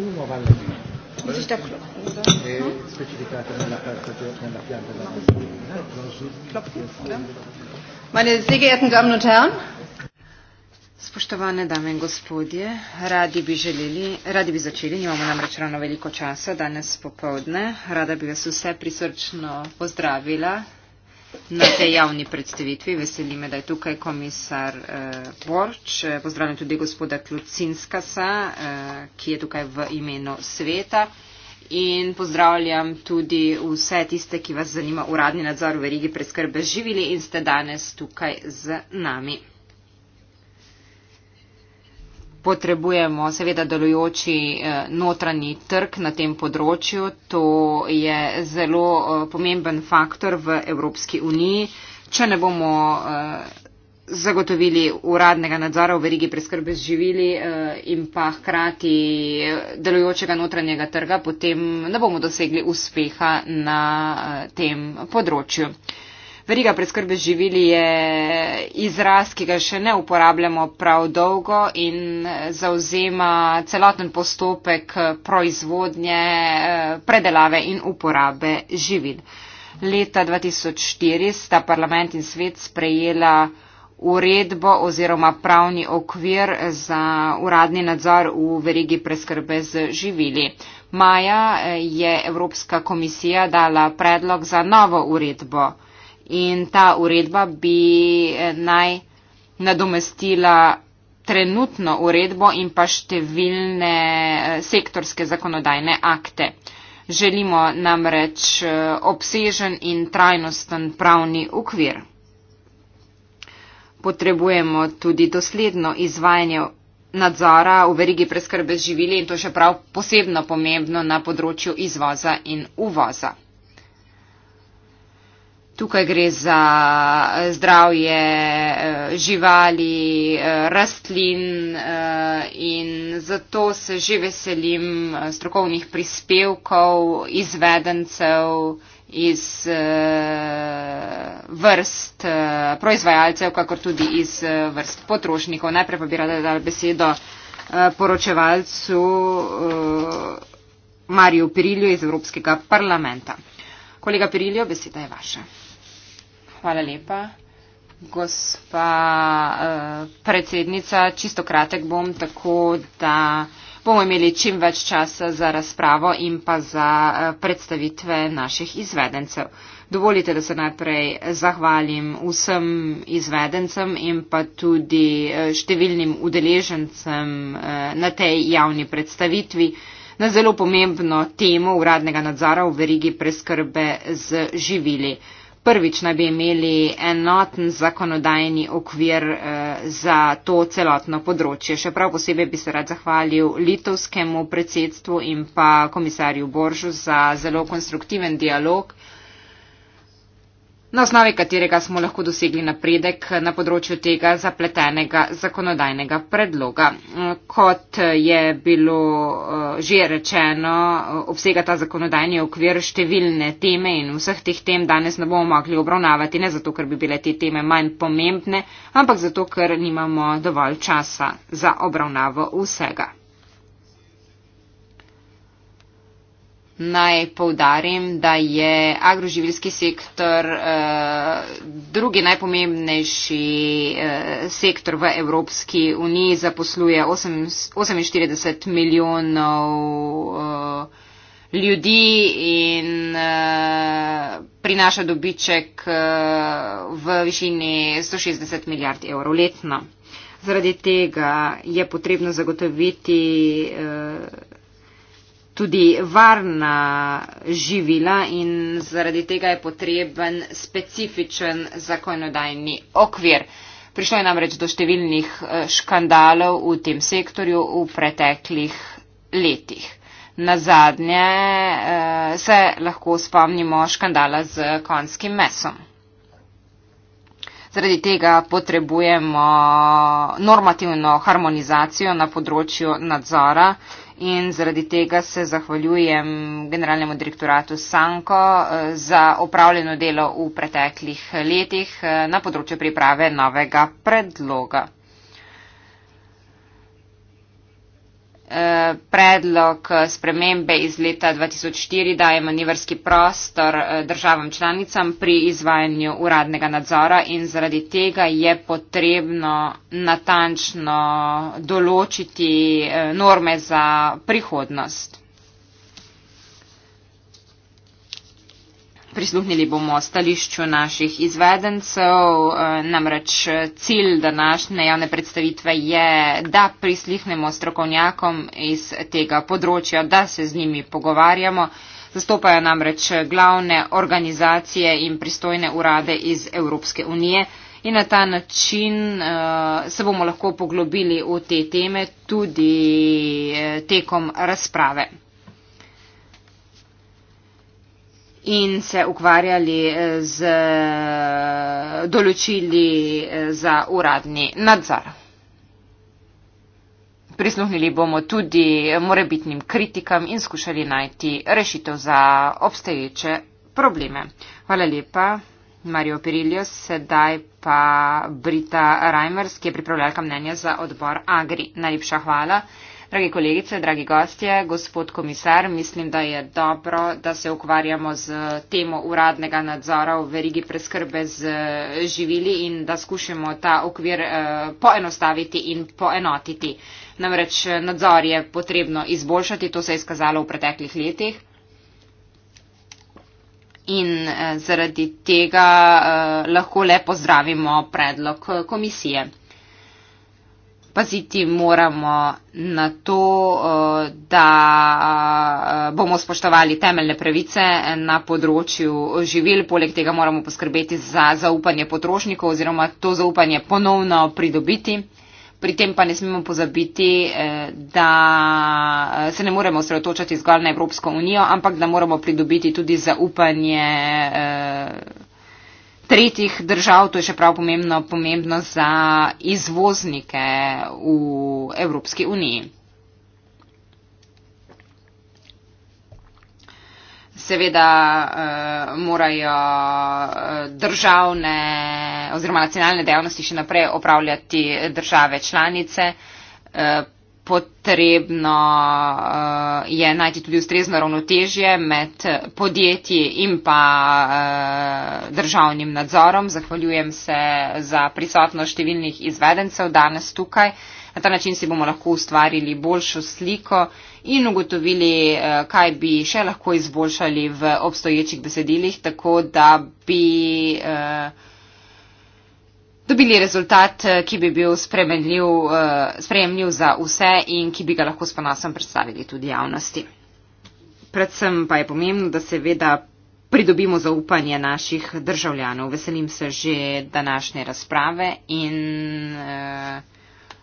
fumo va alla fine. E Spoštovane dame in gospodje, radi bi, želeli, radi bi začeli, nimamo namreč ravno veliko časa danes popovdne, rada bi vas vse prisrčno pozdravila na tej javni predstavitvi. Veseli me, da je tukaj komisar eh, Borč. Eh, pozdravljam tudi gospoda Klucinskasa, eh, ki je tukaj v imenu sveta. In pozdravljam tudi vse tiste, ki vas zanima uradni nadzor v verigi preskrbe živili in ste danes tukaj z nami potrebujemo seveda delujoči eh, notranji trg na tem področju. To je zelo eh, pomemben faktor v Evropski uniji. Če ne bomo eh, zagotovili uradnega nadzora v verigi preskrbe z živili in pa hkrati delujočega notranjega trga, potem ne bomo dosegli uspeha na tem področju. Veriga preskrbe z živili je izraz, ki ga še ne uporabljamo prav dolgo in zauzema celoten postopek proizvodnje, eh, predelave in uporabe živil. Leta 2004 sta parlament in svet sprejela uredbo oziroma pravni okvir za uradni nadzor v verigi preskrbe z živili. Maja eh, je Evropska komisija dala predlog za novo uredbo in ta uredba bi eh, naj nadomestila trenutno uredbo in pa številne eh, sektorske zakonodajne akte. Želimo namreč eh, obsežen in trajnosten pravni ukvir. Potrebujemo tudi dosledno izvajanje nadzora v verigi preskrbe živili in to še prav posebno pomembno na področju izvoza in uvoza. Tukaj gre za eh, zdravje eh, živali, eh, rastlin in zato se že veselim strokovnih prispevkov, izvedencev iz vrst proizvajalcev, kakor tudi iz vrst potrošnikov. Najprej pa bi rada dala besedo poročevalcu Mariju Pirilju iz Evropskega parlamenta. Kolega Pirilju, beseda je vaša. Hvala lepa. Gospa uh, predsednica, čisto kratek bom, tako da bomo imeli čim več časa za razpravo in pa za uh, predstavitve naših izvedencev. Dovolite, da se najprej zahvalim vsem izvedencem in pa tudi eh, številnim udeležencem na tej javni predstavitvi na zelo pomembno temo uradnega nadzora v verigi preskrbe z živili. Uh, prvič naj bi imeli enoten zakonodajni okvir eh, za to celotno področje. Še prav posebej bi se rad zahvalil litovskemu predsedstvu in pa komisarju Boržu za zelo konstruktiven dialog na osnovi katerega smo lahko dosegli napredek na področju tega zapletenega zakonodajnega predloga. Kot je bilo eh, že rečeno, eh, obsega ta zakonodajni okvir številne teme in vseh teh tem danes ne bomo mogli obravnavati, ne zato, ker bi bile te teme manj pomembne, ampak zato, ker nimamo dovolj časa za obravnavo vsega. naj povdarim, da je agroživilski sektor eh, drugi najpomembnejši eh, sektor v Evropski uniji, zaposluje 8, 48 milijonov eh, ljudi in eh, prinaša dobiček eh, v višini 160 milijard evrov letno. Zaradi tega je potrebno zagotoviti eh, tudi varna živila in zaradi tega je potreben specifičen zakonodajni okvir. Prišlo je namreč do številnih eh, škandalov v tem sektorju v preteklih letih. Na zadnje eh, se lahko spomnimo škandala z konskim mesom. Zaradi tega potrebujemo normativno harmonizacijo na področju nadzora in zaradi tega se zahvaljujem generalnemu direktoratu Sanko eh, za opravljeno delo v preteklih letih eh, na področju priprave novega predloga. Eh, predlog spremembe iz leta 2004 daje manevrski prostor eh, državam članicam pri izvajanju uradnega nadzora in zaradi tega je potrebno natančno določiti eh, norme za prihodnost. Prisluhnili bomo stališču naših izvedencev, eh, namreč eh, cilj današnje javne predstavitve je, da prisluhnemo strokovnjakom iz tega področja, da se z njimi pogovarjamo. Zastopajo namreč eh, glavne organizacije in pristojne urade iz Evropske unije. In na ta način uh, se bomo lahko poglobili v te teme tudi tekom razprave. in se ukvarjali eh, z eh, določili eh, za uradni nadzor. Prisluhnili bomo tudi morebitnim kritikam in skušali najti rešitev za obstoječe probleme. Hvala lepa, Mario Perilio, sedaj pa Brita Reimers, ki je pripravljalka mnenja za odbor Agri. Najlepša hvala. Dragi kolegice, dragi gostje, gospod komisar, mislim, da je dobro, da se ukvarjamo z temo uradnega nadzora v verigi preskrbe z eh, živili in da skušamo ta okvir eh, poenostaviti in poenotiti. Namreč eh, nadzor je potrebno izboljšati, to se je izkazalo v preteklih letih. In zaradi tega eh, lahko le pozdravimo predlog komisije paziti moramo na to, eh, da eh, bomo spoštovali temeljne pravice na področju živil. Poleg tega moramo poskrbeti za zaupanje potrošnikov oziroma to zaupanje ponovno pridobiti. Pri tem pa ne smemo pozabiti, eh, da se ne moremo osredotočati zgolj na Evropsko unijo, ampak da moramo pridobiti tudi zaupanje tretjih držav, to je še prav pomembno, pomembno za izvoznike v Evropski uniji. Seveda eh, morajo eh, državne oziroma nacionalne dejavnosti še naprej opravljati države članice. Eh, potrebno uh, je najti tudi ustrezno ravnotežje med podjetji in pa uh, državnim nadzorom. Zahvaljujem se za prisotnost številnih izvedencev danes tukaj. Na ta način si bomo lahko ustvarili boljšo sliko in ugotovili, eh, kaj bi še lahko izboljšali v obstoječih besedilih, tako da bi uh, dobili rezultat, eh, ki bi bil eh, sprejemljiv za vse in ki bi ga lahko s ponosom predstavili tudi javnosti. Predvsem pa je pomembno, da seveda pridobimo zaupanje naših državljanov. Veselim se že današnje razprave in eh,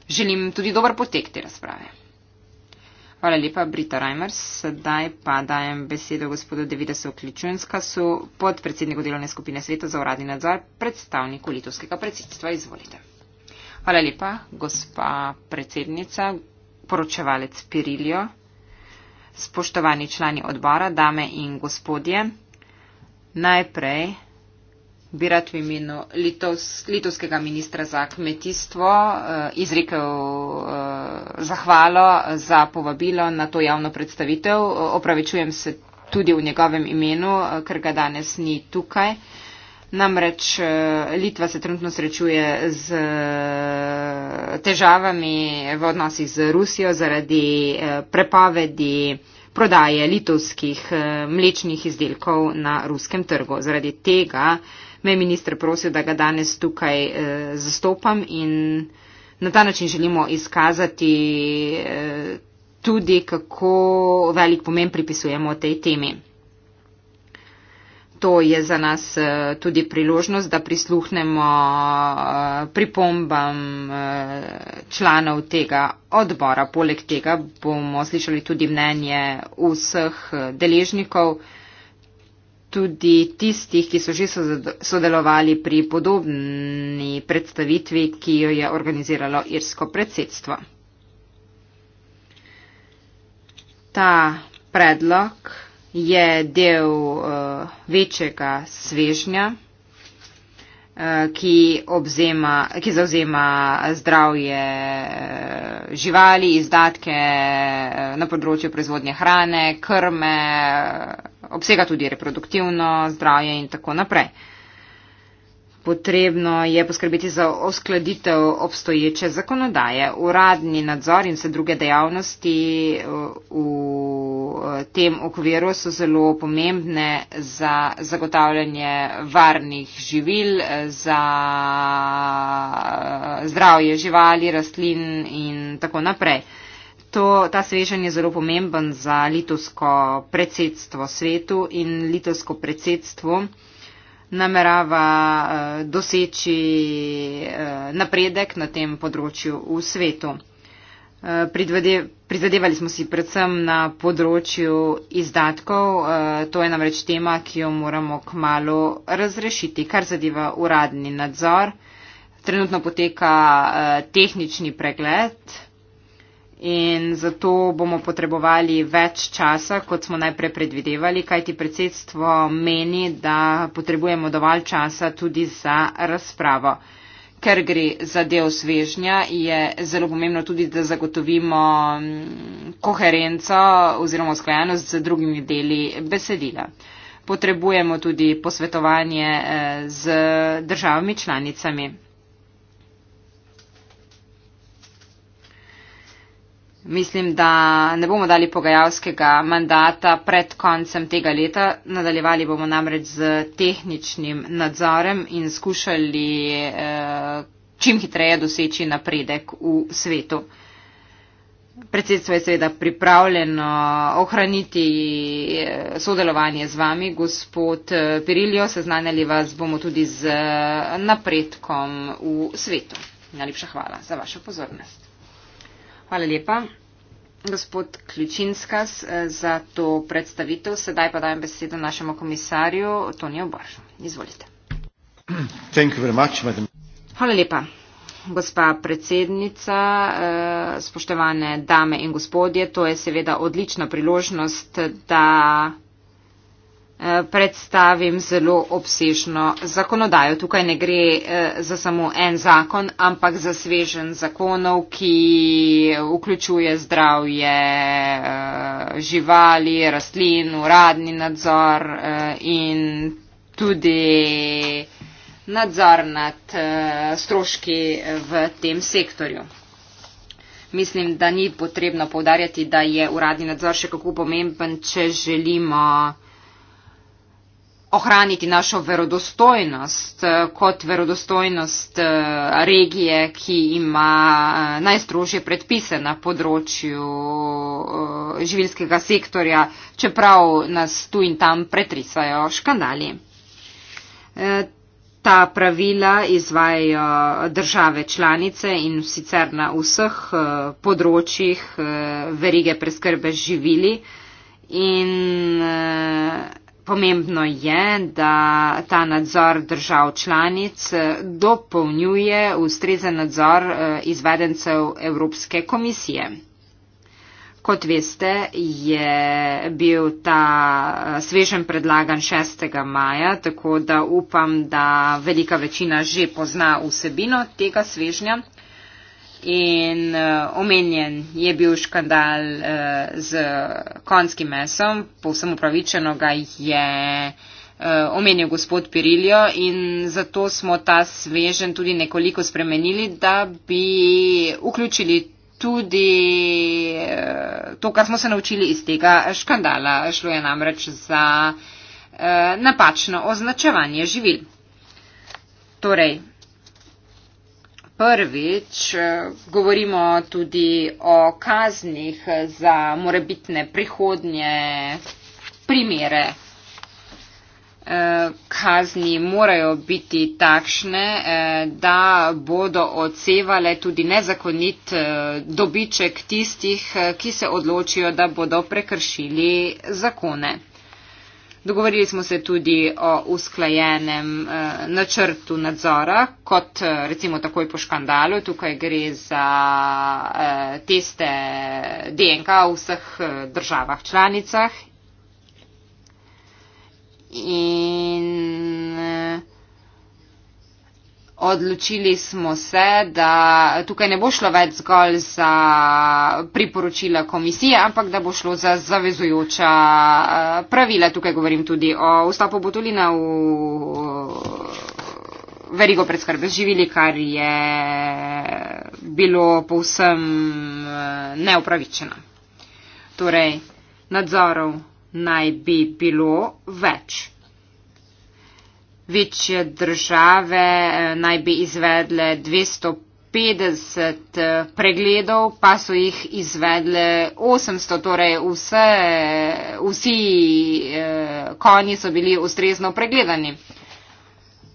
želim tudi dober potek te razprave. Hvala lepa, Brita Reimers. Sedaj pa dajem besedo gospodu Devidesu Kličunska, so podpredsedniku delovne skupine Sveta za uradni nadzor, predstavniku litovskega predsedstva. Izvolite. Hvala lepa, gospa predsednica, poročevalec Pirilijo, spoštovani člani odbora, dame in gospodje. Najprej bi rad v imenu Litos, litovskega ministra za kmetijstvo eh, izrekel eh, zahvalo za povabilo na to javno predstavitev. Opravičujem se tudi v njegovem imenu, eh, ker ga danes ni tukaj. Namreč eh, Litva se trenutno srečuje z eh, težavami v odnosih z Rusijo zaradi prepovedi prodaje litovskih mlečnih izdelkov na ruskem trgu. Zaradi tega eh, me je ministr prosil, da ga danes tukaj eh, zastopam in na ta način želimo izkazati eh, tudi, kako velik pomen pripisujemo tej temi. To je za nas eh, tudi priložnost, da prisluhnemo eh, pripombam eh, članov tega odbora. Poleg tega bomo slišali tudi mnenje vseh eh, deležnikov tudi tistih, ki so že sodelovali pri podobni predstavitvi, ki jo je organiziralo irsko predsedstvo. Ta predlog je del uh, večjega svežnja, uh, ki, obzema, ki zauzema zdravje uh, živali, izdatke uh, na področju proizvodnje hrane, krme. Uh, obsega tudi reproduktivno zdravje in tako naprej. Potrebno je poskrbeti za oskladitev obstoječe zakonodaje, uradni nadzor in vse druge dejavnosti uh, v uh, tem okviru so zelo pomembne za zagotavljanje varnih živil, za uh, zdravje živali, rastlin in tako naprej to, ta svežen je zelo pomemben za litovsko predsedstvo svetu in litovsko predsedstvo namerava uh, doseči uh, napredek na tem področju v svetu. Uh, prizadevali smo si predvsem na področju izdatkov, uh, to je namreč tema, ki jo moramo k malu razrešiti, kar zadeva uradni nadzor. Trenutno poteka uh, tehnični pregled in zato bomo potrebovali več časa, kot smo najprej predvidevali, kajti predsedstvo meni, da potrebujemo dovolj časa tudi za razpravo. Ker gre za del svežnja, je zelo pomembno tudi, da zagotovimo mm, koherenco oziroma sklajenost z drugimi deli besedila. Potrebujemo tudi posvetovanje eh, z državami članicami. Mislim, da ne bomo dali pogajalskega mandata pred koncem tega leta. Nadaljevali bomo namreč z tehničnim nadzorem in skušali eh, čim hitreje doseči napredek v svetu. Predsedstvo je seveda pripravljeno ohraniti eh, sodelovanje z vami, gospod eh, Pirilijo. Seznanjali vas bomo tudi z napredkom v svetu. Najlepša hvala za vašo pozornost. Hvala lepa, gospod Ključinskas, eh, za to predstavitev. Sedaj pa dajem besedo našemu komisarju Tonijo Baršu. Izvolite. Much, Hvala lepa. Gospa predsednica, eh, spoštovane dame in gospodje, to je seveda odlična priložnost, da Eh, predstavim zelo obsežno zakonodajo. Tukaj ne gre eh, za samo en zakon, ampak za svežen zakonov, ki vključuje zdravje eh, živali, rastlin, uradni nadzor in tudi nadzor nad stroški v tem sektorju. Mislim, da ni potrebno povdarjati, da je uradni nadzor še kako pomemben, če želimo ohraniti našo verodostojnost eh, kot verodostojnost eh, regije, ki ima eh, najstrožje predpise na področju živilskega sektorja, čeprav nas tu in tam pretrisajo škandali. Ta pravila izvajajo države članice in sicer na vseh področjih verige preskrbe živili in pomembno je, da ta nadzor držav članic eh, dopolnjuje ustrezen nadzor eh, izvedencev Evropske komisije. Kot veste, je bil ta eh, svežen predlagan 6. maja, tako da upam, da velika večina že pozna vsebino tega svežnja in uh, omenjen je bil škandal uh, z konskim mesom, povsem upravičeno ga je uh, omenil gospod Pirilijo in zato smo ta svežen tudi nekoliko spremenili, da bi vključili tudi uh, to, kar smo se naučili iz tega škandala. Šlo je namreč za uh, napačno označevanje živil. Torej, prvič eh, govorimo tudi o kaznih za morebitne prihodnje primere. Eh, kazni morajo biti takšne, eh, da bodo odsevale tudi nezakonit dobiček tistih, ki se odločijo, da bodo prekršili zakone. Dogovorili smo se tudi o usklajenem uh, načrtu nadzora, kot uh, recimo takoj po škandalu. Tukaj gre za uh, teste DNK v vseh uh, državah članicah. In, uh, Odločili smo se, da tukaj ne bo šlo več zgolj za priporočila komisije, ampak da bo šlo za zavezujoča eh, pravila. Tukaj govorim tudi o vstopu botulina v verigo predskrbe živili, kar je bilo povsem eh, neupravičeno. Torej, nadzorov naj bi bilo več večje države eh, naj bi izvedle 250 eh, pregledov, pa so jih izvedle 800, torej vse, vsi eh, konji so bili ustrezno pregledani,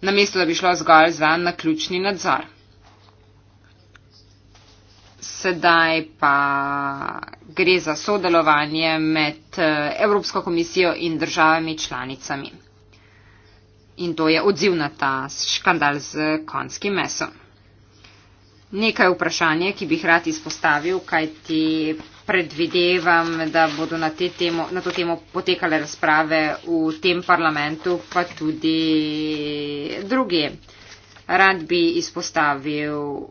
namesto da bi šlo zgolj za naključni nadzor. Sedaj pa gre za sodelovanje med Evropsko komisijo in državami članicami in to je odziv na ta škandal z konjskim mesom. Nekaj vprašanje, ki bi rad izpostavil, kaj ti predvidevam, da bodo na, te temo, na to temo potekale razprave v tem parlamentu, pa tudi druge. Rad bi izpostavil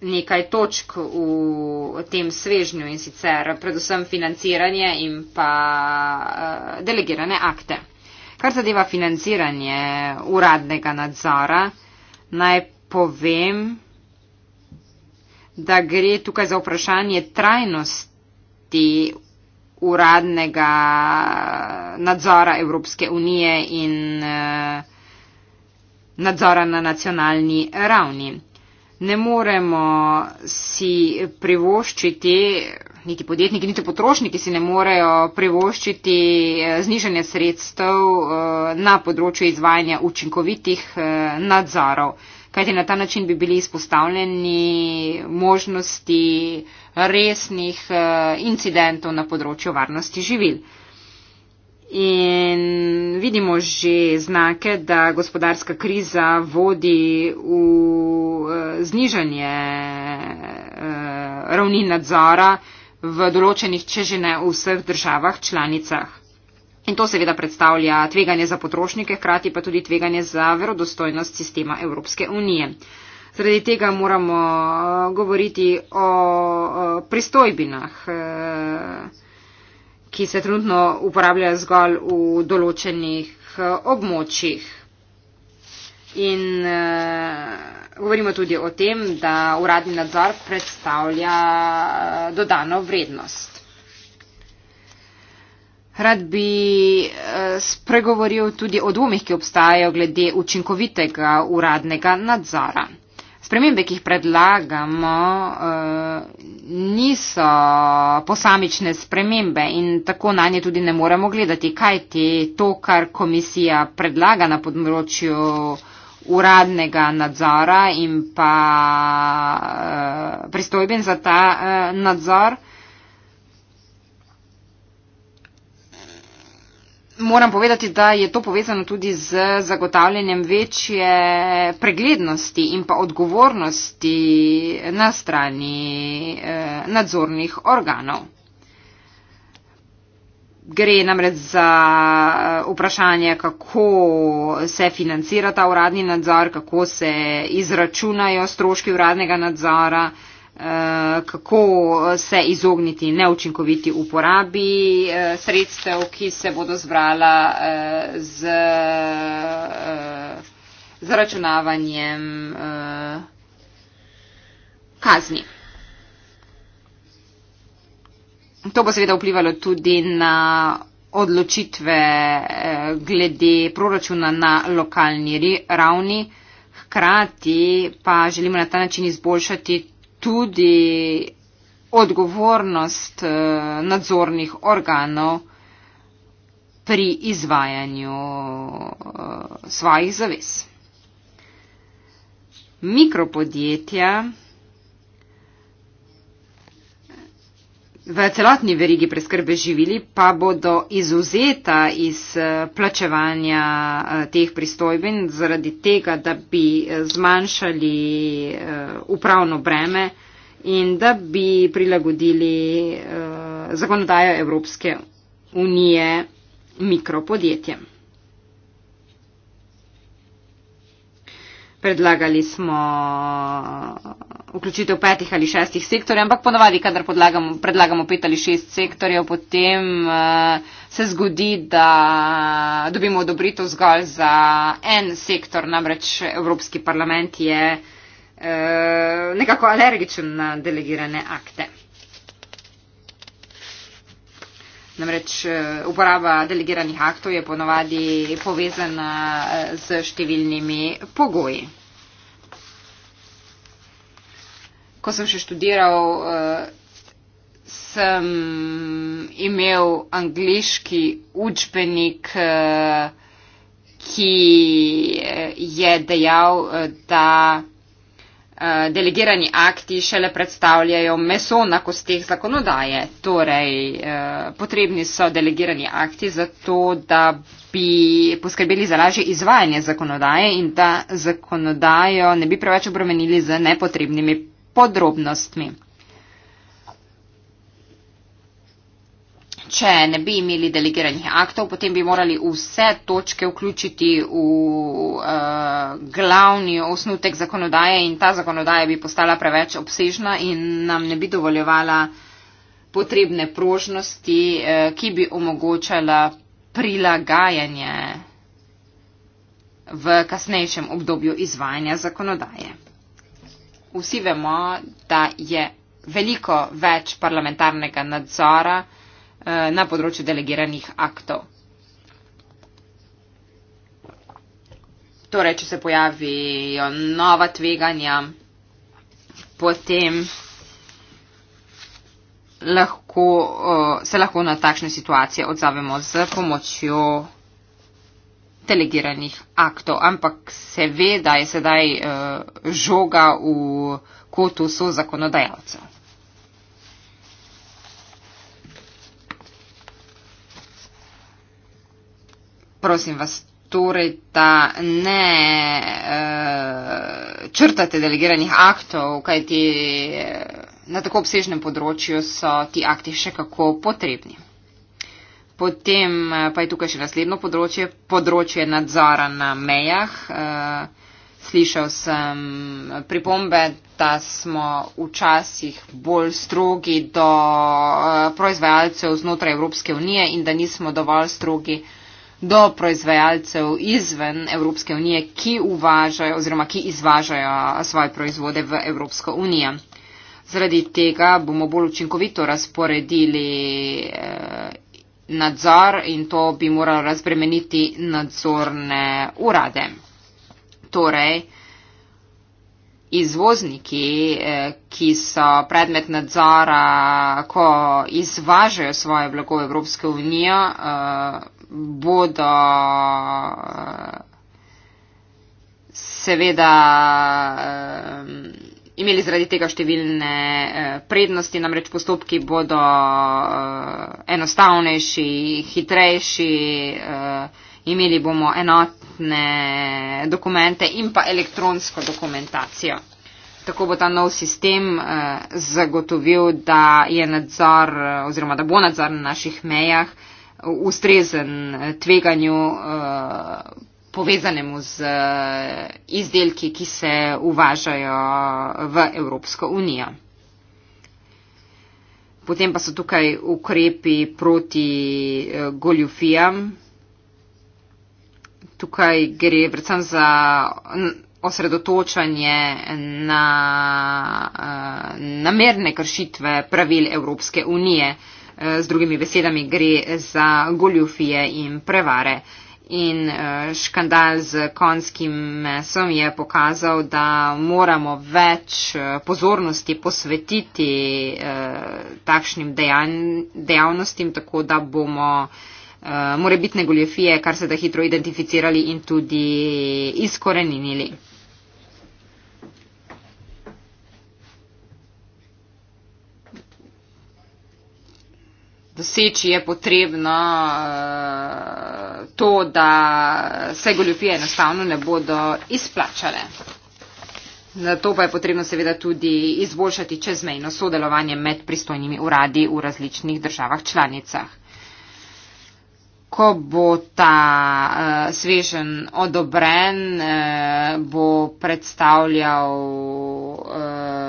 nekaj točk v tem svežnju in sicer predvsem financiranje in pa eh, delegirane akte. Kar zadeva financiranje uradnega nadzora, naj povem, da gre tukaj za vprašanje trajnosti uradnega nadzora Evropske unije in eh, nadzora na nacionalni ravni. Ne moremo si privoščiti niti podjetniki, niti potrošniki si ne morejo privoščiti eh, znižanje sredstev eh, na področju izvajanja učinkovitih eh, nadzorov. Kajti na ta način bi bili izpostavljeni možnosti resnih incidentov na področju varnosti živil. In vidimo že znake, da gospodarska kriza vodi v znižanje ravni nadzora, v določenih, če že ne vseh državah članicah. In to seveda predstavlja tveganje za potrošnike, hkrati pa tudi tveganje za verodostojnost sistema Evropske unije. Zredi tega moramo eh, govoriti o eh, pristojbinah, eh, ki se trenutno uporabljajo zgolj v določenih območjih. In uh, govorimo tudi o tem, da uradni nadzor predstavlja uh, dodano vrednost. Rad bi uh, spregovoril tudi o dvomih, ki obstajajo glede učinkovitega uradnega nadzora. Spremembe, ki jih predlagamo, niso posamične spremembe in tako na nje tudi ne moremo gledati, kaj ti to, kar komisija predlaga na področju uradnega nadzora in pa uh, eh, pristojben za ta uh, nadzor. Moram povedati, da je to povezano tudi z zagotavljanjem večje preglednosti in pa odgovornosti na strani eh, nadzornih organov. Gre namreč za eh, vprašanje, kako se financira ta uradni nadzor, kako se izračunajo stroški uradnega nadzora, eh, kako se izogniti neučinkoviti uporabi eh, sredstev, ki se bodo zbrala z zaračunavanjem kazni. To bo seveda vplivalo tudi na odločitve eh, glede proračuna na lokalni ravni. Hkrati pa želimo na ta način izboljšati tudi odgovornost eh, nadzornih organov pri izvajanju eh, svojih zavez. Mikropodjetja. V celotni verigi preskrbe živili pa bodo izuzeta iz eh, plačevanja eh, teh pristojbin zaradi tega, da bi eh, zmanjšali upravno breme in da bi prilagodili zakonodajo Evropske unije mikropodjetjem. Predlagali smo vključitev petih ali šestih sektorjev, ampak ponovadi, kadar predlagamo pet ali šest sektorjev, potem uh, se zgodi, da dobimo odobritev zgolj za en sektor, namreč Evropski parlament je uh, nekako alergičen na delegirane akte. Namreč eh, uporaba delegiranih aktov je ponovadi povezana z številnimi pogoji. ko sem še študiral, eh, sem imel angliški učbenik, eh, ki eh, je dejal, da delegirani akti šele predstavljajo meso na kosteh zakonodaje. Torej, potrebni so delegirani akti zato, da bi poskrbeli za lažje izvajanje zakonodaje in da zakonodajo ne bi preveč obremenili z nepotrebnimi podrobnostmi. Če ne bi imeli delegiranih aktov, potem bi morali vse točke vključiti v uh, glavni osnutek zakonodaje in ta zakonodaja bi postala preveč obsežna in nam ne bi dovoljevala potrebne prožnosti, uh, ki bi omogočala prilagajanje v kasnejšem obdobju izvajanja zakonodaje vsi vemo, da je veliko več parlamentarnega nadzora eh, na področju delegiranih aktov. Torej, če se pojavijo nova tveganja, potem lahko, eh, se lahko na takšne situacije odzovemo z pomočjo delegiranih aktov, ampak se ve, da je sedaj uh, žoga v kotu so zakonodajalcev. Prosim vas torej, da ne uh, črtate delegiranih aktov, kajti uh, na tako obsežnem področju so ti akti še kako potrebni. Potem eh, pa je tukaj še naslednjo področje, področje nadzora na mejah. Eh, slišal sem pripombe, da smo včasih bolj strogi do eh, proizvajalcev znotraj Evropske unije in da nismo dovolj strogi do proizvajalcev izven Evropske unije, ki uvažajo oziroma ki izvažajo svoje proizvode v Evropsko unijo. Zaradi tega bomo bolj učinkovito razporedili nadzor in to bi moralo razbremeniti nadzorne urade. Torej, izvozniki, eh, ki so predmet nadzora, ko izvažajo svoje blago v Evropsko unijo, eh, bodo eh, seveda imeli zaradi tega številne eh, prednosti, namreč postopki bodo eh, enostavnejši, hitrejši, eh, imeli bomo enotne dokumente in pa elektronsko dokumentacijo. Tako bo ta nov sistem zagotovil, da je nadzor oziroma da bo nadzor na naših mejah ustrezen tveganju povezanemu z eh, izdelki, ki se uvažajo v Evropsko unijo. Potem pa so tukaj ukrepi proti eh, goljufijam. Tukaj gre predvsem za osredotočanje na eh, namerne kršitve pravil Evropske unije. Z drugimi besedami gre za goljufije in prevare in eh, škandal z konskim mesom je pokazal, da moramo več eh, pozornosti posvetiti eh, takšnim dejavnostim, tako da bomo morebitne goljofije kar se da hitro identificirali in tudi izkorenili. doseči je potrebno eh, to, da se goljofije enostavno ne bodo izplačale. Na to pa je potrebno seveda tudi izboljšati čezmejno sodelovanje med pristojnimi uradi v različnih državah članicah. Ko bo ta uh, svežen odobren, uh, bo predstavljal. Uh,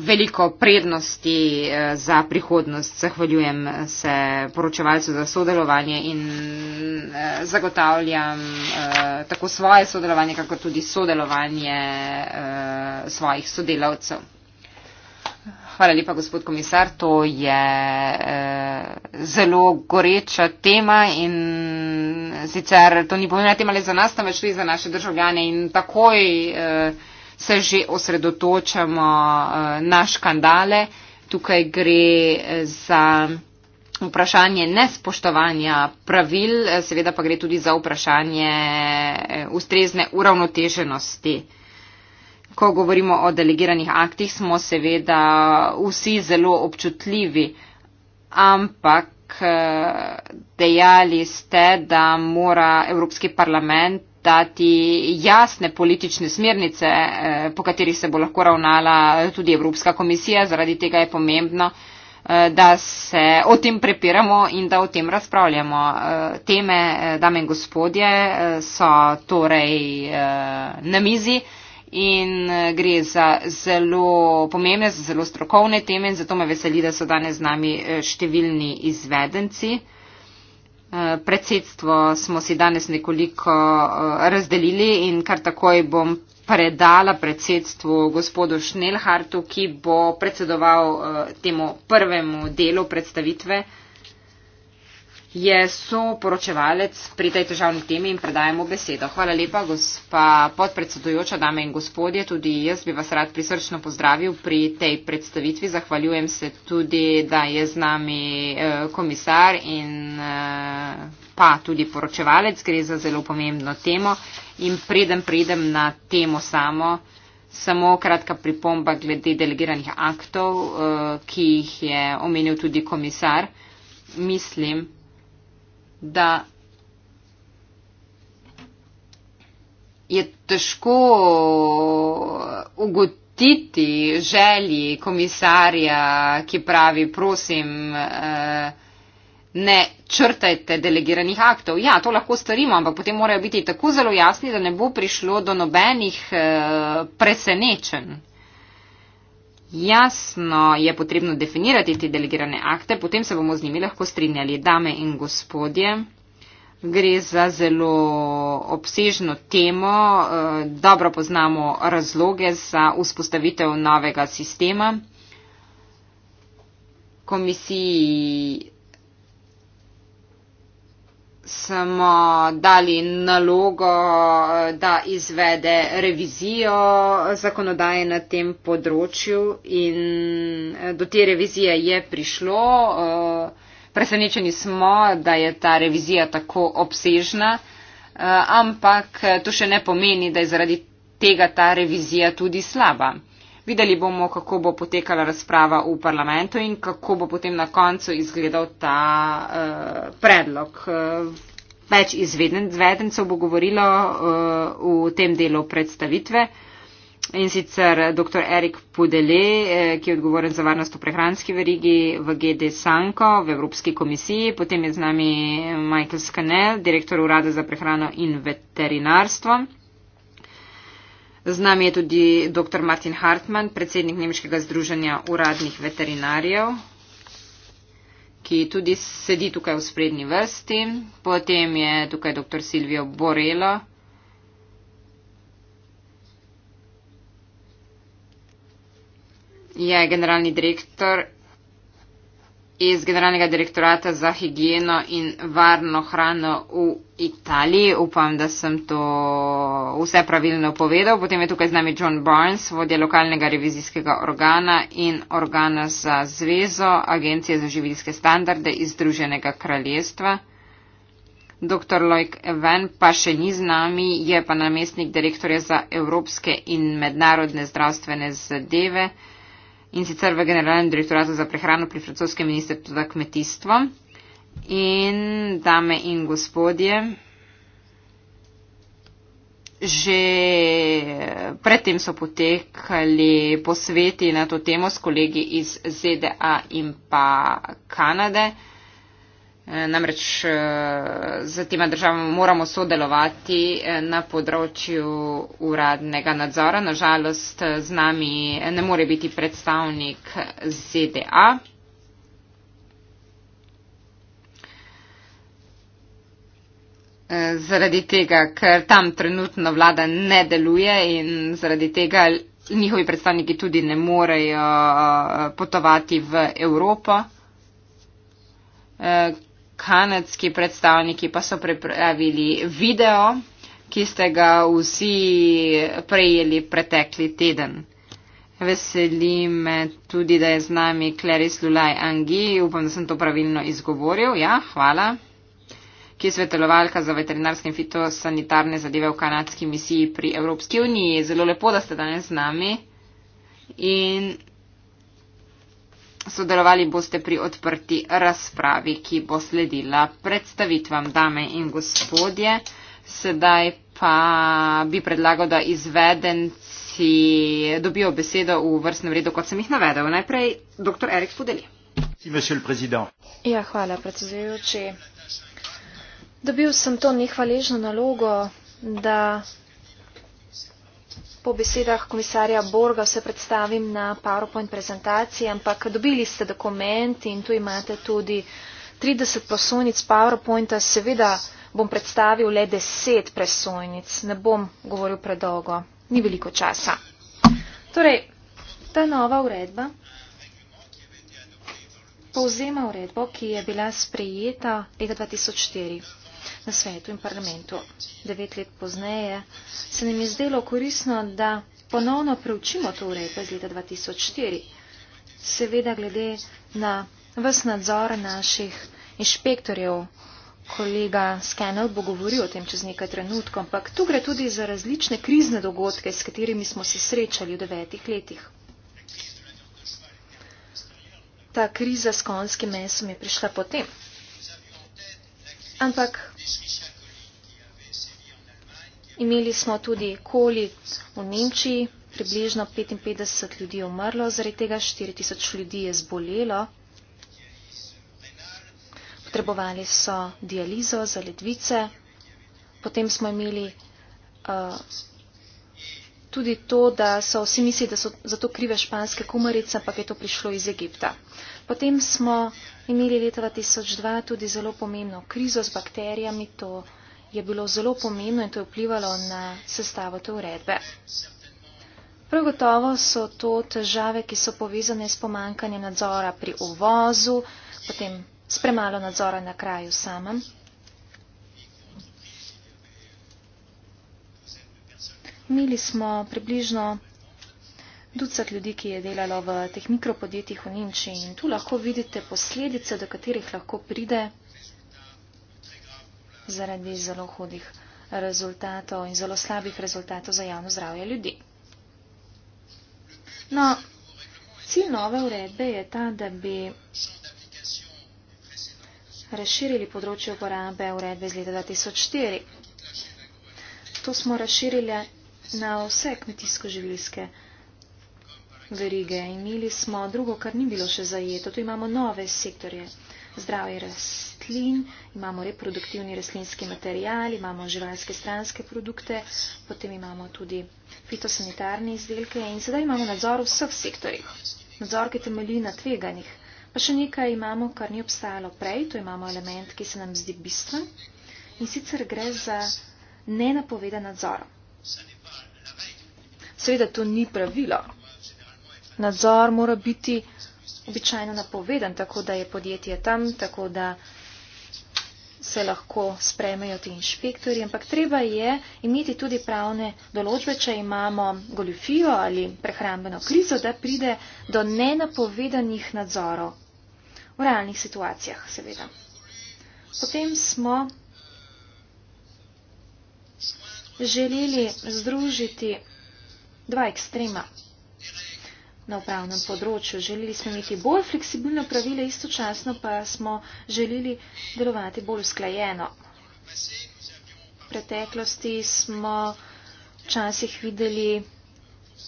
veliko prednosti eh, za prihodnost. Zahvaljujem se poročevalcu za sodelovanje in eh, zagotavljam eh, tako svoje sodelovanje, kako tudi sodelovanje svojih sodelavcev. Hvala lepa, gospod komisar. To je zelo goreča tema in sicer to ni pomembna tema le za nas, temveč tudi za naše državljane in takoj se že osredotočamo eh, na škandale. Tukaj gre eh, za vprašanje nespoštovanja pravil, eh, seveda pa gre tudi za vprašanje ustrezne uravnoteženosti. Ko govorimo o delegiranih aktih, smo seveda vsi zelo občutljivi, ampak dejali ste, da mora Evropski parlament dati jasne politične smernice, eh, po katerih se bo lahko ravnala tudi Evropska komisija. Zaradi tega je pomembno, eh, da se o tem prepiramo in da o tem razpravljamo. Eh, teme, dame in gospodje, so torej na mizi in gre za zelo pomembne, za zelo strokovne teme in zato me veseli, da so danes z nami številni izvedenci. Eh, predsedstvo smo si danes nekoliko eh, razdelili in kar takoj bom predala predsedstvu gospodu Šnelhartu, ki bo predsedoval eh, temu prvemu delu predstavitve je soporočevalec pri tej težavni temi in predajemo besedo. Hvala lepa, gospa podpredsedujoča, dame in gospodje. Tudi jaz bi vas rad prisrčno pozdravil pri tej predstavitvi. Zahvaljujem se tudi, da je z nami eh, komisar in eh, pa tudi poročevalec, gre za zelo pomembno temo. In preden pridem na temo samo, samo kratka pripomba glede delegiranih aktov, eh, ki jih je omenil tudi komisar. Mislim, da je težko ugotiti želji komisarja, ki pravi, prosim, eh, ne črtajte delegiranih aktov. Ja, to lahko storimo, ampak potem morajo biti tako zelo jasni, da ne bo prišlo do nobenih eh, presenečenj jasno je potrebno definirati te delegirane akte, potem se bomo z njimi lahko strinjali. Dame in gospodje, gre za zelo obsežno temo, eh, dobro poznamo razloge za vzpostavitev novega sistema. Komisiji smo dali nalogo, da izvede revizijo zakonodaje na tem področju in eh, do te revizije je prišlo. Eh, presenečeni smo, da je ta revizija tako obsežna, eh, ampak to še ne pomeni, da je zaradi tega ta revizija tudi slaba. Videli bomo, kako bo potekala razprava v parlamentu in kako bo potem na koncu izgledal ta uh, predlog. Uh, več izvedencev bo govorilo uh, v tem delu predstavitve. In sicer dr. Erik Pudele, ki je odgovoren za varnost v prehranski verigi v GD Sanko v Evropski komisiji, potem je z nami Michael Skanel, direktor Urada za prehrano in veterinarstvo. Z nami je tudi dr. Martin Hartmann, predsednik Nemškega združenja uradnih veterinarjev, ki tudi sedi tukaj v sprednji vrsti. Potem je tukaj dr. Silvio Borelo. Je generalni direktor iz Generalnega direktorata za higieno in varno hrano v Italiji. Upam, da sem to vse pravilno povedal. Potem je tukaj z nami John Barnes, vodja lokalnega revizijskega organa in organa za zvezo Agencije za živilske standarde iz Združenega kraljestva. Dr. Lojk Even pa še ni z nami, je pa namestnik direktorja za evropske in mednarodne zdravstvene zadeve in sicer v generalnem direktoratu za prehrano pri francoskem ministrstvu za kmetijstvo. In dame in gospodje, že predtem so potekali posveti na to temo s kolegi iz ZDA in pa Kanade. Eh, namreč z eh, tima državama moramo sodelovati eh, na področju uradnega nadzora. Nažalost, z nami ne more biti predstavnik ZDA. Zaradi tega, ker tam trenutno vlada ne deluje in zaradi tega njihovi predstavniki tudi ne morejo potovati v Evropo kanadski predstavniki pa so pripravili video, ki ste ga vsi prejeli pretekli teden. Veseli me tudi, da je z nami Clarice Lulaj Angi, upam, da sem to pravilno izgovoril, ja, hvala, ki je svetelovalka za veterinarske in fitosanitarne zadeve v kanadski misiji pri Evropski uniji. Zelo lepo, da ste danes z nami. In Sodelovali boste pri odprti razpravi, ki bo sledila predstavitvam dame in gospodje. Sedaj pa bi predlagal, da izvedenci dobijo besedo v vrstnem redu, kot sem jih navedel. Najprej dr. Erik Pudeli. Ja, hvala, predsedujoči. Dobil sem to nehvaležno nalogo, da po besedah komisarja Borga vse predstavim na PowerPoint prezentaciji, ampak dobili ste dokument in tu imate tudi 30 posojnic PowerPointa. Seveda bom predstavil le 10 presojnic, ne bom govoril predolgo, ni veliko časa. Torej, ta nova uredba povzema uredbo, ki je bila sprejeta leta 2004 na svetu in parlamentu. Devet let pozneje se nam je zdelo korisno, da ponovno preučimo to uredbo iz leta 2004. Seveda glede na vse nadzor naših inšpektorjev, kolega Scannell bo govoril o tem čez nekaj trenutkov, ampak tu gre tudi za različne krizne dogodke, s katerimi smo se srečali v devetih letih. Ta kriza s konjskim mesom je prišla potem. Ampak Imeli smo tudi kolik v Nemčiji, približno 55 ljudi je umrlo, zaradi tega 4000 ljudi je zbolelo. Potrebovali so dializo za ledvice. Potem smo imeli uh, tudi to, da so vsi mislili, da so zato krive španske kumarice, ampak je to prišlo iz Egipta. Potem smo imeli leta 2002 tudi zelo pomembno krizo z bakterijami. To, je bilo zelo pomembno in to je vplivalo na sestavo te uredbe. Prav gotovo so to težave, ki so povezane s pomankanjem nadzora pri uvozu, potem s premalo nadzora na kraju samem. Imeli smo približno ducat ljudi, ki je delalo v teh mikropodjetjih v Nemčiji in tu lahko vidite posledice, do katerih lahko pride zaradi zelo hudih rezultatov in zelo slabih rezultatov za javno zdravje ljudi. No, cilj nove uredbe je ta, da bi razširili področje uporabe uredbe iz leta 2004. To smo razširili na vse kmetijsko-življske verige. Imeli smo drugo, kar ni bilo še zajeto. Tu imamo nove sektorje zdravje rastlin rastlin, imamo reproduktivni rastlinski material, imamo živalske stranske produkte, potem imamo tudi fitosanitarne izdelke in sedaj imamo nadzor v vseh sektorjih. Nadzor, ki temelji na tveganjih. Pa še nekaj imamo, kar ni obstajalo prej, to imamo element, ki se nam zdi bistven in sicer gre za nenapoveden nadzor. Seveda to ni pravilo. Nadzor mora biti običajno napovedan, tako da je podjetje tam, tako da se lahko spremejo ti inšpektori, ampak treba je imeti tudi pravne določbe, če imamo goljufijo ali prehrambeno krizo, da pride do nenapovedanih nadzorov v realnih situacijah, seveda. Potem smo želeli združiti dva ekstrema na upravnem področju. Želeli smo imeti bolj fleksibilno pravile, istočasno pa smo želeli delovati bolj usklajeno. V preteklosti smo včasih videli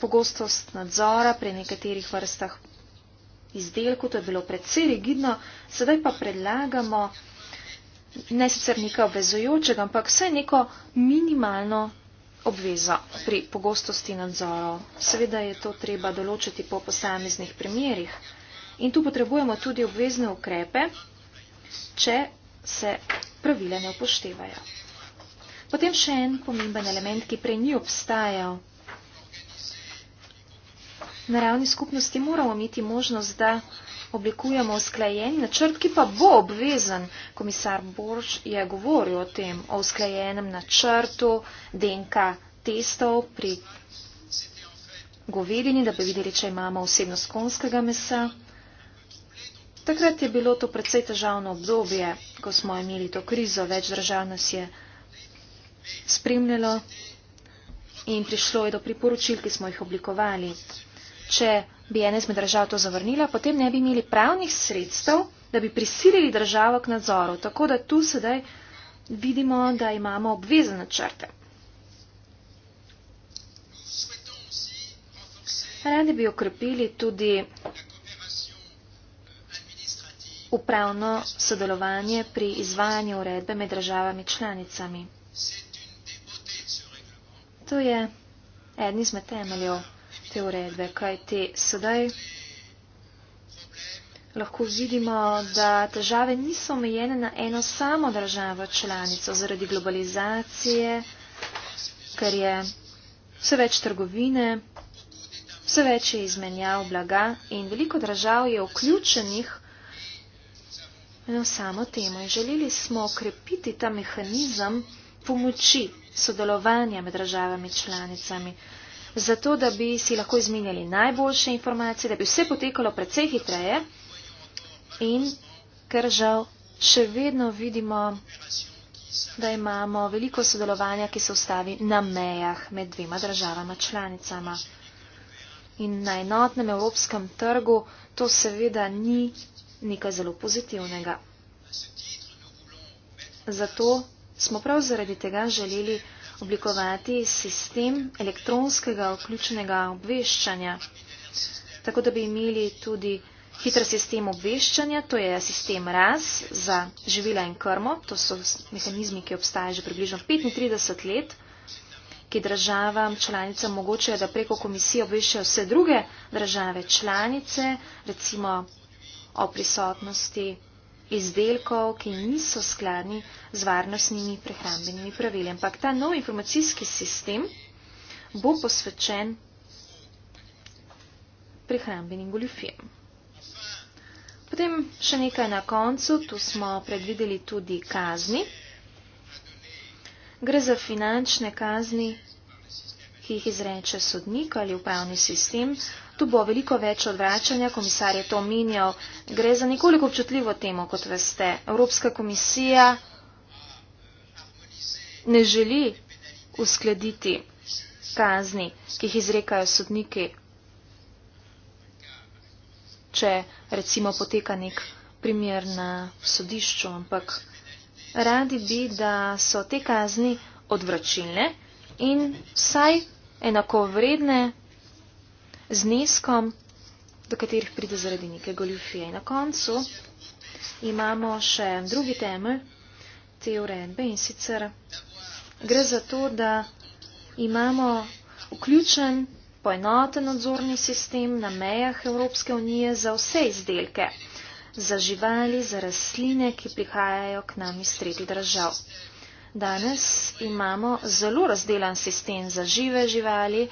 pogostost nadzora pri nekaterih vrstah izdelkov, to je bilo predvsej rigidno, sedaj pa predlagamo ne sicer nekaj obvezujočega, ampak vsaj neko minimalno obveza pri pogostosti nadzorov. Seveda je to treba določiti po posameznih primerjih. In tu potrebujemo tudi obvezne ukrepe, če se pravile ne upoštevajo. Potem še en pomemben element, ki prej ni obstajal. Na ravni skupnosti moramo imeti možnost, da oblikujemo usklajen načrt, ki pa bo obvezen. Komisar Borš je govoril o tem, o usklajenem načrtu DNK testov pri govedini, da bi videli, če imamo vsebnost konskega mesa. Takrat je bilo to precej težavno obdobje, ko smo imeli to krizo, več držav nas je spremljalo in prišlo je do priporočil, ki smo jih oblikovali. Če bi ena izmed držav to zavrnila, potem ne bi imeli pravnih sredstev, da bi prisilili državo k nadzoru. Tako da tu sedaj vidimo, da imamo obvezen načrte. Radi bi okrepili tudi upravno sodelovanje pri izvajanju uredbe med državami članicami. To je eden izmed temeljev te uredbe, kaj te sedaj lahko vidimo, da težave niso omejene na eno samo državo članico zaradi globalizacije, ker je vse več trgovine, vse več je izmenjav blaga in veliko držav je vključenih eno samo temo. In želeli smo okrepiti ta mehanizem pomoči sodelovanja med državami članicami zato da bi si lahko izmenjali najboljše informacije, da bi vse potekalo precej hitreje in ker žal še vedno vidimo, da imamo veliko sodelovanja, ki se ustavi na mejah med dvema državama članicama. In na enotnem evropskem trgu to seveda ni nekaj zelo pozitivnega. Zato smo prav zaradi tega želeli oblikovati sistem elektronskega vključenega obveščanja, tako da bi imeli tudi hitr sistem obveščanja, to je sistem RAS za živila in krmo, to so mehanizmi, ki obstajajo že približno 35 let, ki državam članicam omogočajo, da preko komisije obveščajo vse druge države članice, recimo o prisotnosti izdelkov, ki niso skladni z varnostnimi prehrambenimi pravili. Ampak ta nov informacijski sistem bo posvečen prehrambenim goljufijem. Potem še nekaj na koncu, tu smo predvideli tudi kazni. Gre za finančne kazni, ki jih izreče sodnik ali upravni sistem, Tu bo veliko več odvračanja, komisar je to omenjal. Gre za nekoliko občutljivo temo, kot veste. Evropska komisija ne želi uskladiti kazni, ki jih izrekajo sodniki, če recimo poteka nek primer na sodišču, ampak radi bi, da so te kazni odvračilne in vsaj enakovredne zneskom, do katerih pride zaradi neke goljufije. In na koncu imamo še drugi temelj te uredbe in sicer gre za to, da imamo vključen poenoten nadzorni sistem na mejah Evropske unije za vse izdelke, za živali, za rastline, ki prihajajo k nam iz tretjih držav. Danes imamo zelo razdelan sistem za žive živali,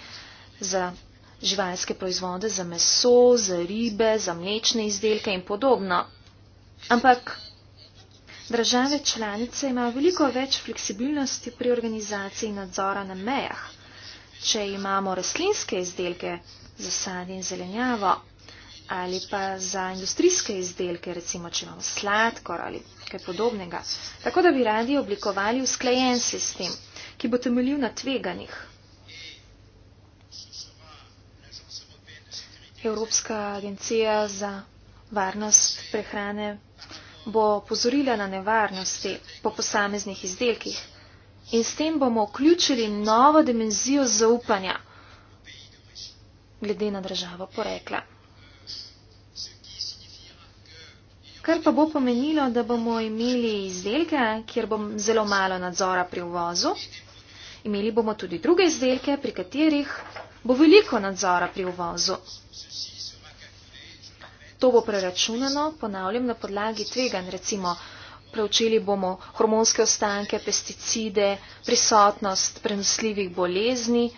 za živalske proizvode za meso, za ribe, za mlečne izdelke in podobno. Ampak države članice imajo veliko več fleksibilnosti pri organizaciji nadzora na mejah. Če imamo rastlinske izdelke za sadje in zelenjavo ali pa za industrijske izdelke, recimo če imamo sladkor ali kaj podobnega, tako da bi radi oblikovali usklajen sistem, ki bo temeljil na tveganjih. Evropska agencija za varnost prehrane bo pozorila na nevarnosti po posameznih izdelkih in s tem bomo vključili novo dimenzijo zaupanja glede na državo porekla. Kar pa bo pomenilo, da bomo imeli izdelke, kjer bom zelo malo nadzora pri uvozu, imeli bomo tudi druge izdelke, pri katerih bo veliko nadzora pri uvozu. To bo preračunano, ponavljam, na podlagi tvegan, recimo, preučili bomo hormonske ostanke, pesticide, prisotnost prenosljivih bolezni,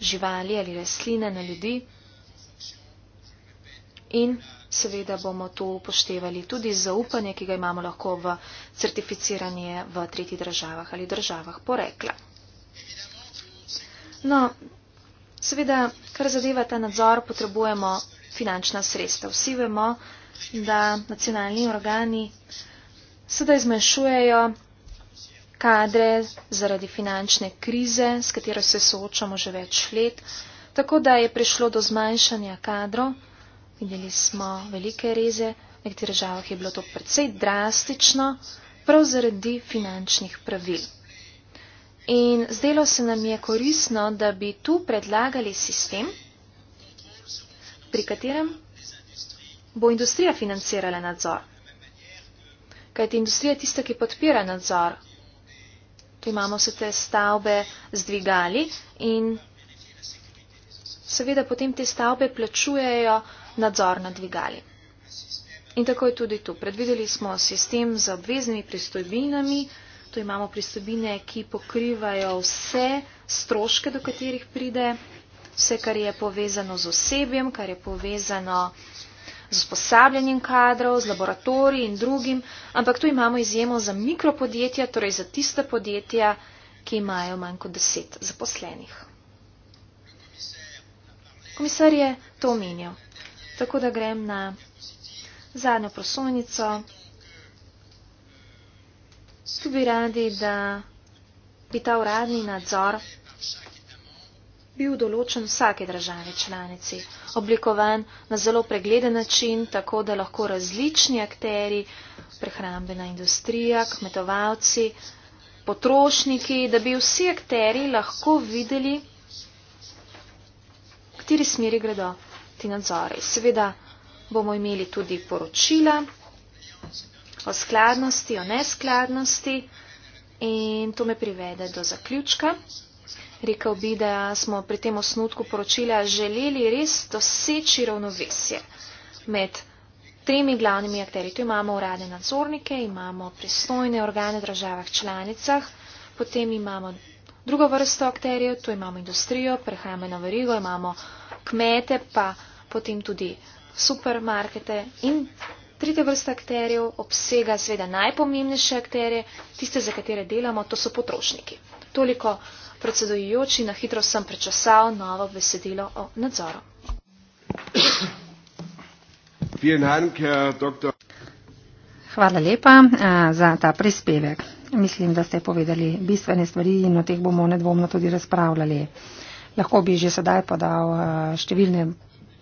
živali ali rastline na ljudi. In seveda bomo to upoštevali tudi zaupanje, ki ga imamo lahko v certificiranje v tretjih državah ali državah porekla. No, Seveda, kar zadeva ta nadzor, potrebujemo finančna sredstva. Vsi vemo, da nacionalni organi sedaj zmanjšujejo kadre zaradi finančne krize, s katero se soočamo že več let. Tako da je prišlo do zmanjšanja kadrov, videli smo velike reze, v nekaterih državah je bilo to precej drastično, prav zaradi finančnih pravil. In zdelo se nam je korisno, da bi tu predlagali sistem, pri katerem bo industrija financirala nadzor. Kajti industrija je tista, ki podpira nadzor. Tu imamo vse te stavbe zdvigali in seveda potem te stavbe plačujejo nadzor nad dvigali. In tako je tudi tu. Predvideli smo sistem z obveznimi pristojbinami, tu imamo pristojbine, ki pokrivajo vse stroške, do katerih pride, vse, kar je povezano z osebjem, kar je povezano z usposabljanjem kadrov, z laboratoriji in drugim, ampak tu imamo izjemo za mikropodjetja, torej za tiste podjetja, ki imajo manj kot deset zaposlenih. Komisar je to omenil. Tako da grem na zadnjo prosojnico. Tu bi radi, da bi ta uradni nadzor bil določen vsake države članici, oblikovan na zelo pregleden način, tako da lahko različni akteri, prehrambena industrija, kmetovalci, potrošniki, da bi vsi akteri lahko videli, v kateri smeri gredo ti nadzori. Seveda bomo imeli tudi poročila, o skladnosti, o neskladnosti in to me privede do zaključka. Rekel bi, da smo pri tem osnutku poročila želeli res doseči ravnovesje med tremi glavnimi akteri. Tu imamo uradne nadzornike, imamo pristojne organe v državah članicah, potem imamo drugo vrsto akterjev, tu imamo industrijo, prehajamo na verigo, imamo kmete, pa potem tudi supermarkete in tretja vrsta akterjev obsega sveda najpomembnejše akterje, tiste, za katere delamo, to so potrošniki. Toliko predsedojujoči, na hitro sem prečasal novo besedilo o nadzoru. Hvala lepa a, eh, za ta prispevek. Mislim, da ste povedali bistvene stvari in o teh bomo nedvomno tudi razpravljali. Lahko bi že sedaj podal a, eh, številne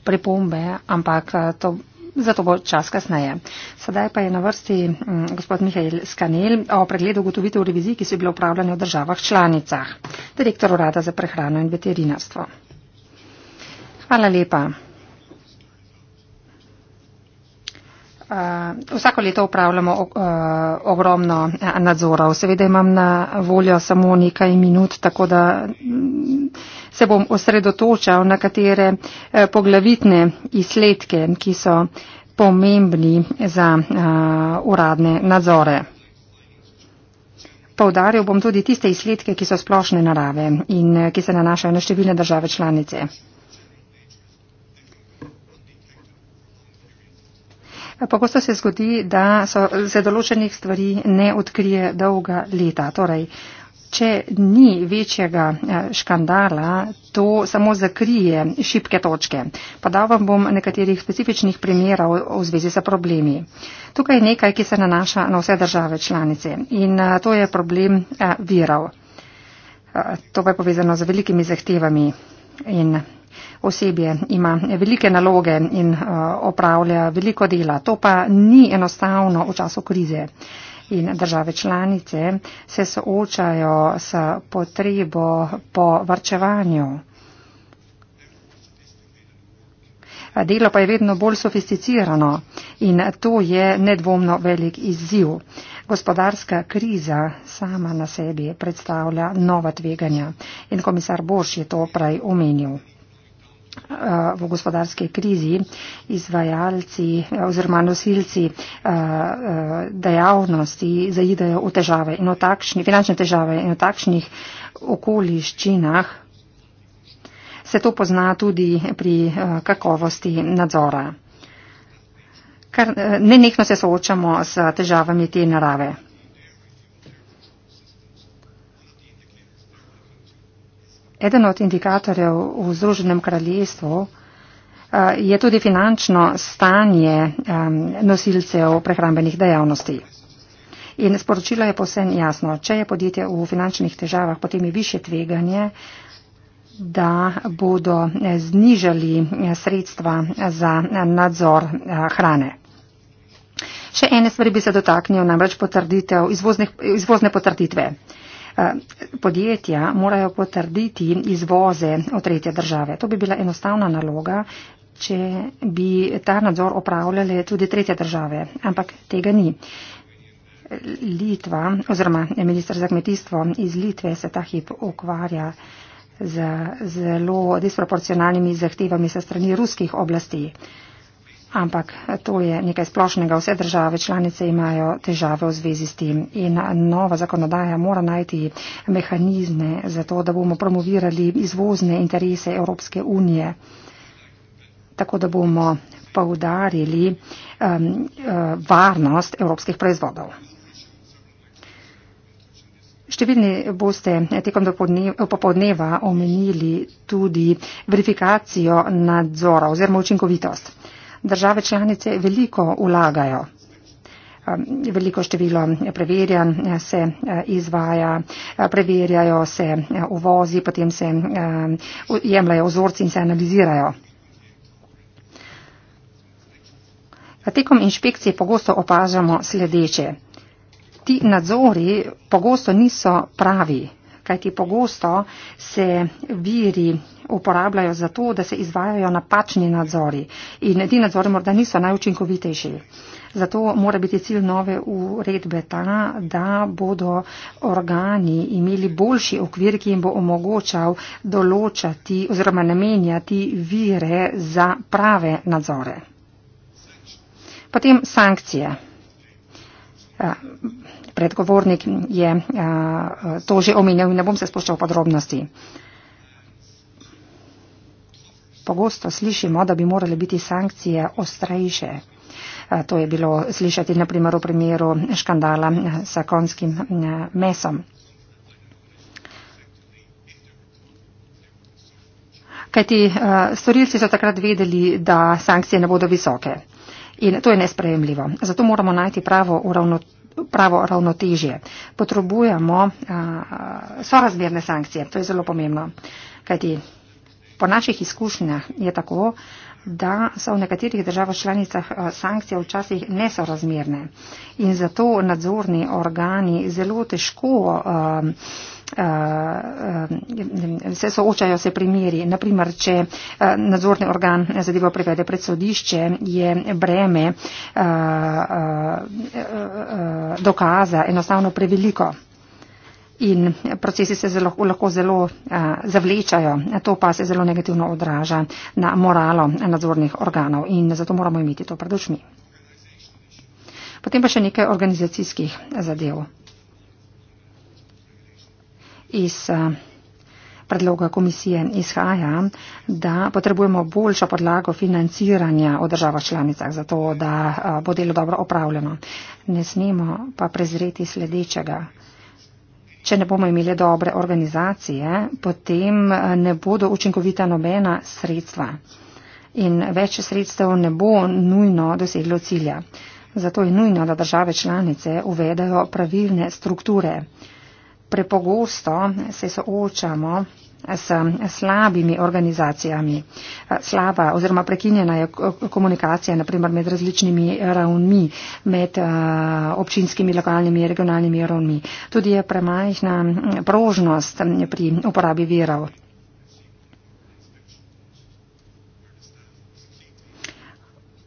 prepombe, ampak a, eh, to zato bo čas kasneje. Sedaj pa je na vrsti mm, gospod Mihajl Skanel o pregledu gotovitev revizij, ki so bile upravljene v državah članicah. Direktor Urada za prehrano in veterinarstvo. Hvala lepa. Uh, vsako leto upravljamo uh, ogromno nadzorov. Seveda imam na voljo samo nekaj minut, tako da. Mm, se bom osredotočal na katere eh, poglavitne izsledke, ki so pomembni za eh, uradne nadzore. Povdaril bom tudi tiste izsledke, ki so splošne narave in eh, ki se nanašajo na številne države članice. Pogosto se zgodi, da so, se določenih stvari ne odkrije dolga leta. Torej, uh, Če ni večjega eh, škandala, to samo zakrije šibke točke. Podal vam bom nekaterih specifičnih primerov v zvezi s problemi. Tukaj je nekaj, ki se nanaša na vse države članice in eh, to je problem eh, virov. To pa je povezano z velikimi zahtevami in osebje ima velike naloge in opravlja veliko dela. To pa ni enostavno v času krize in države članice se soočajo s potrebo po varčevanju. Delo pa je vedno bolj sofisticirano in to je nedvomno velik izziv. Gospodarska kriza sama na sebi predstavlja nova tveganja in komisar Boš je to prej omenil. Eh, v gospodarske krizi izvajalci eh, oziroma nosilci eh, dejavnosti zaidejo v težave in v takšni, finančne težave in v takšnih okoliščinah se to pozna tudi pri kakovosti nadzora. Kar, ne nekno se soočamo s težavami te narave. Eden od indikatorjev v Združenem kraljestvu eh, je tudi finančno stanje nosilcev prehrambenih dejavnosti. In sporočilo je posem jasno, če je podjetje v finančnih težavah, potem je više tveganje, da bodo eh, znižali eh, sredstva za nadzor hrane. Še ene stvari bi se dotaknil, namreč potrditev, izvozne potrditve. Eh, podjetja morajo potrditi izvoze v tretje države. To bi bila enostavna naloga, če bi ta nadzor opravljale tudi tretje države, ampak tega ni. Litva oziroma ministr za kmetijstvo iz Litve se ta hip ukvarja z zelo disproporcionalnimi zahtevami sa strani ruskih oblasti ampak to je nekaj splošnega. Vse države članice imajo težave v zvezi s tem in nova zakonodaja mora najti mehanizme za to, da bomo promovirali izvozne interese Evropske unije, tako da bomo poudarili um, uh, varnost evropskih proizvodov. Številni boste tekom popodneva omenili tudi verifikacijo nadzora oziroma učinkovitost države članice veliko ulagajo. Um, veliko število preverjanj eh, se eh, izvaja, eh, preverjajo se uvozi, potem se jemljajo vzorci in se analizirajo. Tekom inšpekcije pogosto opažamo sledeče. Ti nadzori pogosto niso pravi kajti pogosto se viri uporabljajo za to, da se izvajajo napačni nadzori in ti nadzori morda niso najučinkovitejši. Zato mora biti cilj nove uredbe ta, da bodo organi imeli boljši okvir, ki jim bo omogočal določati oziroma namenjati vire za prave nadzore. Potem sankcije. Ja, predgovornik je eh, to že omenjal in ne bom se spuščal v podrobnosti. Pogosto slišimo, da bi morali biti sankcije ostrejše. Eh, to je bilo slišati na primer v primeru škandala eh, s konskim mesom. Kajti storilci so takrat vedeli, da sankcije ne bodo visoke. In to je nesprejemljivo. Zato moramo najti pravo uravnotežje pravo ravnotežje. Potrebujemo eh, sorazmerne sankcije, to je zelo pomembno, kajti po naših izkušnjah je tako, da so v nekaterih državah članicah eh, sankcije včasih nesorazmerne in zato nadzorni organi zelo težko. A, eh, Eh, eh, se soočajo se primeri. Naprimer, če eh, nadzorni organ zadevo privede pred sodišče, je breme dokaza enostavno preveliko. In procesi se zelo, lahko zelo uh, zavlečajo, to pa se zelo negativno odraža na moralo nadzornih organov in zato moramo imeti to pred očmi. Potem pa še nekaj organizacijskih zadev iz eh, predloga komisije izhaja, da potrebujemo boljšo podlago financiranja v državah članicah, zato da eh, bo delo dobro opravljeno. Ne smemo pa prezreti sledečega. Če ne bomo imeli dobre organizacije, potem eh, ne bodo učinkovita nobena sredstva in več sredstev ne bo nujno doseglo cilja. Zato je nujno, da države članice uvedajo pravilne strukture prepogosto se soočamo s slabimi organizacijami. Slaba oziroma prekinjena je komunikacija naprimer med različnimi ravnmi, med občinskimi, lokalnimi in regionalnimi ravnmi. Tudi je premajhna prožnost pri uporabi virov.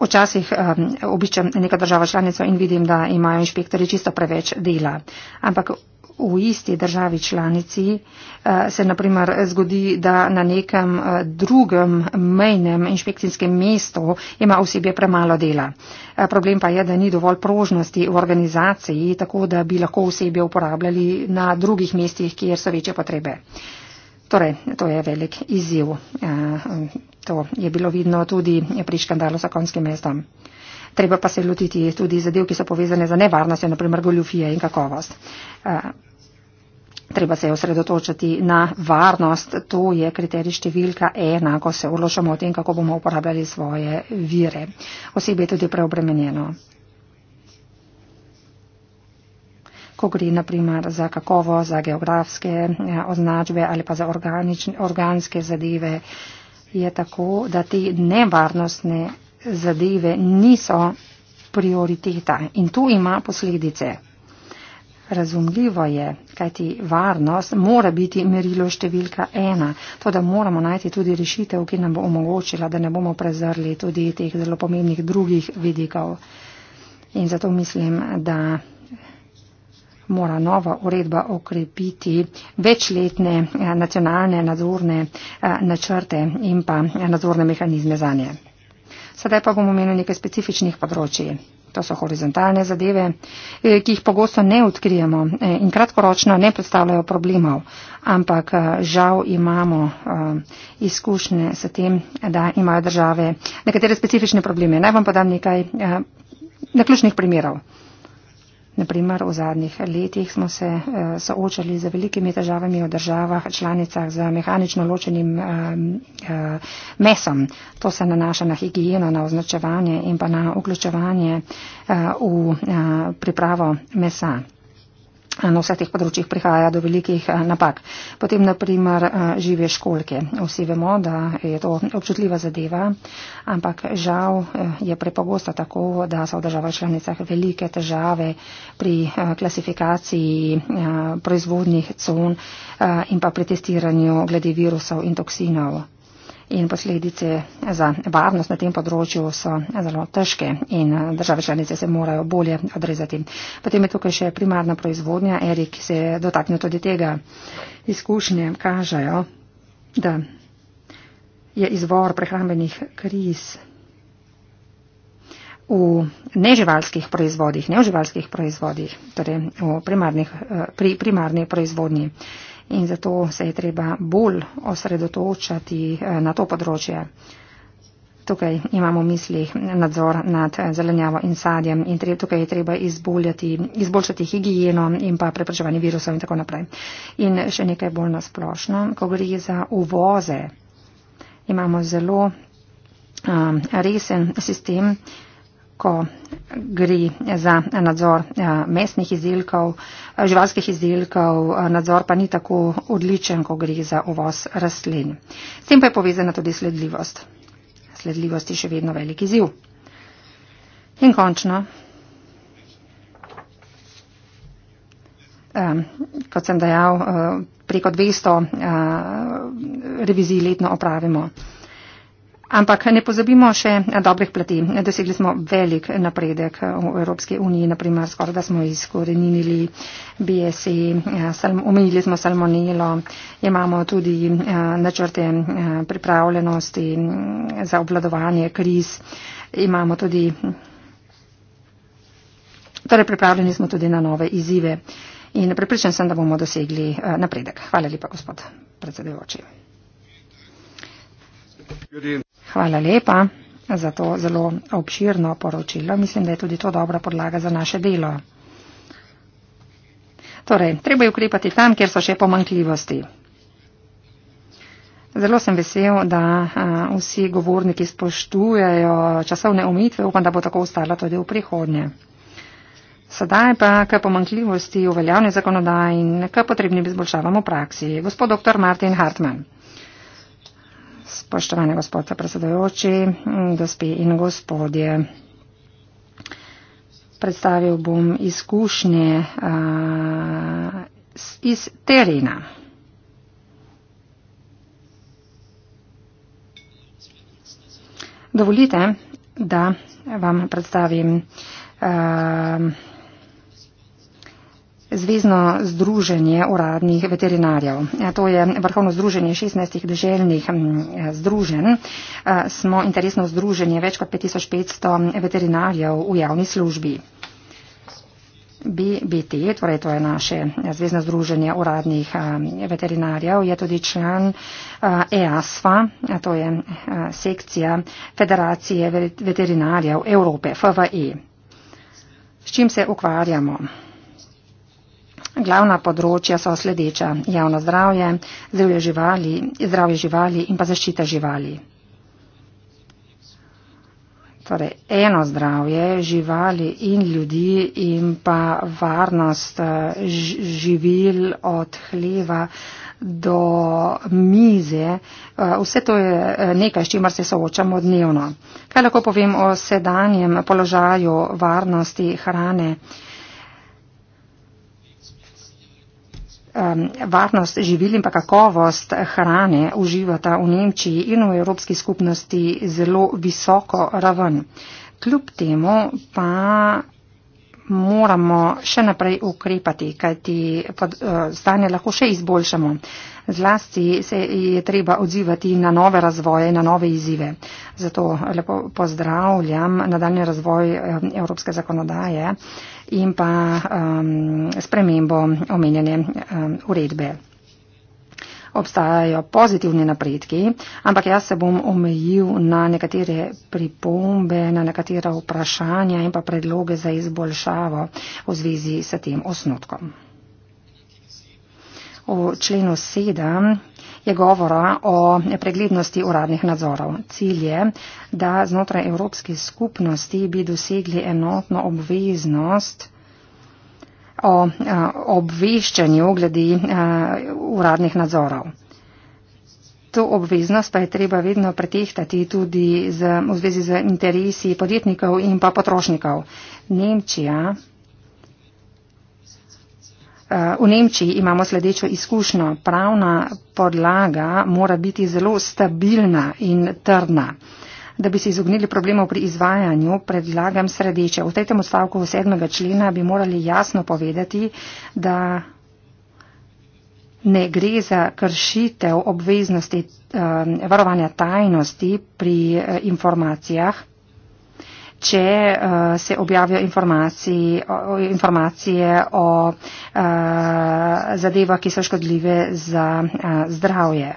Včasih um, obiščem neka država članica in vidim, da imajo inšpektori čisto preveč dela. Ampak v isti državi članici eh, se naprimer zgodi, da na nekem eh, drugem mejnem inšpekcijskem mestu ima osebje premalo dela. Eh, problem pa je, da ni dovolj prožnosti v organizaciji, tako da bi lahko osebje uporabljali na drugih mestih, kjer so večje potrebe. Torej, to je velik izziv. To je bilo vidno tudi pri škandalu s okonskim mestom. Treba pa se lotiti tudi zadev, ki so povezane za nevarnost, naprimer goljufije in kakovost. Treba se osredotočiti na varnost, to je kriterij številka ena, ko se odločamo o tem, kako bomo uporabljali svoje vire. Osebi je tudi preobremenjeno. Ko gre naprimer za kakovo, za geografske eh, označbe ali pa za organske zadeve, je tako, da te nevarnostne zadeve niso prioriteta in tu ima posledice. Razumljivo je, kajti varnost mora biti merilo številka ena. To, da moramo najti tudi rešitev, ki nam bo omogočila, da ne bomo prezrli tudi teh zelo pomembnih drugih vidikov. In zato mislim, da mora nova uredba okrepiti večletne eh, nacionalne nadzorne eh, načrte in pa nadzorne mehanizme za nje. Sedaj pa bomo imeli nekaj specifičnih področji to so horizontalne zadeve, eh, ki jih pogosto ne odkrijemo eh, in kratkoročno ne predstavljajo problemov, ampak eh, žal imamo izkušnje s tem, da imajo države nekatere specifične probleme. Naj vam podam nekaj naključnih primerov. Naprimer, v zadnjih letih smo se eh, soočali z velikimi težavami v državah članicah z mehanično ločenim eh, eh, mesom. To se nanaša na higieno, na označevanje in pa na vključevanje v pripravo mesa na vseh teh področjih prihaja do velikih eh, napak. Potem, na primer, eh, žive školke. Vsi vemo, da je to občutljiva zadeva, ampak žal eh, je prepogosto tako, da so v državah članicah velike težave pri klasifikaciji proizvodnih con in pa pri testiranju glede virusov in toksinov in posledice za varnost na tem področju so zelo težke in države članice se morajo bolje odrezati. Potem je tukaj še primarna proizvodnja. Erik se je dotaknil tudi tega. Izkušnje kažejo, da je izvor prehrambenih kriz v neživalskih proizvodih, neživalskih proizvodih, torej primarnih, pri primarni proizvodnji in zato se je treba bolj osredotočati eh, na to področje. Tukaj imamo v mislih nadzor nad eh, zelenjavo in sadjem in tre, tukaj je treba izboljšati higieno in pa preprečevanje virusov in tako naprej. In še nekaj bolj nasplošno, ko gre za uvoze, imamo zelo um, resen sistem. Uh, ko gre za nadzor eh, mesnih izdelkov, eh, živalskih izdelkov, eh, nadzor pa ni tako odličen, ko gre za uvoz rastlin. S tem pa je povezana tudi sledljivost. Sledljivost je še vedno velik izziv. In končno, kot sem dejal, preko 200 revizij letno opravimo. Ampak ne pozabimo še dobrih plati. Dosegli smo velik napredek v Evropski uniji, naprimer skoraj da smo izkorenili BSE, omenili e, smo salmonilo, imamo tudi eh, načrte eh, pripravljenosti mm, za obvladovanje kriz, imamo tudi. Torej pripravljeni smo tudi na nove izzive in pripričan sem, da bomo dosegli eh, napredek. Hvala lepa, gospod predsedujoči. Hvala lepa za to zelo obširno poročilo. Mislim, da je tudi to dobra podlaga za naše delo. Torej, treba je ukrepati tam, kjer so še pomankljivosti. Zelo sem vesel, da a, vsi govorniki spoštujejo časovne omitve, upam, da bo tako ostalo tudi v prihodnje. Sedaj pa k pomankljivosti uveljavne zakonodaje in k potrebnim izboljšavam v praksi. Gospod dr. Martin Hartmann spoštovane gospode predsedojoči, gospi in gospodje. Predstavil bom izkušnje uh, iz terena. Dovolite, da vam predstavim uh, Zvezno združenje uradnih veterinarjev. Ja, to je vrhovno združenje 16 deželnih mm, združenj. Smo interesno združenje več kot 5500 veterinarjev v javni službi. BBT, torej to je naše zvezno združenje uradnih veterinarjev, je tudi član EASFA, e to je sekcija Federacije veterinarjev Evrope, FVE. S čim se ukvarjamo? Glavna področja so sledeča – javno zdravje, zdravje živali, zdravje živali in pa zaščita živali. Torej, eno zdravje živali in ljudi in pa varnost eh, živil od hleva do mize, eh, vse to je eh, nekaj, s čimer se soočamo dnevno. Kaj lahko povem o sedanjem položaju varnosti hrane? um, varnost živil in pa kakovost hrane uživata v Nemčiji in v Evropski skupnosti zelo visoko raven. Kljub temu pa moramo še naprej ukrepati, kajti eh, stanje lahko še izboljšamo. Zlasti se je treba odzivati na nove razvoje, na nove izzive. Zato lepo pozdravljam nadaljni razvoj eh, evropske zakonodaje in pa um, spremembo omenjene um, uredbe obstajajo pozitivni napredki, ampak jaz se bom omejil na nekatere pripombe, na nekatera vprašanja in pa predloge za izboljšavo v zvezi s tem osnotkom. V členu 7 je govora o preglednosti uradnih nadzorov. Cilj je, da znotraj Evropske skupnosti bi dosegli enotno obveznost o obveščanju glede uradnih nadzorov. To obveznost pa je treba vedno pretehtati tudi z, v zvezi z interesi podjetnikov in pa potrošnikov. Nemčija, v Nemčiji imamo sledečo izkušnjo. Pravna podlaga mora biti zelo stabilna in trdna da bi se izognili problemov pri izvajanju, predlagam sredeče. V tem odstavku 7. člena bi morali jasno povedati, da ne gre za kršitev obveznosti eh, varovanja tajnosti pri eh, informacijah, če eh, se objavijo informacije o eh, zadevah, ki so škodljive za eh, zdravje.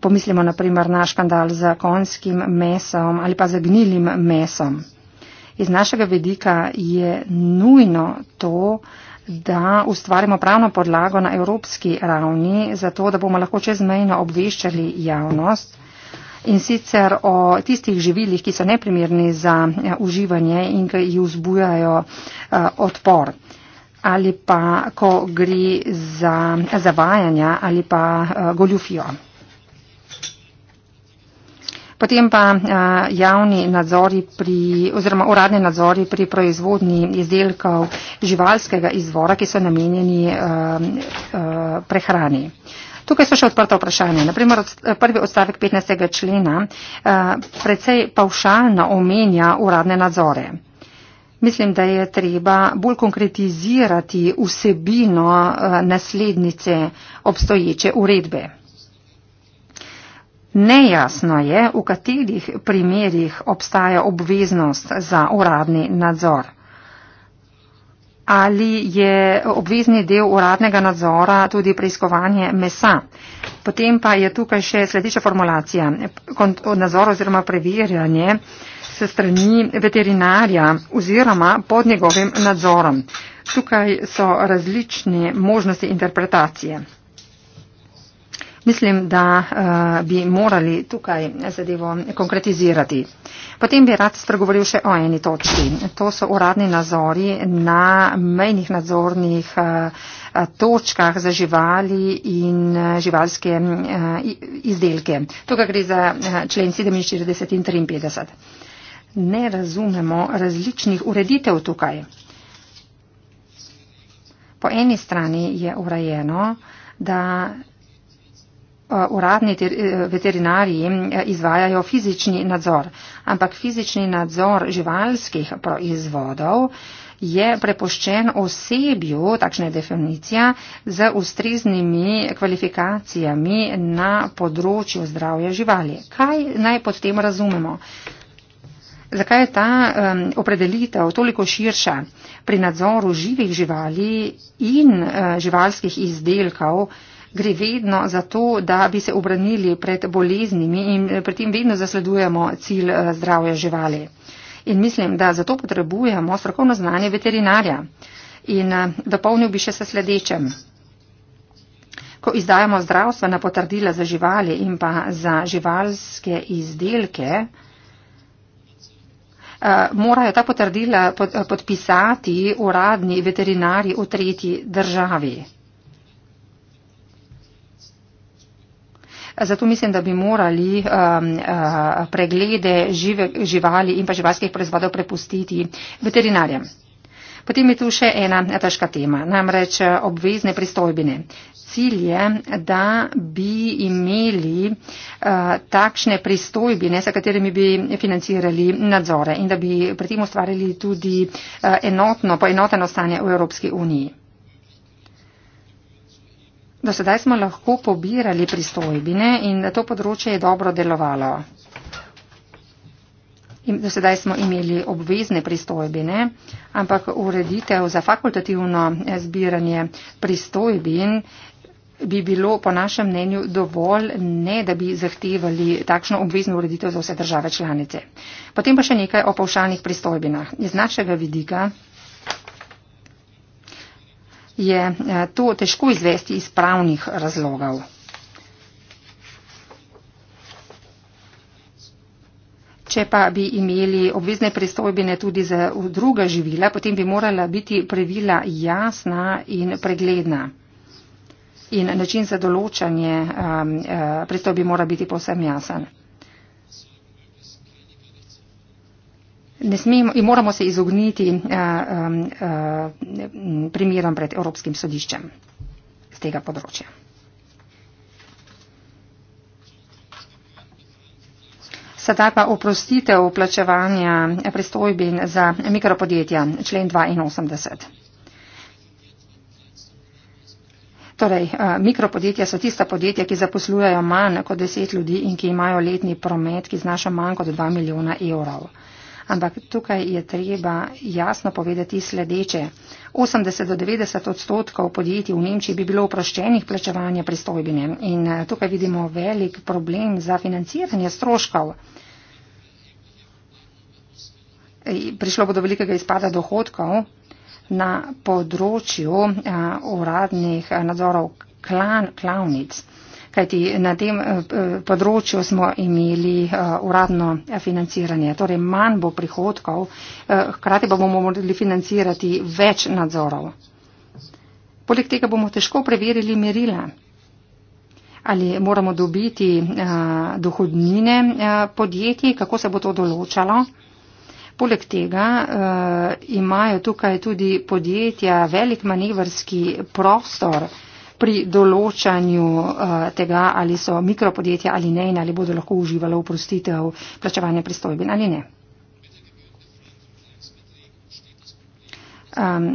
pomislimo naprimer na škandal z konjskim mesom ali pa z gnilim mesom. Iz našega vidika je nujno to, da ustvarimo pravno podlago na evropski ravni, zato da bomo lahko čezmejno obveščali javnost in sicer o tistih živilih, ki so neprimerni za eh, uživanje in ki jih vzbujajo eh, odpor ali pa ko gre za zavajanja ali pa eh, goljufijo. Potem pa eh, javni nadzori pri, oziroma uradni nadzori pri proizvodnji izdelkov živalskega izvora, ki so namenjeni eh, eh, prehrani. Tukaj so še odprta vprašanja. Naprimer, prvi odstavek 15. člena precej pavšalno omenja uradne nadzore. Mislim, da je treba bolj konkretizirati vsebino naslednice obstoječe uredbe. Nejasno je, v katerih primerjih obstaja obveznost za uradni nadzor. Ali je obvezni del uradnega nadzora tudi preiskovanje mesa? Potem pa je tukaj še sledeča formulacija. Nadzor oziroma preverjanje se strani veterinarja oziroma pod njegovim nadzorom. Tukaj so različne možnosti interpretacije. Mislim, da eh, bi morali tukaj zadevo konkretizirati. Potem bi rad spregovoril še o eni točki. To so uradni nazori na mejnih nadzornih eh, točkah za živali in eh, živalske izdelke. Tukaj gre za člen 47 in 53. Ne razumemo različnih ureditev tukaj. Po eni strani je urejeno, da Eh, uradni eh, veterinarji eh, izvajajo fizični nadzor, ampak fizični nadzor živalskih proizvodov je prepoščen osebju, takšna je definicija, z ustreznimi kvalifikacijami na področju zdravja živali. Kaj naj pod tem razumemo? Zakaj je ta um, opredelitev toliko širša pri nadzoru živih živali in uh, živalskih izdelkov? Uh, gre vedno za to, da bi se obranili pred boleznimi in eh, pri tem vedno zasledujemo cilj eh, zdravja živali. In mislim, da zato potrebujemo strokovno znanje veterinarja. In eh, dopolnil bi še s sledečem. Ko izdajamo zdravstvena potrdila za živali in pa za živalske izdelke, morajo ta potrdila podpisati uradni veterinari v tretji državi. Zato mislim, da bi morali um, uh, preglede žive, živali in pa živalskih proizvodov prepustiti veterinarjem. Potem je tu še ena težka tema, namreč uh, obvezne pristojbine. Cilj je, da bi imeli uh, takšne pristojbine, s katerimi bi financirali nadzore in da bi pri tem ustvarili tudi uh, enotno, poenoteno stanje v Evropski uniji. Do sedaj smo lahko pobirali pristojbine in da to področje je dobro delovalo. Do sedaj smo imeli obvezne pristojbine, ampak ureditev za fakultativno eh, zbiranje pristojbin bi bilo po našem mnenju dovolj, ne da bi zahtevali takšno obvezno ureditev za vse države članice. Potem pa še nekaj o povšalnih pristojbinah. Iz našega vidika je eh, to težko izvesti iz pravnih razlogov. Če pa bi imeli obvezne pristojbine tudi za druga živila, potem bi morala biti pravila jasna in pregledna. In način za določanje um, pristojbi mora biti posebno jasen. ne smemo in moramo se izogniti uh, um, uh, primerom pred Evropskim sodiščem z tega področja. Sedaj pa oprostitev plačevanja prestojbin za mikropodjetja, člen 82. Torej, eh, mikropodjetja so tista podjetja, ki zaposlujejo manj kot 10 ljudi in ki imajo letni promet, ki znaša manj kot 2 milijona evrov. Ampak tukaj je treba jasno povedati sledeče. 80 do 90 odstotkov podjetij v Nemčiji bi bilo oproščenih plačevanja pristojbine. In eh, tukaj vidimo velik problem za financiranje stroškov. Prišlo bo do velikega izpada dohodkov na področju eh, uradnih eh, nadzorov klan, klavnic kajti na tem eh, področju smo imeli eh, uradno financiranje. Torej manj bo prihodkov, eh, hkrati pa bomo morali financirati več nadzorov. Poleg tega bomo težko preverili merila ali moramo dobiti uh, dohodnine uh, podjetij, kako se bo to določalo. Poleg tega uh, imajo tukaj tudi podjetja velik manevrski prostor uh, pri določanju eh, tega, ali so mikropodjetja ali ne in ali bodo lahko uživalo uprostitev plačevanja pristojbin ali ne. Um, ehm,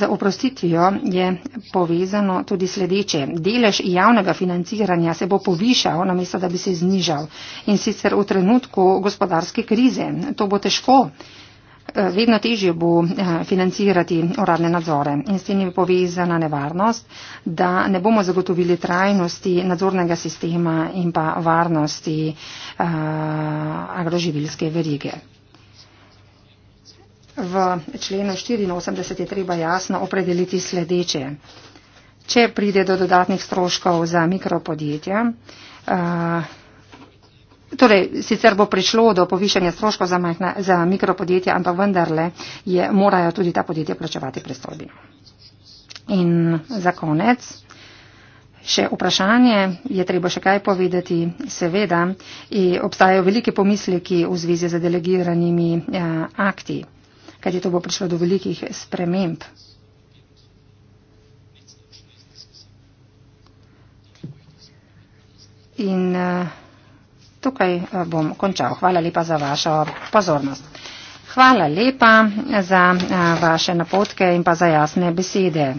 Za oprostitvijo je povezano tudi sledeče. Delež javnega financiranja se bo povišal, namesto da bi se znižal. In sicer v trenutku gospodarske krize. To bo težko. Uh, Eh, vedno težje bo eh, financirati uradne nadzore in s tem je povezana nevarnost, da ne bomo zagotovili trajnosti nadzornega sistema in pa varnosti uh, agroživilske verige. V členu 84 je treba jasno opredeliti sledeče. Če pride do dodatnih stroškov za mikropodjetja, uh, Torej, sicer bo prišlo do povišanja stroškov za, majhne, za mikropodjetja, ampak vendarle je, morajo tudi ta podjetja plačevati prestolbi. In za konec. Še vprašanje, je treba še kaj povedati, seveda, obstajajo velike pomisleki v zvezi z delegiranimi a, eh, akti, kajti to bo prišlo do velikih sprememb. In a, eh, tukaj eh, bom končal. Hvala lepa za vašo pozornost. Hvala lepa za eh, vaše napotke in pa za jasne besede.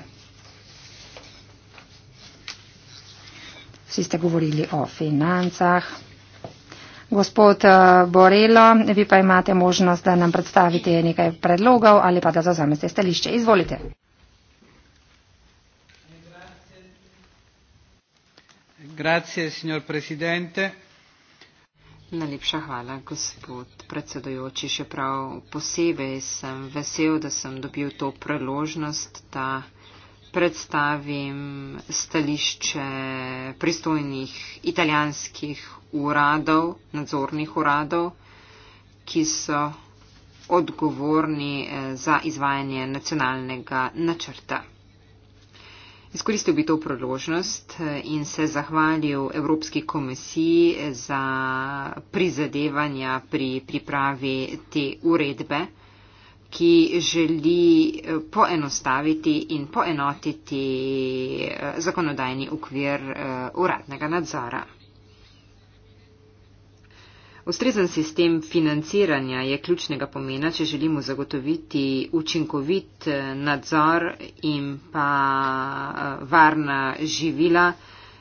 Vsi ste govorili o financah. Gospod eh, Borelo, vi pa imate možnost, da nam predstavite nekaj predlogov ali pa da zazamete stališče. Izvolite. Grazie, signor Presidente. Najlepša hvala, gospod predsedojoči. Še prav posebej sem vesel, da sem dobil to priložnost, da predstavim stališče pristojnih italijanskih uradov, nadzornih uradov, ki so odgovorni eh, za izvajanje nacionalnega načrta. Izkoristil bi to priložnost eh, in se zahvalil Evropski komisiji za prizadevanja pri pripravi te uredbe, ki želi eh, poenostaviti in poenotiti eh, zakonodajni ukvir uradnega nadzora. Ustrezen sistem financiranja je ključnega pomena, če želimo zagotoviti učinkovit eh, nadzor in pa eh, varna živila,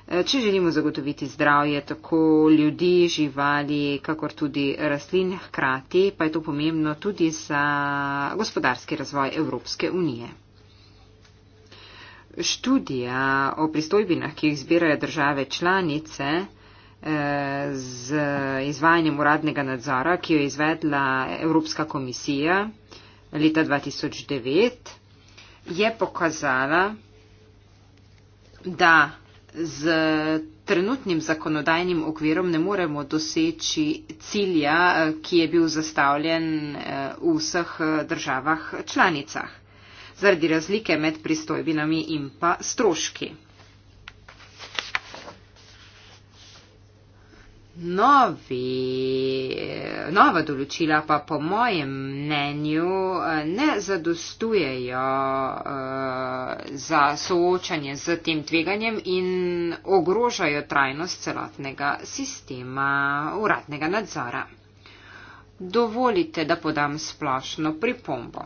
eh, če želimo zagotoviti zdravje tako ljudi, živali, kakor tudi rastlin, hkrati pa je to pomembno tudi za gospodarski razvoj Evropske unije. Študija o pristojbinah, ki jih zbirajo države članice, Eh, z izvajanjem uradnega nadzora, ki jo je izvedla Evropska komisija leta 2009, je pokazala, da z trenutnim zakonodajnim okvirom ne moremo doseči cilja, eh, ki je bil zastavljen eh, v vseh državah članicah, zaradi razlike med pristojbinami in pa stroški. novi, nova določila pa po mojem mnenju eh, ne zadostujejo eh, za soočanje z tem tveganjem in ogrožajo trajnost celotnega sistema uradnega nadzora. Dovolite, da podam splošno pripombo.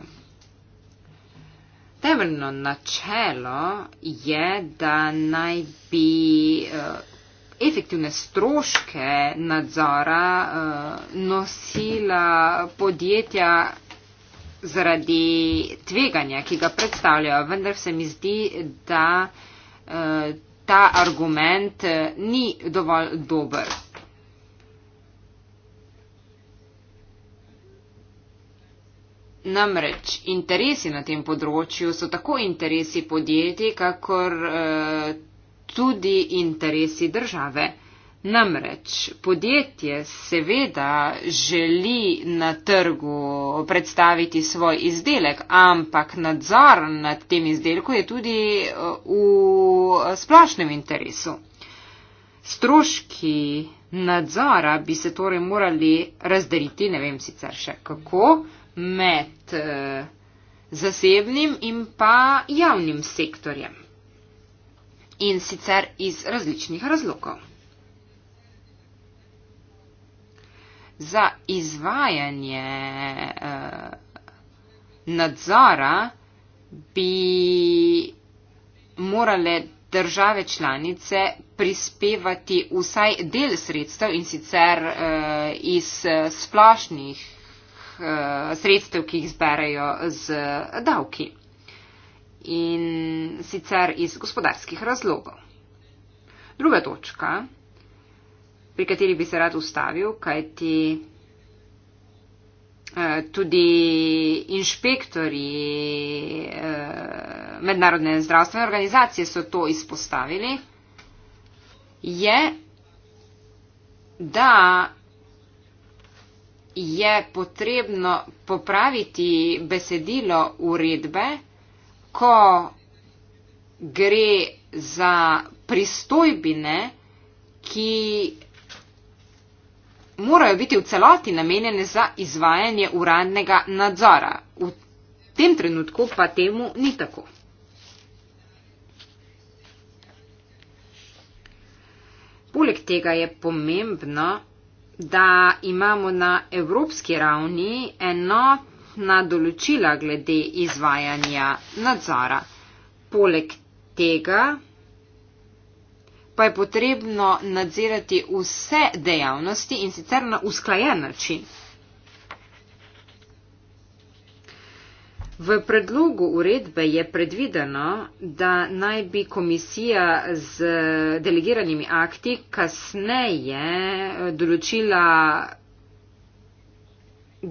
Temeljno načelo je, da naj bi eh, efektivne stroške nadzora uh, nosila podjetja zaradi tveganja, ki ga predstavljajo. Vendar se mi zdi, da uh, ta argument eh, ni dovolj dober. Namreč interesi na tem področju so tako interesi podjetij, kakor uh, tudi interesi države. Namreč podjetje seveda želi na trgu predstaviti svoj izdelek, ampak nadzor nad tem izdelkom je tudi eh, v eh, splošnem interesu. Stroški nadzora bi se torej morali razdeliti, ne vem sicer še kako, med eh, zasebnim in pa javnim sektorjem in sicer iz različnih razlogov. Za izvajanje eh, nadzora bi morale države članice prispevati vsaj del sredstev in sicer eh, iz eh, splošnih eh, sredstev, ki jih zberajo z davki in sicer iz gospodarskih razlogov. Druga točka, pri kateri bi se rad ustavil, kajti eh, tudi inšpektori eh, mednarodne zdravstvene organizacije so to izpostavili, je, da je potrebno popraviti besedilo uredbe, ko gre za pristojbine, ki morajo biti v celoti namenjene za izvajanje uradnega nadzora. V tem trenutku pa temu ni tako. Poleg tega je pomembno, da imamo na evropski ravni enotno jasna določila glede izvajanja nadzora. Poleg tega pa je potrebno nadzirati vse dejavnosti in sicer na usklajen način. V predlogu uredbe je predvideno, da naj bi komisija z delegiranimi akti kasneje določila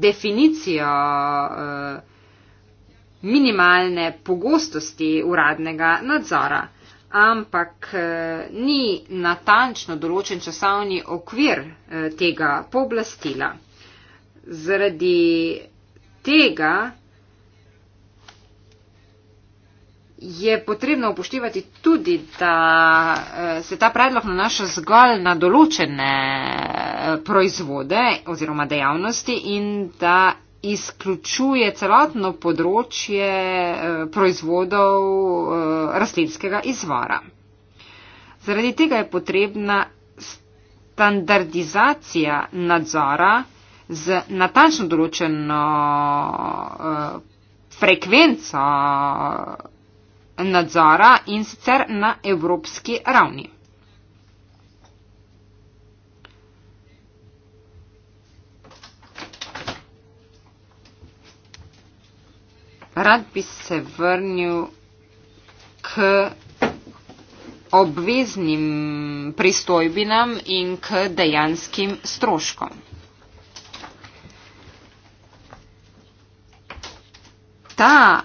definicijo eh, minimalne pogostosti uradnega nadzora, ampak eh, ni natančno določen časovni okvir eh, tega pooblastila. Zaradi tega je potrebno upoštevati tudi, da eh, se ta predlog nanaša zgolj na določene eh, proizvode oziroma dejavnosti in da izključuje celotno področje eh, proizvodov rastlinskega izvora. Zaradi tega je potrebna standardizacija nadzora z natančno določeno frekvenco nadzora in sicer na evropski ravni. Rad bi se vrnil k obveznim pristojbinam in k dejanskim stroškom. Ta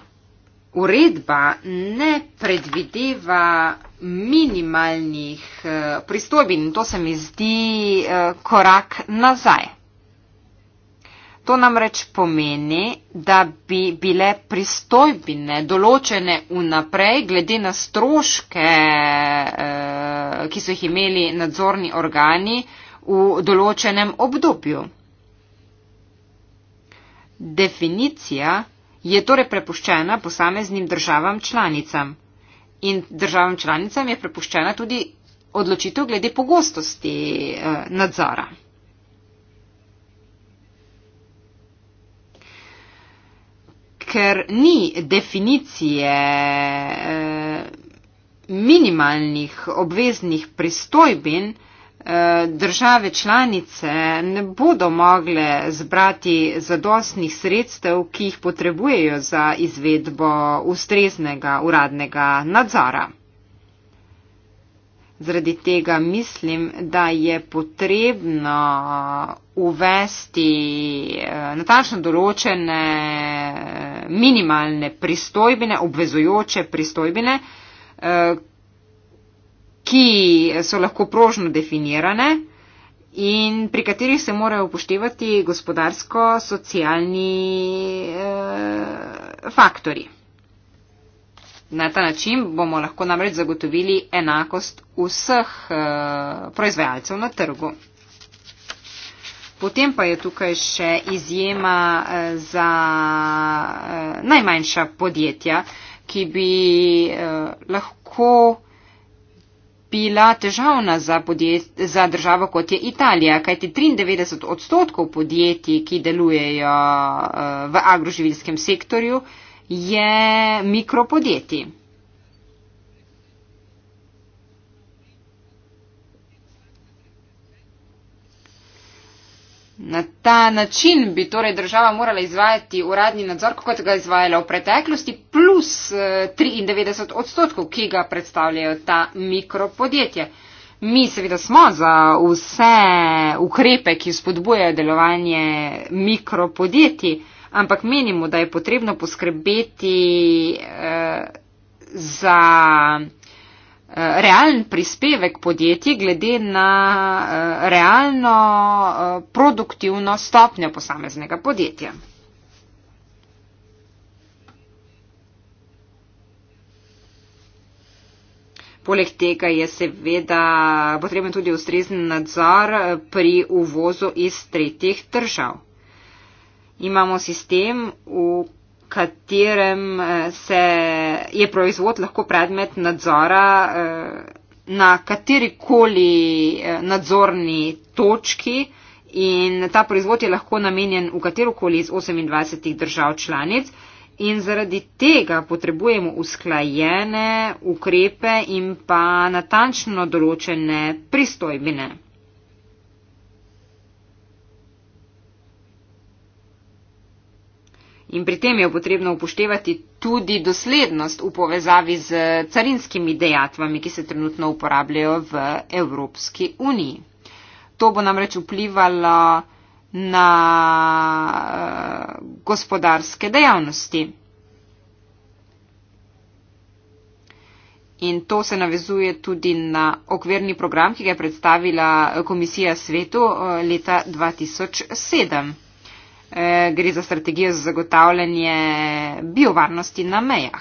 Uredba ne predvideva minimalnih eh, pristojbin. To se mi zdi eh, korak nazaj. To namreč pomeni, da bi bile pristojbine določene vnaprej glede na stroške, eh, ki so jih imeli nadzorni organi v določenem obdobju. Definicija je torej prepuščena posameznim državam članicam. In državam članicam je prepuščena tudi odločitev glede pogostosti eh, nadzora. Ker ni definicije eh, minimalnih obveznih pristojbin, Eh, države članice ne bodo mogle zbrati zadostnih sredstev, ki jih potrebujejo za izvedbo ustreznega uradnega nadzora. Zradi tega mislim, da je potrebno uvesti eh, natančno določene eh, minimalne pristojbine, obvezujoče pristojbine, ki so lahko prožno definirane in pri katerih se morajo upoštevati gospodarsko-socialni eh, faktori. Na ta način bomo lahko namreč zagotovili enakost vseh eh, proizvajalcev na trgu. Potem pa je tukaj še izjema eh, za eh, najmanjša podjetja, ki bi eh, lahko bila težavna za, podjet, za državo kot je Italija, kajti 93 odstotkov podjetij, ki delujejo eh, v agroživilskem sektorju, je mikropodjetij. Na ta način bi torej država morala izvajati uradni nadzor, kot ga je izvajala v preteklosti, plus 93 eh, odstotkov, ki ga predstavljajo ta mikropodjetja. Mi seveda smo za vse ukrepe, ki spodbujajo delovanje mikropodjetij, ampak menimo, da je potrebno poskrbeti eh, za Eh, realen prispevek podjetij glede na eh, realno eh, produktivno stopnjo posameznega podjetja. Poleg tega je seveda potreben tudi ustrezen nadzor pri uvozu iz tretjih držav. Imamo sistem, v katerem eh, se je proizvod lahko predmet nadzora eh, na katerikoli eh, nadzorni točki in ta proizvod je lahko namenjen v katerokoli iz 28 držav članic. In zaradi tega potrebujemo usklajene ukrepe in pa natančno določene pristojbine. In pri tem je potrebno upoštevati tudi doslednost v povezavi z carinskimi dejatvami, ki se trenutno uporabljajo v Evropski uniji. To bo namreč vplivalo na eh, gospodarske dejavnosti. In to se navezuje tudi na okvirni program, ki ga je predstavila eh, komisija svetu eh, leta 2007. Eh, gre za strategijo za zagotavljanje biovarnosti na mejah.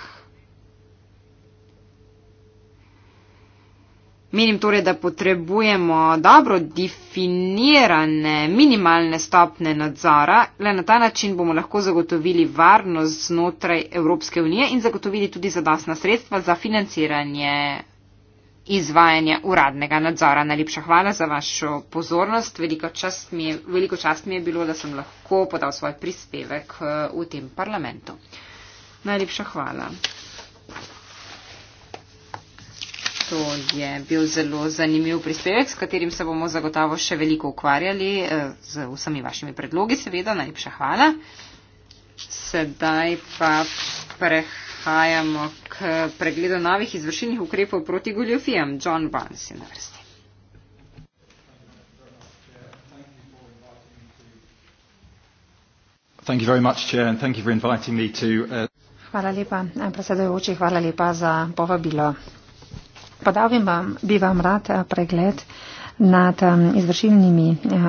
Menim torej, da potrebujemo dobro definirane minimalne stopne nadzora, le na ta način bomo lahko zagotovili varnost znotraj Evropske unije in zagotovili tudi zadostna sredstva za financiranje izvajanje uradnega nadzora. Najlepša hvala za vašo pozornost. Veliko čast mi je, veliko čast mi je bilo, da sem lahko podal svoj prispevek eh, v tem parlamentu. Najlepša hvala. To je bil zelo zanimiv prispevek, s katerim se bomo zagotovo še veliko ukvarjali, eh, z vsemi vašimi predlogi seveda. Najlepša hvala. Sedaj pa prehajamo k Eh, pregleda novih izvršilnih ukrepov proti goljofijam. John Barnes je na vrsti. Uh, hvala lepa, predsedojoči, hvala lepa za povabilo. Podal bi vam, bi vam rad eh, pregled nad eh, izvršilnimi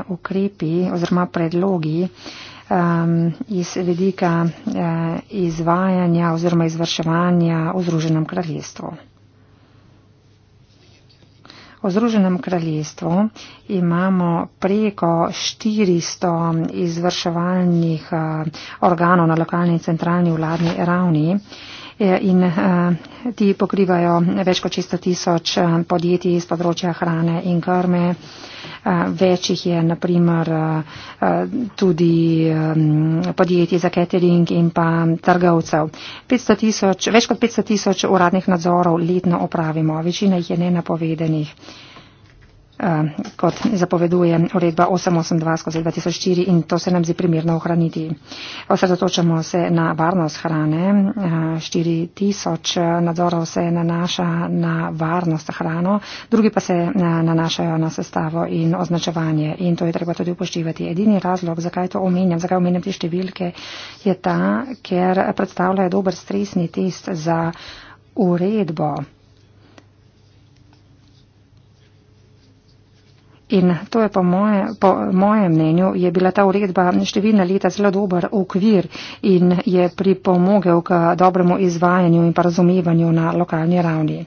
ukrepi oziroma predlogi um, iz vedika uh, izvajanja oziroma izvrševanja v Združenem kraljestvu. V Združenem kraljestvu imamo preko 400 izvrševalnih uh, organov na lokalni in centralni vladni ravni. Uh, in eh, ti pokrivajo več kot 600 tisoč eh, podjetij iz področja hrane in krme. Eh, Večjih je naprimer tudi podjetij za catering in pa trgovcev. 500 tisoč, več kot 500 tisoč uradnih nadzorov letno opravimo, večina jih je nenapovedenih. Eh, kot zapoveduje uredba 882-2004 in to se nam zdi primirno ohraniti. Osredotočamo se na varnost hrane. 4000 eh, eh, nadzorov se nanaša na varnost hrano, drugi pa se nanašajo na sestavo in označevanje in to je treba tudi upoštevati. Edini razlog, zakaj to omenjam, zakaj omenjam te številke, je ta, ker predstavljajo dober stresni test za uredbo In to je po, moje, po mojem mnenju, je bila ta uredba številna leta zelo dober okvir in je pripomogel k dobremu izvajanju in pa razumevanju na lokalni ravni.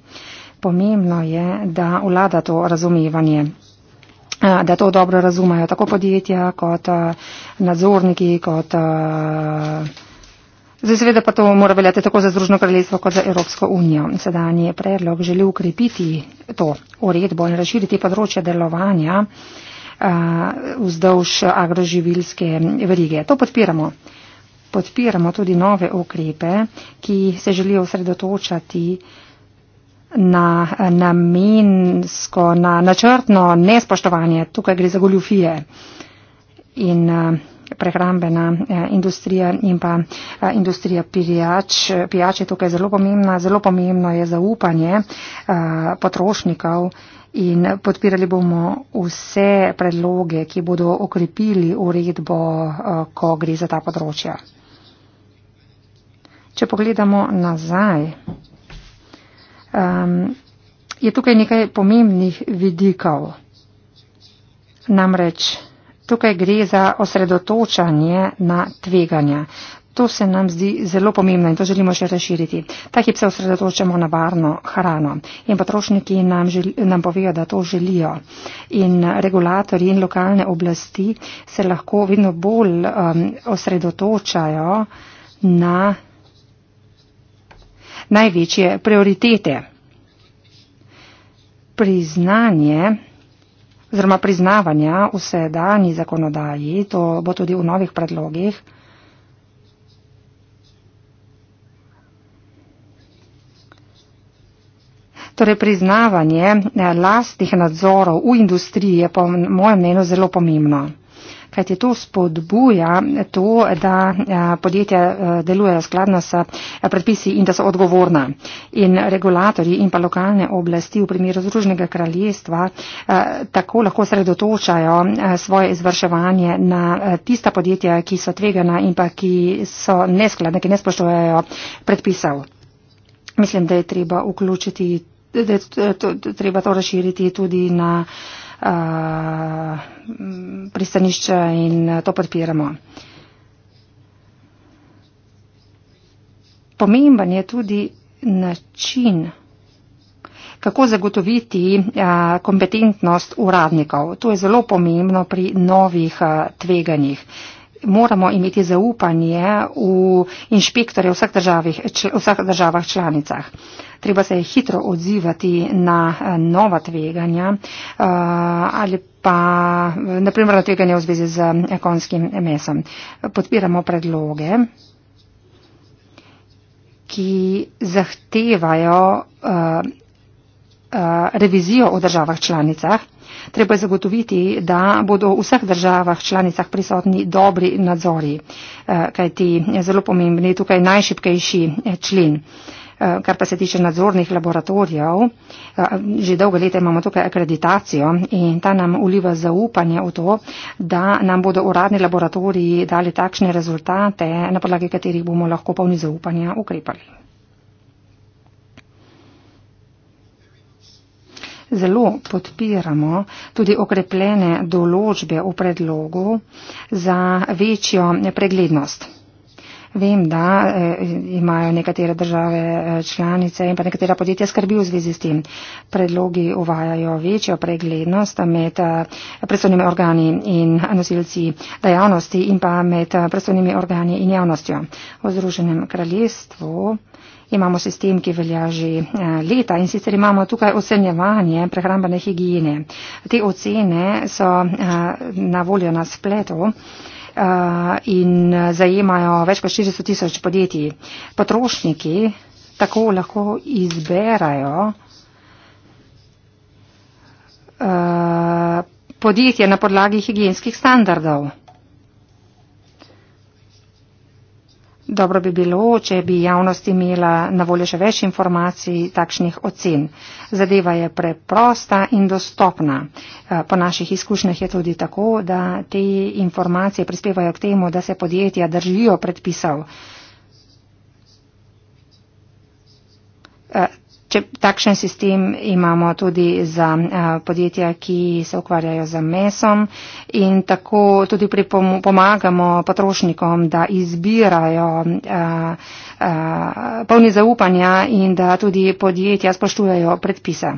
Pomembno je, da vlada to razumevanje da to dobro razumejo tako podjetja kot nadzorniki, kot uh, Zdaj seveda pa to mora veljati tako za Združno kraljestvo kot za Evropsko unijo. Sedanji predlog želi ukrepiti to uredbo in razširiti področje delovanja uh, vzdolž agroživilske verige. To podpiramo. Podpiramo tudi nove ukrepe, ki se želijo osredotočati na namensko, na načrtno nespoštovanje. Tukaj gre za goljufije. In uh, prehrambena eh, industrija in pa eh, industrija pijač. Pijač je tukaj zelo pomembna, zelo pomembno je zaupanje eh, potrošnikov. In podpirali bomo vse predloge, ki bodo okrepili uredbo, ko gre za ta področja. Če pogledamo nazaj, um, je tukaj nekaj pomembnih vidikov. Namreč. Tukaj gre za osredotočanje na tveganja. To se nam zdi zelo pomembno in to želimo še razširiti. Ta hip se osredotočamo na varno hrano in potrošniki nam, nam povejo, da to želijo. In regulatori in lokalne oblasti se lahko vedno bolj um, osredotočajo na največje prioritete. Priznanje oziroma priznavanja v sedanji zakonodaji, to bo tudi v novih predlogih. Torej, priznavanje eh, lastnih nadzorov v industriji je po mojem mnenju zelo pomembno kaj ti to spodbuja, to, da eh, podjetja eh, delujejo skladno s eh, predpisi in da so odgovorna. In regulatori in pa lokalne oblasti v primeru Združnega kraljestva tako lahko sredotočajo svoje izvrševanje na tista podjetja, ki so tvegana in pa ki so neskladna, ki ne spoštujejo predpisov. Mislim, da je treba, da je to, da je treba to razširiti tudi na. Uh, pristanišča in to podpiramo. Pomemben je tudi način, kako zagotoviti kompetentnost uradnikov. To je zelo pomembno pri novih tveganjih moramo imeti zaupanje v inšpektore v vseh državah, čl vseh državah članicah. Treba se hitro odzivati na eh, nova tveganja uh, ali pa naprimer eh, na tveganje v zvezi z konjskim mesom. Podpiramo predloge, ki zahtevajo uh, uh, revizijo v državah članicah Treba je zagotoviti, da bodo v vseh državah članicah prisotni dobri nadzori, eh, kajti zelo pomembni je tukaj najšipkejši eh, člen. Eh, kar pa se tiče nadzornih laboratorijev, že dolgo leta imamo tukaj akreditacijo in ta nam uliva zaupanje v to, da nam bodo uradni laboratoriji dali takšne rezultate, na podlagi katerih bomo lahko polni zaupanja ukrepali. Zelo podpiramo tudi okrepljene določbe v predlogu za večjo preglednost. Vem, da eh, imajo nekatere države eh, članice in pa nekatera podjetja skrbi v zvezi s tem. Predlogi uvajajo večjo preglednost med eh, predstavnimi organi in nosilci dejavnosti in pa med predstavnimi organi in javnostjo. V Združenem kraljestvu imamo sistem, ki velja že eh, leta in sicer imamo tukaj ocenjevanje prehrambene higijene. Te ocene so eh, na voljo na spletu eh, in zajemajo več kot 400 tisoč podjetij. Potrošniki tako lahko izberajo podjetje na podlagi higijenskih standardov. Dobro bi bilo, če bi javnost imela na voljo še več informacij takšnih ocen. Zadeva je preprosta in dostopna. Eh, po naših izkušnjah je tudi tako, da te informacije prispevajo k temu, da se podjetja držijo predpisov. Eh, Če takšen sistem imamo tudi za eh, podjetja, ki se ukvarjajo z mesom in tako tudi pomagamo potrošnikom, da izbirajo eh, eh, polni zaupanja in da tudi podjetja spoštujajo predpise.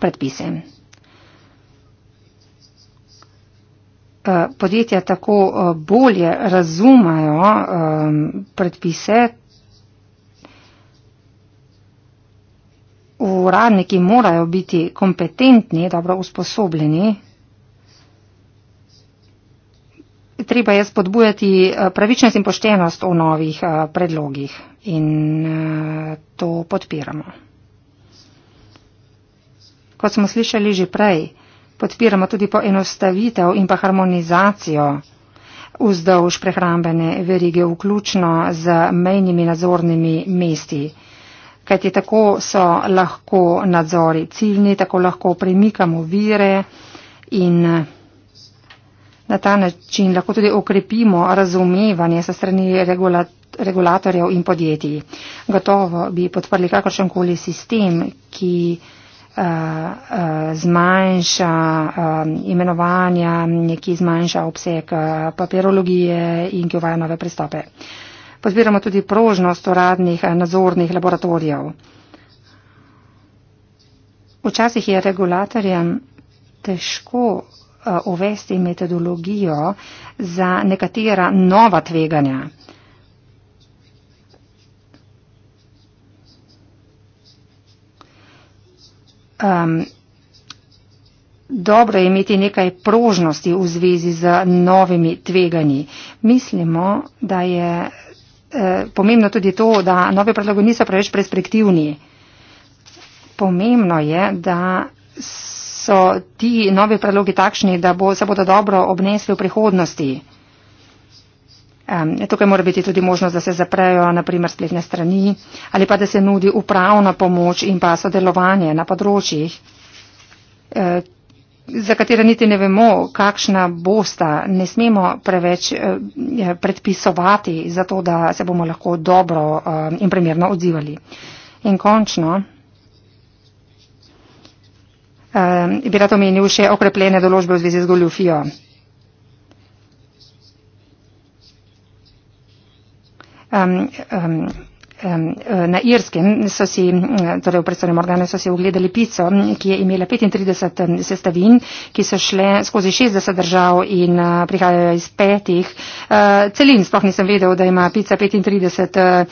predpise. Podjetja tako bolje razumajo predpise, uradniki morajo biti kompetentni, dobro usposobljeni. Treba je spodbujati eh, pravičnost in poštenost v novih eh, predlogih in eh, to podpiramo. Kot smo slišali že prej, podpiramo tudi poenostavitev in pa harmonizacijo vzdolž prehrambene verige, vključno z mejnimi nadzornimi mesti kajti tako so lahko nadzori ciljni, tako lahko premikamo vire in na ta način lahko tudi okrepimo razumevanje sa strani regulatorjev regulatorjev in podjetij. Gotovo bi podprli kakršen koli sistem, ki uh, uh, zmanjša uh, imenovanja, ki zmanjša obseg uh, papirologije in ki uvaja nove pristope. Uh, Podpiramo tudi prožnost uradnih eh, nadzornih laboratorijev. Včasih je regulatorjem težko eh, uvesti metodologijo za nekatera nova tveganja. Um, dobro je imeti nekaj prožnosti v zvezi z novimi tveganji. Mislimo, da je Eh, pomembno tudi to, da nove predloge niso preveč perspektivni. Pomembno je, da so ti novi predlogi takšni, da bo, se bodo dobro obnesli v prihodnosti. Tukaj mora biti tudi možnost, da se zaprejo na primer spletne strani ali pa da se nudi upravna pomoč in pa sodelovanje na področjih, eh, za katere niti ne vemo, kakšna bosta. Ne smemo preveč eh, predpisovati za to, da se bomo lahko dobro eh, in primerno odzivali. In končno. Eh, bi rad omenil še okrepljene določbe v zvezi z goljufijo. Um, um, Eh, na Irskem so si, torej v predstavnem organu so si ogledali pico, ki je imela 35 sestavin, ki so šle skozi 60 držav in eh, prihajajo iz petih eh, celin. Sploh nisem vedel, da ima pica 35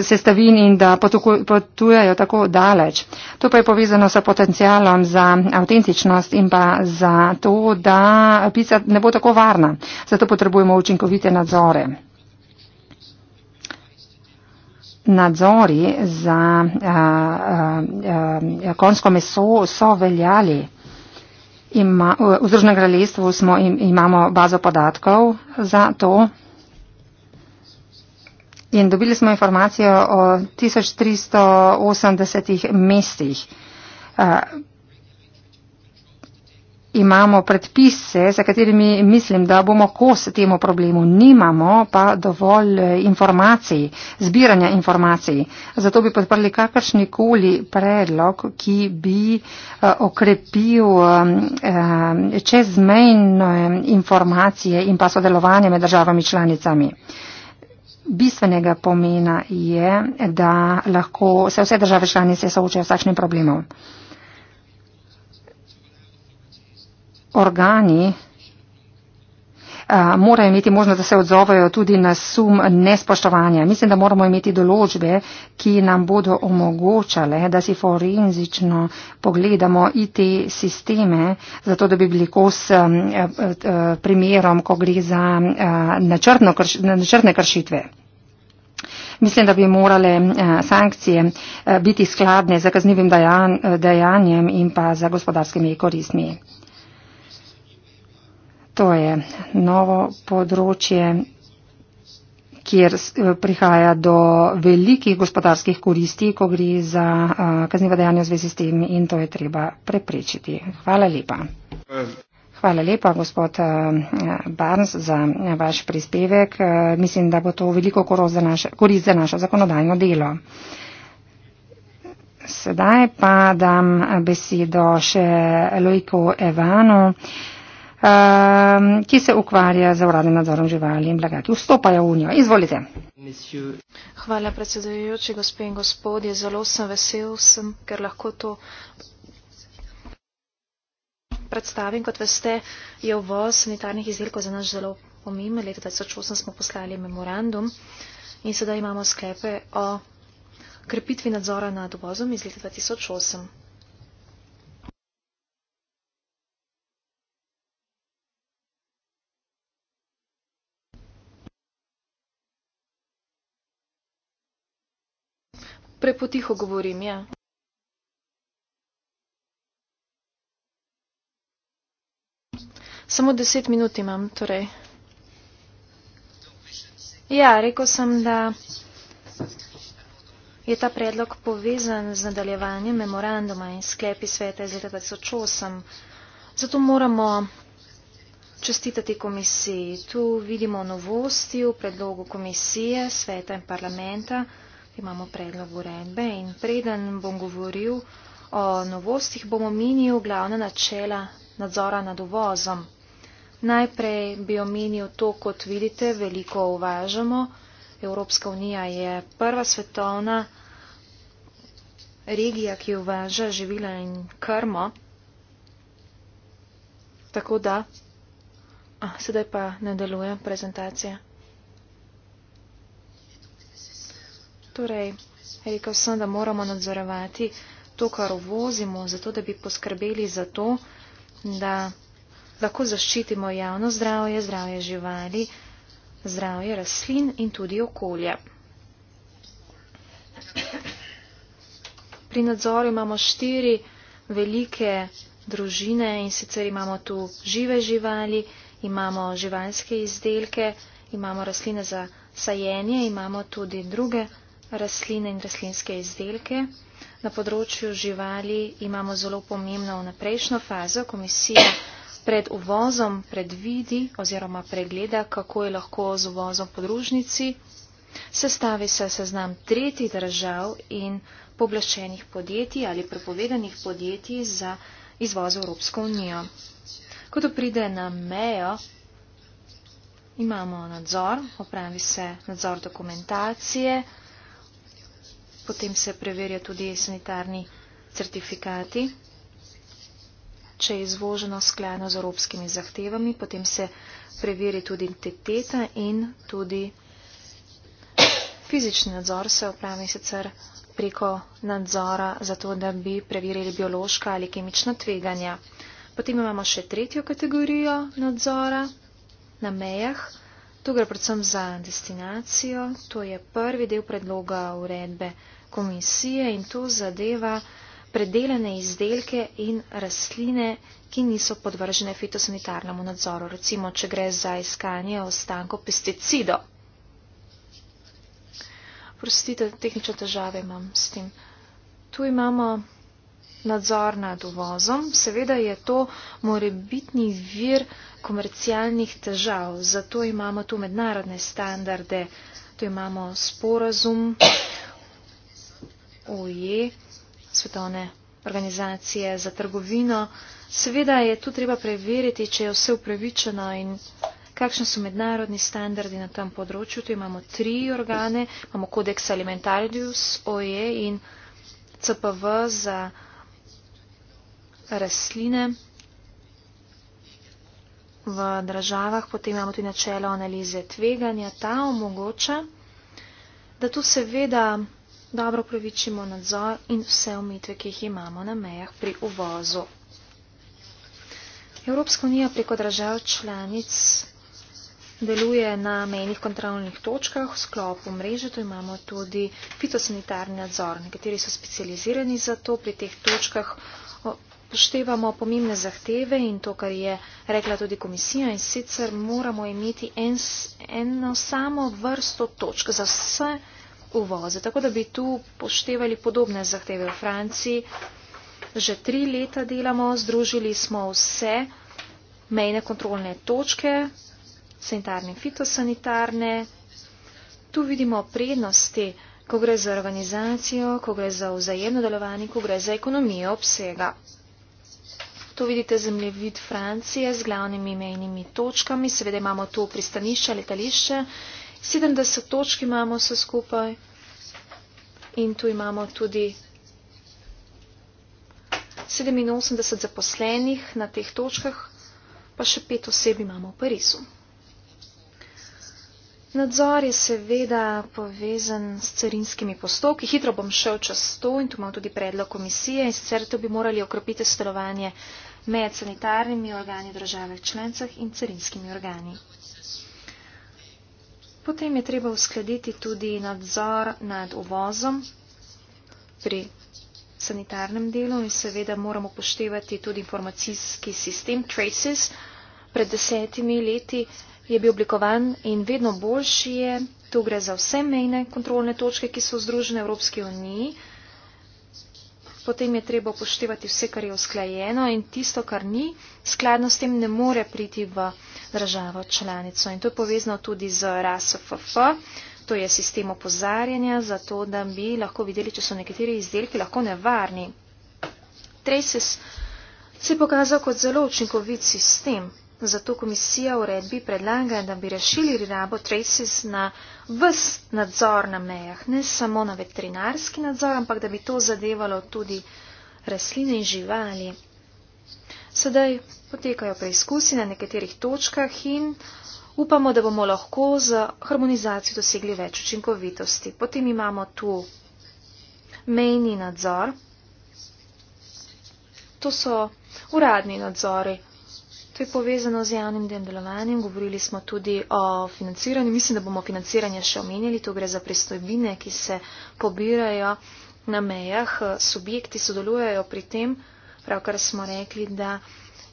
sestavin in da potujejo tako daleč. To pa je povezano s potencialom za avtentičnost in pa za to, da pica ne bo tako varna. Zato potrebujemo učinkovite nadzore nadzori za a, eh, a, eh, a, eh, konsko meso so veljali. Ima, v Združenem kraljestvu im, imamo bazo podatkov za to. In dobili smo informacijo o 1380 mestih imamo predpise, za katerimi mislim, da bomo kos temu problemu. Nimamo pa dovolj eh, informacij, zbiranja informacij. Zato bi podprli kakršnikoli predlog, ki bi eh, okrepil eh, čezmejne informacije in pa sodelovanje med državami članicami. Bistvenega pomena je, da lahko se vse države članice soočajo s takšnim problemom. organi eh, morajo imeti možnost, da se odzovejo tudi na sum nespoštovanja. Mislim, da moramo imeti določbe, ki nam bodo omogočale, da si forenzično pogledamo IT sisteme, zato da bi bili kos eh, eh, primerom, ko gre za načrtne kršitve. Mislim, da bi morale sankcije biti skladne za kaznivim dejanjem in pa za gospodarskimi koristmi. To je novo področje, kjer eh, prihaja do velikih gospodarskih koristi, ko gre za eh, kaznivo dejanje v zvezi s tem in to je treba preprečiti. Hvala lepa. Hvala lepa, gospod eh, Barnes, za vaš prispevek. Mislim, da bo to veliko korist za našo zakonodajno delo. Sedaj pa dam besedo še Lojko Evanu um, ki se ukvarja z uradnim nadzorom živali in blaga, ki vstopajo v njo. Izvolite. Hvala, predsedujoči, gospe in gospodje. Zelo sem vesel, sem, ker lahko to predstavim. Kot veste, je uvoz sanitarnih izdelkov za nas zelo pomemben. Leta 2008 smo poslali memorandum in sedaj imamo sklepe o krepitvi nadzora nad uvozom iz leta 2008. Prepotiho govorim, ja. Samo deset minut imam, torej. Ja, rekel sem, da je ta predlog povezan z nadaljevanjem memoranduma in sklepi sveta iz leta 2008. Zato moramo čestitati komisiji. Tu vidimo novosti v predlogu komisije, sveta in parlamenta imamo predlog uredbe in preden bom govoril o novostih, bom omenil glavne načela nadzora nad uvozom. Najprej bi omenil to, kot vidite, veliko uvažamo. Evropska unija je prva svetovna regija, ki uvaža živila in krmo. Tako da, a, sedaj pa ne delujem prezentacije. Torej, rekel sem, da moramo nadzorovati to, kar uvozimo, zato da bi poskrbeli za to, da lahko zaščitimo javno zdravje, zdravje živali, zdravje rastlin in tudi okolja. Pri nadzoru imamo štiri velike družine in sicer imamo tu žive živali, imamo živalske izdelke, imamo rastline za sajenje, imamo tudi druge rastline in rastlinske izdelke. Na področju živali imamo zelo pomembno vnaprejšnjo fazo. Komisija pred uvozom predvidi oziroma pregleda, kako je lahko z uvozom podružnici. Sestavi se seznam tretjih držav in poblaščenih podjetij ali prepovedanih podjetij za izvoz v Evropsko unijo. Ko to pride na mejo, imamo nadzor, opravi se nadzor dokumentacije potem se preverja tudi sanitarni certifikati. Če je izvoženo skladno z evropskimi zahtevami, potem se preveri tudi identiteta in tudi fizični nadzor se opravi sicer preko nadzora, zato da bi preverili biološka ali kemična tveganja. Potem imamo še tretjo kategorijo nadzora na mejah. Tu gre predvsem za destinacijo. To je prvi del predloga uredbe komisije in to zadeva predelane izdelke in rastline, ki niso podvržene fitosanitarnemu nadzoru, recimo, če gre za iskanje ostankov pesticidov. Prostite, tehnične težave imam s tem. Tu imamo nadzor nad uvozom, seveda je to morebitni vir komercialnih težav, zato imamo tu mednarodne standarde, tu imamo sporazum. OE, Svetovne organizacije za trgovino. Seveda je tu treba preveriti, če je vse upravičeno in kakšni so mednarodni standardi na tem področju. Tu imamo tri organe, imamo kodeks Alimentarius, OE in CPV za rastline. V državah potem imamo tudi načelo analize tveganja, ta omogoča, da tu seveda dobro upravičimo nadzor in vse omitve, ki jih imamo na mejah pri uvozu. Evropska unija preko držav članic deluje na menih kontrolnih točkah v sklopu mreže, tu imamo tudi fitosanitarni nadzor. Nekateri so specializirani za to, pri teh točkah poštevamo pomembne zahteve in to, kar je rekla tudi komisija in sicer moramo imeti en, eno samo vrsto točk za vse uvoze. Tako da bi tu poštevali podobne zahteve v Franciji. Že tri leta delamo, združili smo vse mejne kontrolne točke, sanitarne in fitosanitarne. Tu vidimo prednosti, ko gre za organizacijo, ko gre za vzajemno delovanje, ko gre za ekonomijo obsega. Tu vidite zemljevid Francije z glavnimi mejnimi točkami. Seveda imamo tu pristanišče, letališče 70 točk imamo vse skupaj in tu imamo tudi 87 zaposlenih na teh točkah, pa še pet oseb imamo v Parizu. Nadzor je seveda povezan s carinskimi postopki. Hitro bom šel čez to in tu imamo tudi predlog komisije in sicer to bi morali okrepiti sodelovanje med sanitarnimi organi države v člencah in carinskimi organi. Potem je treba uskladiti tudi nadzor nad uvozom pri sanitarnem delu in seveda moramo poštevati tudi informacijski sistem Traces. Pred desetimi leti je bil oblikovan in vedno boljši je. Tu gre za vse mejne kontrolne točke, ki so v Združene Evropske unije potem je treba upoštevati vse, kar je usklajeno in tisto, kar ni, skladno s tem ne more priti v državo članico. In to je povezano tudi z RASFF, to je sistem opozarjanja, zato da bi lahko videli, če so nekateri izdelki lahko nevarni. Traces se je pokazal kot zelo učinkovit sistem. Zato komisija v redbi predlaga, da bi rešili rirabo traces na vst nadzor na mejah, ne samo na veterinarski nadzor, ampak da bi to zadevalo tudi rastline in živali. Sedaj potekajo preizkusi na nekaterih točkah in upamo, da bomo lahko z harmonizacijo dosegli več učinkovitosti. Potem imamo tu mejni nadzor. To so uradni nadzori. To je povezano z javnim delovanjem, govorili smo tudi o financiranju. Mislim, da bomo financiranje še omenjali. To gre za pristojbine, ki se pobirajo na mejah. Subjekti sodelujejo pri tem, pravkar smo rekli, da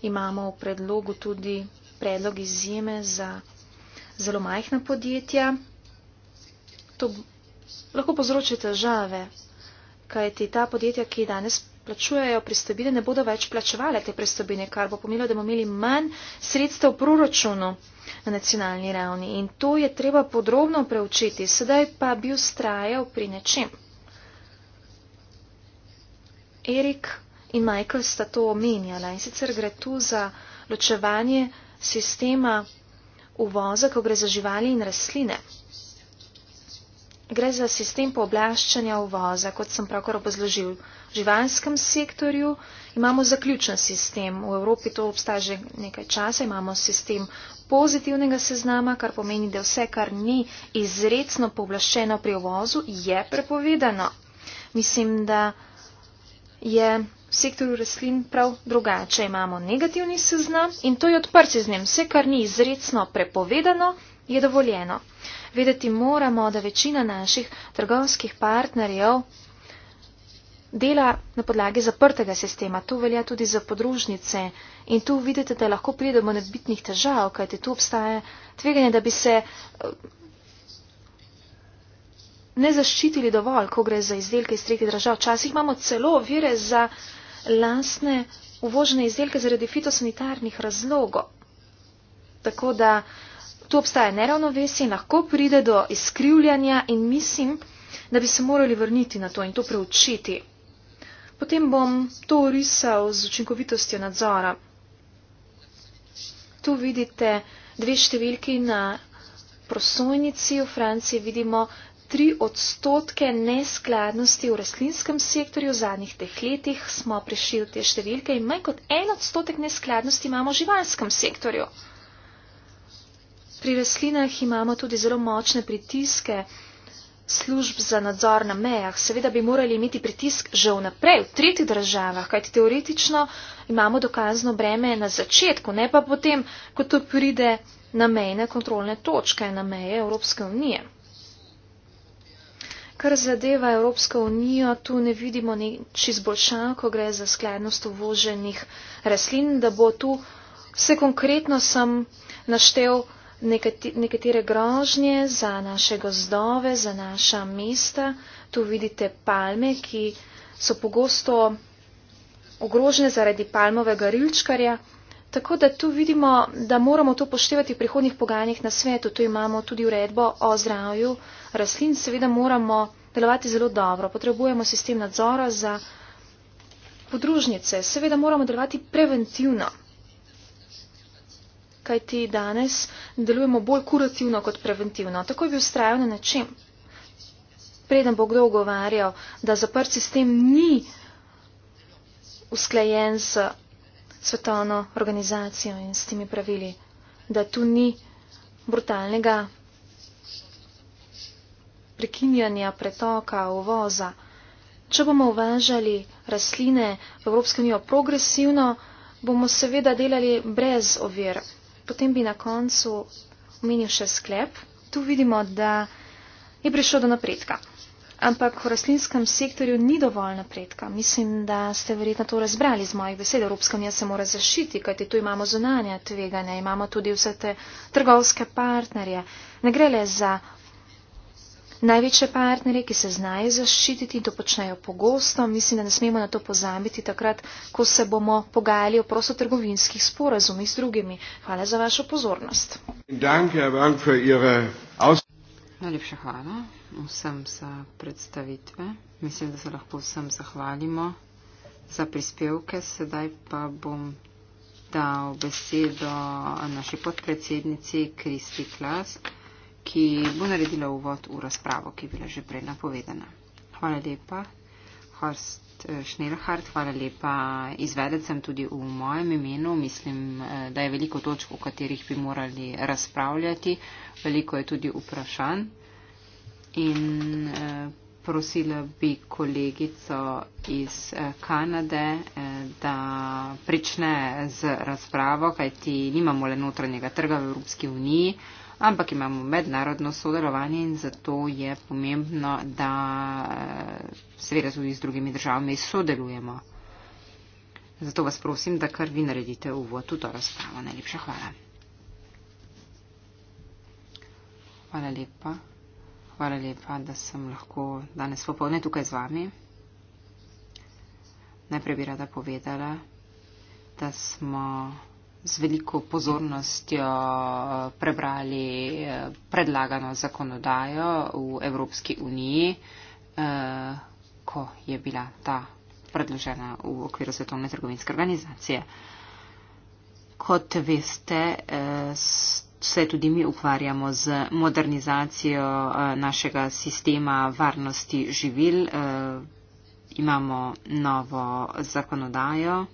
imamo v predlogu tudi predlog izjeme za zelo majhna podjetja. To lahko povzroči težave, kajti ta podjetja, ki danes plačujejo pristojbine, ne bodo več plačevale te pristojbine, kar bo pomenilo, da bomo imeli manj sredstev v proračunu na nacionalni ravni. In to je treba podrobno preučiti. Sedaj pa bi ustrajal pri nečem. Erik in Michael sta to omenjala in sicer gre tu za ločevanje sistema uvoza, ko gre za živali in rastline. Gre za sistem pooblaščanja uvoza, kot sem pravkar obozložil živalskem sektorju imamo zaključen sistem. V Evropi to obstaja že nekaj časa, imamo sistem pozitivnega seznama, kar pomeni, da vse, kar ni izredno povlaščeno pri ovozu, je prepovedano. Mislim, da je v sektorju rastlin prav drugače. Imamo negativni seznam in to je odprt seznam. Vse, kar ni izredno prepovedano, je dovoljeno. Vedeti moramo, da večina naših trgovskih partnerjev dela na podlagi zaprtega sistema. To velja tudi za podružnice in tu vidite, da lahko pride do nadbitnih težav, kajti tu obstaja tveganje, da bi se eh, ne zaščitili dovolj, ko gre za izdelke iz tretjih držav. Včasih imamo celo vire za lasne uvožene izdelke zaradi fitosanitarnih razlogov. Tako da tu obstaja neravnovesje in lahko pride do izkrivljanja in mislim, da bi se morali vrniti na to in to preučiti. Potem bom to risal z učinkovitostjo nadzora. Tu vidite dve številki na prosojnici v Franciji, vidimo tri odstotke neskladnosti v rastlinskem sektorju. V zadnjih teh letih smo prišli te številke in manj kot en odstotek neskladnosti imamo v živalskem sektorju. Pri rastlinah imamo tudi zelo močne pritiske služb za nadzor na mejah, seveda bi morali imeti pritisk že vnaprej v tretjih državah, kajti teoretično imamo dokazno breme na začetku, ne pa potem, ko to pride na mejne kontrolne točke, na meje Evropske unije. Kar zadeva Evropsko unijo, tu ne vidimo nič izboljšav, ko gre za skladnost uvoženih rastlin, da bo tu vse konkretno sem naštel nekatere grožnje za naše gozdove, za naša mesta. Tu vidite palme, ki so pogosto ogrožene zaradi palmovega rilčkarja. Tako da tu vidimo, da moramo to poštevati v prihodnih pogajanjih na svetu. Tu imamo tudi uredbo o zdravju rastlin. Seveda moramo delovati zelo dobro. Potrebujemo sistem nadzora za podružnice. Seveda moramo delovati preventivno kaj ti danes delujemo bolj kurativno kot preventivno. Tako je bil strajal na način. Preden bo kdo ogovarjal, da zaprt sistem ni usklajen s svetovno organizacijo in s temi pravili, da tu ni brutalnega prekinjanja pretoka, uvoza. Če bomo uvažali rastline v Evropsko unijo progresivno, bomo seveda delali brez ovir. Potem bi na koncu omenil še sklep. Tu vidimo, da je prišlo do napredka. Ampak v rastlinskem sektorju ni dovolj napredka. Mislim, da ste verjetno to razbrali z mojih besed. Evropska unija se mora zašiti, kajti tu imamo zunanja tveganja, imamo tudi vse te trgovske partnerje. Ne gre le za Največje partnerje, ki se znajo zaščititi in to počnejo pogosto, mislim, da ne smemo na to pozabiti takrat, ko se bomo pogajali o prostotrgovinskih sporazumih z drugimi. Hvala za vašo pozornost. Najlepša hvala vsem za predstavitve. Mislim, da se lahko vsem zahvalimo za prispevke. Sedaj pa bom dal besedo naši podpredsednici Kristi Klask ki bo naredila uvod v razpravo, ki je bila že prej napovedana. Hvala lepa, Horst eh, Schnellhardt, hvala lepa izvedecem tudi v mojem imenu. Mislim, eh, da je veliko točk, o katerih bi morali razpravljati, veliko je tudi vprašanj. In eh, prosila bi kolegico iz Kanade, da prične z razpravo, kajti nimamo le notranjega trga v Evropski uniji ampak imamo mednarodno sodelovanje in zato je pomembno, da eh, seveda tudi z drugimi državami sodelujemo. Zato vas prosim, da kar vi naredite uvod v to razpravo. Najlepša hvala. Hvala lepa. Hvala lepa, da sem lahko danes popolne tukaj z vami. Najprej bi rada povedala, da smo z veliko pozornostjo eh, prebrali eh, predlagano zakonodajo v Evropski uniji, eh, ko je bila ta predložena v okviru Svetovne trgovinske organizacije. Kot veste, se tudi mi ukvarjamo z modernizacijo našega sistema varnosti živil. Imamo novo zakonodajo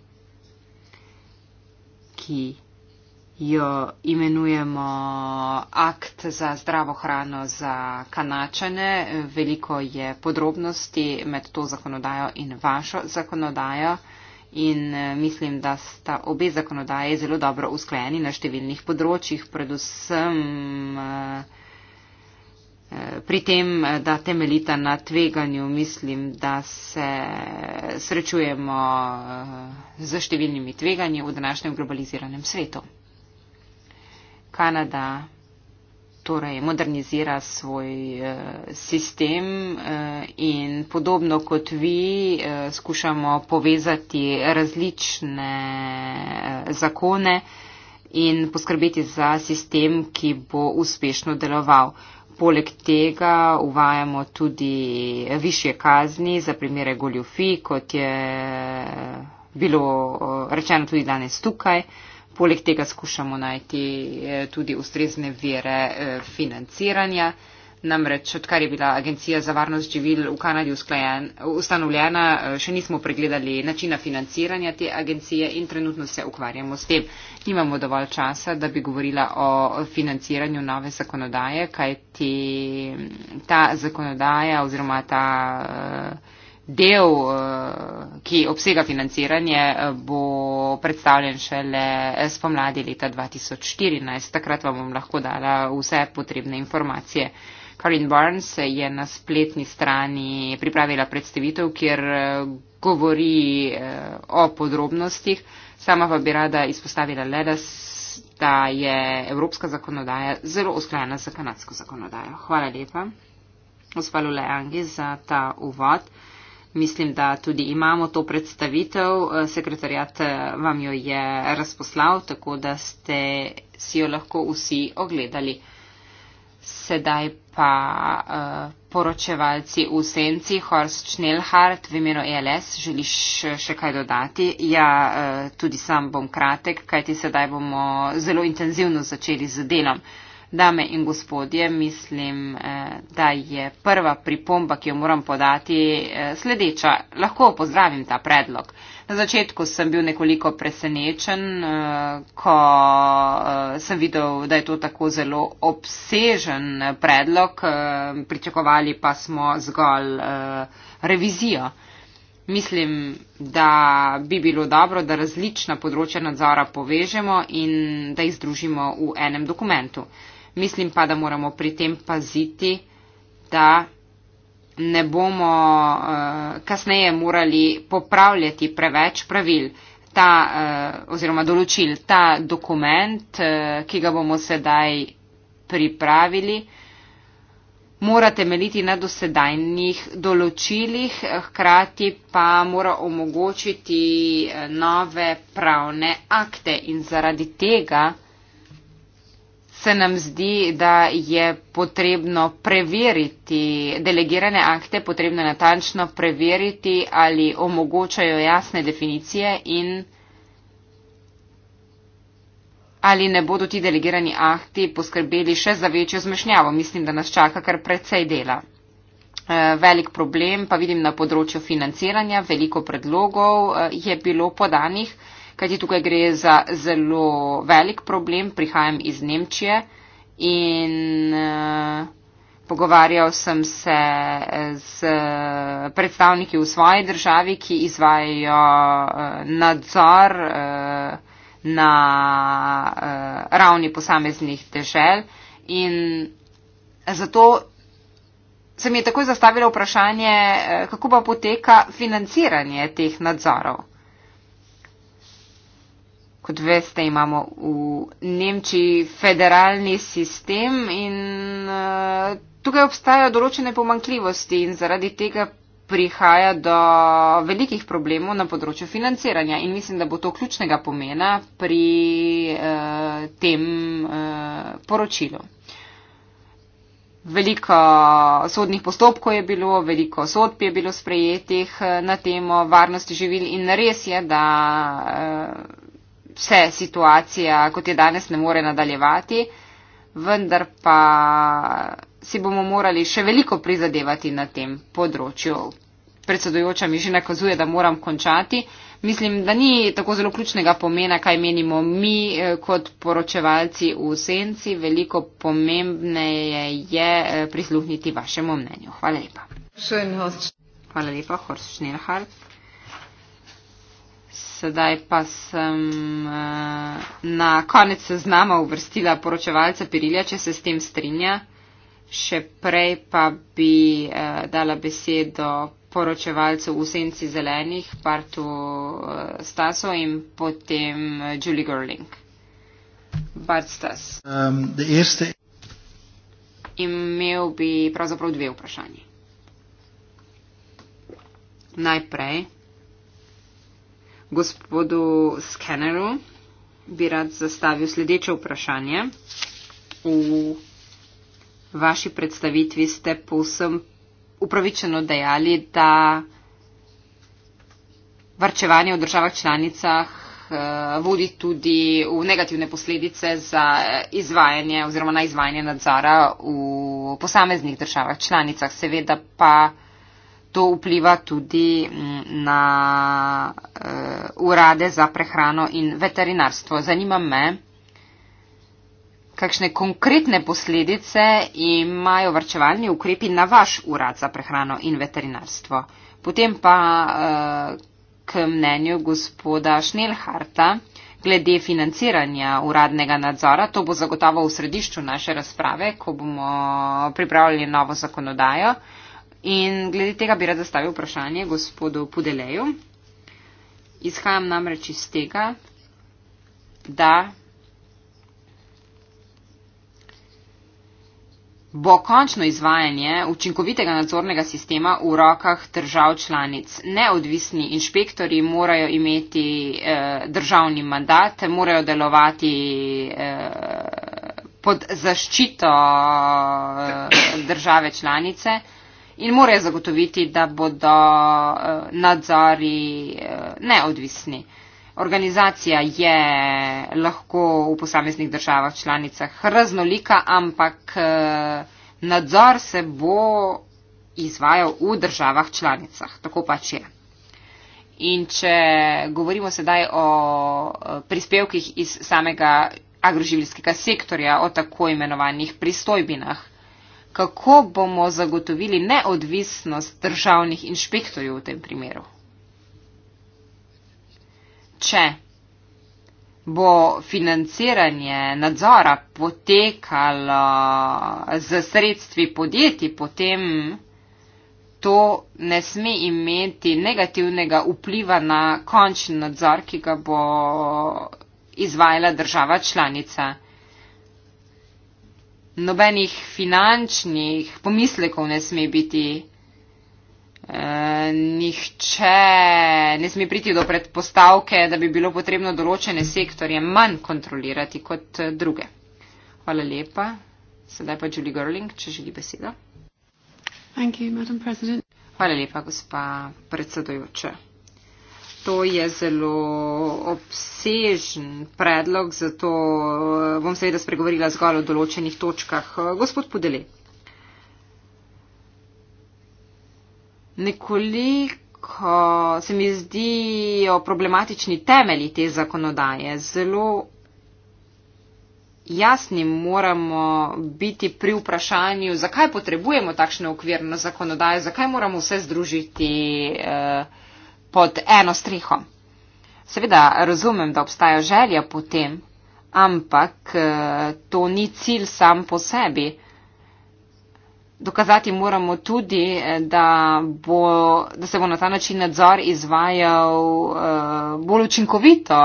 ki jo imenujemo akt za zdravo hrano za kanačane. Veliko je podrobnosti med to zakonodajo in vašo zakonodajo in eh, mislim, da sta obe zakonodaje zelo dobro usklajeni na številnih področjih, predvsem uh, pri tem, da temeljita na tveganju, mislim, da se srečujemo z eh, številnimi tveganji v današnjem globaliziranem svetu. Kanada torej modernizira svoj eh, sistem eh, in podobno kot vi skušamo povezati različne zakone in poskrbeti za sistem, ki bo uspešno deloval. Poleg tega uvajamo tudi više kazni za primere goljufi, kot je bilo eh, rečeno tudi danes tukaj. Poleg tega skušamo najti eh, tudi ustrezne vire eh, financiranja. Namreč, odkar je bila Agencija za varnost živil v Kanadi usklajen, ustanovljena, eh, še nismo pregledali načina financiranja te agencije in trenutno se ukvarjamo s tem. Nimamo dovolj časa, da bi govorila o financiranju nove zakonodaje, kaj ti ta zakonodaja oziroma ta eh, del, eh, ki obsega financiranje, bo predstavljen šele spomladi leta 2014. Takrat vam bom lahko dala vse potrebne informacije. Karin Barnes je na spletni strani pripravila predstavitev, kjer eh, govori eh, o podrobnostih. Sama pa bi rada izpostavila le, da je evropska zakonodaja zelo usklajena z kanadsko zakonodajo. Hvala lepa, gospa Lula Angi, za ta uvod. Mislim, da tudi imamo to predstavitev. Eh, Sekretarjat vam jo je razposlal, tako da ste si jo lahko vsi ogledali sedaj pa uh, poročevalci v senci Horst Schnellhardt v imenu ELS. Želiš še kaj dodati? Ja, uh, tudi sam bom kratek, kajti sedaj bomo zelo intenzivno začeli z delom. Dame in gospodje, mislim, eh, da je prva pripomba, ki jo moram podati, sledeča. Lahko pozdravim ta predlog. Uh, Na začetku sem bil nekoliko presenečen, eh, ko eh, sem videl, da je to tako zelo obsežen eh, predlog, pričakovali pa smo zgolj revizijo. Mislim, da bi bilo dobro, da različna področja nadzora povežemo in da jih združimo v enem dokumentu. Mislim pa, da moramo pri tem paziti, da ne bomo uh, kasneje morali popravljati preveč pravil. Ta, uh, oziroma določil, ta dokument, uh, ki ga bomo sedaj pripravili, mora temeljiti na dosedajnih določilih, hkrati pa mora omogočiti nove pravne akte in zaradi tega, se nam zdi, da je potrebno preveriti delegirane akte, potrebno natančno preveriti, ali omogočajo jasne definicije in ali ne bodo ti delegirani akti poskrbeli še za večjo zmešnjavo. Mislim, da nas čaka kar precej dela. Eh, velik problem pa vidim na področju financiranja, veliko predlogov eh, je bilo podanih kajti tukaj gre za zelo velik problem, prihajam iz Nemčije in uh, pogovarjal sem se z eh, eh, predstavniki v svoji državi, ki izvajajo uh, nadzor uh, na uh, ravni posameznih težel in zato. Se mi je takoj zastavilo vprašanje, kako pa poteka financiranje teh nadzorov kot veste, imamo v Nemčiji federalni sistem in eh, tukaj obstajajo določene pomankljivosti in zaradi tega prihaja do velikih problemov na področju financiranja in mislim, da bo to ključnega pomena pri eh, tem eh, poročilu. Veliko sodnih postopkov je bilo, veliko sodb je bilo sprejetih eh, na temo varnosti živil in res je, da. Eh, se situacija, kot je danes, ne more nadaljevati, vendar pa si bomo morali še veliko prizadevati na tem področju. Predsedujoča mi že nakazuje, da moram končati. Mislim, da ni tako zelo ključnega pomena, kaj menimo mi eh, kot poročevalci v senci. Veliko pomembneje je eh, prisluhniti vašemu mnenju. Hvala lepa. Hvala lepa, Horst Schnellhardt sedaj pa sem eh, na konec seznama uvrstila poročevalca Pirilja, če se s tem strinja. Še prej pa bi eh, dala besedo poročevalcu v senci zelenih, partu eh, Staso in potem Julie Gerling. Bart Stas. Um, erste... Imel bi pravzaprav dve vprašanje. Najprej gospodu Skeneru bi rad zastavil sledeče vprašanje. V vaši predstavitvi ste povsem upravičeno dejali, da varčevanje v državah članicah eh, vodi tudi v negativne posledice za izvajanje oziroma na izvajanje nadzora v posameznih državah članicah. Seveda pa To vpliva tudi mm, na uh, urade za prehrano in veterinarstvo. Zanima me, kakšne konkretne posledice imajo vrčevalni ukrepi na vaš urad za prehrano in veterinarstvo. Potem pa uh, k mnenju gospoda Šnelharta glede financiranja uradnega nadzora. To bo zagotovo v središču naše razprave, ko bomo pripravili novo zakonodajo. Uh, In glede tega bi rad zastavil vprašanje gospodu Pudeleju. Izhajam namreč iz tega, da bo končno izvajanje učinkovitega nadzornega sistema v rokah držav članic. Neodvisni inšpektori morajo imeti eh, državni mandat, morajo delovati eh, pod zaščito eh, države članice in morajo zagotoviti, da bodo eh, nadzori eh, neodvisni. Organizacija je lahko v posameznih državah članicah raznolika, ampak eh, nadzor se bo izvajal v državah članicah. Tako pač je. In če govorimo sedaj o prispevkih iz samega agroživljskega sektorja, o tako imenovanih pristojbinah, kako bomo zagotovili neodvisnost državnih inšpektorjev v tem primeru. Če bo financiranje nadzora potekalo z sredstvi podjetij, potem to ne sme imeti negativnega vpliva na končni nadzor, ki ga bo izvajala država članica nobenih finančnih pomislekov ne sme biti. E, nihče ne sme priti do predpostavke, da bi bilo potrebno določene sektorje manj kontrolirati kot e, druge. Hvala lepa. Sedaj pa Julie Gerling, če želi besedo. Thank you, Hvala lepa, gospa predsedojoča to je zelo obsežen predlog, zato eh, bom seveda spregovorila zgolj o določenih točkah. Eh, gospod Podele. Nekoliko se mi zdijo problematični temelji te zakonodaje. Zelo jasni moramo biti pri vprašanju, zakaj potrebujemo takšne okvirne zakonodaje, zakaj moramo vse združiti. Eh, pod eno streho. Seveda razumem, da obstaja želja po tem, ampak eh, to ni cilj sam po sebi. Dokazati moramo tudi, eh, da, bo, da se bo na ta način nadzor izvajal eh, bolj učinkovito,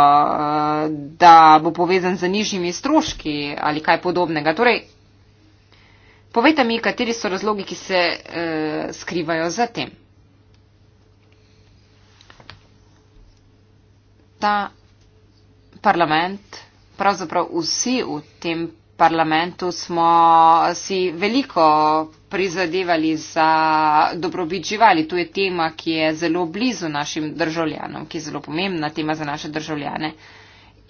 da bo povezan z nižjimi stroški ali kaj podobnega. Torej, povejte mi, kateri so razlogi, ki se skrivajo za tem. ta parlament, pravzaprav vsi v tem parlamentu smo si veliko prizadevali za dobrobit živali. To je tema, ki je zelo blizu našim državljanom, ki je zelo pomembna tema za naše državljane.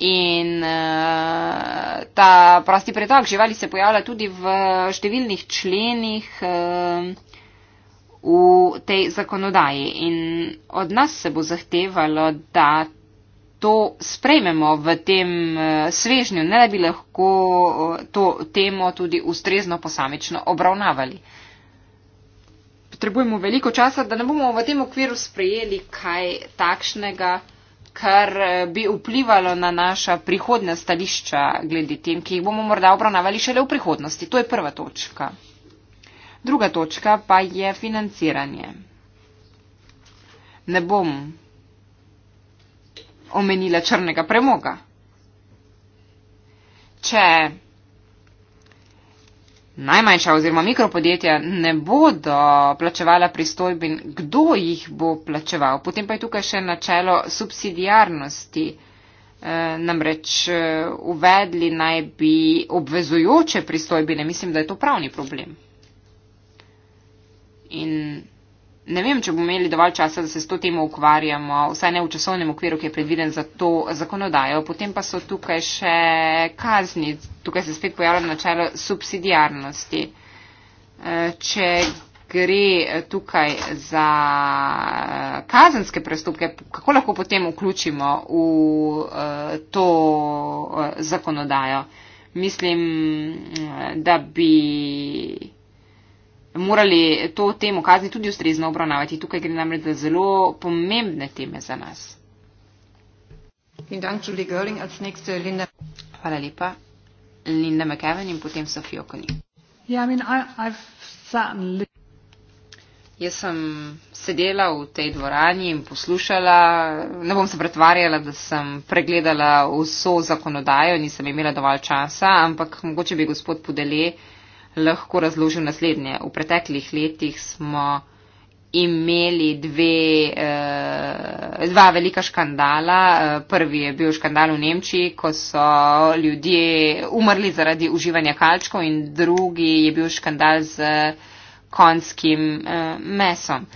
In uh, ta prosti pretok živali se pojavlja tudi v številnih členih uh, v tej zakonodaji. In od nas se bo zahtevalo, da to sprejmemo v tem eh, svežnju, ne da bi lahko eh, to temo tudi ustrezno posamično obravnavali. Potrebujemo veliko časa, da ne bomo v tem okviru sprejeli kaj takšnega, kar eh, bi vplivalo na naša prihodna stališča glede tem, ki jih bomo morda obravnavali šele v prihodnosti. To je prva točka. Druga točka pa je financiranje. Ne bom omenila črnega premoga. Če najmanjša oziroma mikropodjetja ne bodo plačevala pristojbin, kdo jih bo plačeval? Potem pa je tukaj še načelo subsidijarnosti. E, eh, namreč eh, uvedli naj bi obvezujoče pristojbine. Mislim, da je to pravni problem. In ne vem, če bomo imeli dovolj časa, da se s to temo ukvarjamo, vsaj ne v časovnem okviru, ki je predviden za to zakonodajo. Potem pa so tukaj še kazni, tukaj se spet pojavlja načelo subsidijarnosti. Eh, če gre eh, tukaj za eh, kazenske prestupke, kako lahko potem vključimo v to zakonodajo? Mislim, da bi morali to temo kazni tudi ustrezno obravnavati. Tukaj gre namreč za zelo pomembne teme za nas. Hvala lepa. Linda McEwen in potem Sofijo Koni. Jaz sem sedela v tej dvorani in poslušala, ne bom se pretvarjala, da sem pregledala vso zakonodajo, nisem imela dovolj časa, ampak mogoče bi gospod Pudele uh, lahko razložil naslednje. V preteklih letih smo imeli dve, eh, dva velika škandala. Eh, prvi je bil škandal v Nemčiji, ko so ljudje umrli zaradi uživanja kalčkov in drugi je bil škandal z konskim eh, mesom.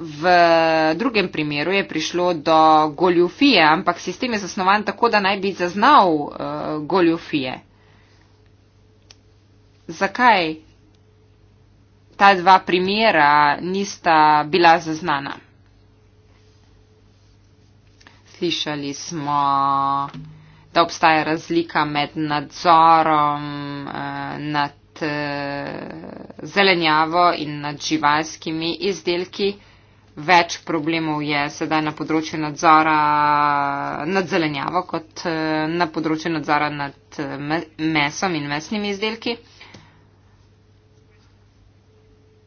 V drugem primeru je prišlo do goljufije, ampak sistem je zasnovan tako, da naj bi zaznal goljufije zakaj ta dva primera nista bila zaznana. Slišali smo, da obstaja razlika med nadzorom eh, nad eh, zelenjavo in nad živalskimi izdelki. Več problemov je sedaj na področju nadzora nad zelenjavo kot eh, na področju nadzora nad mesom in mesnimi izdelki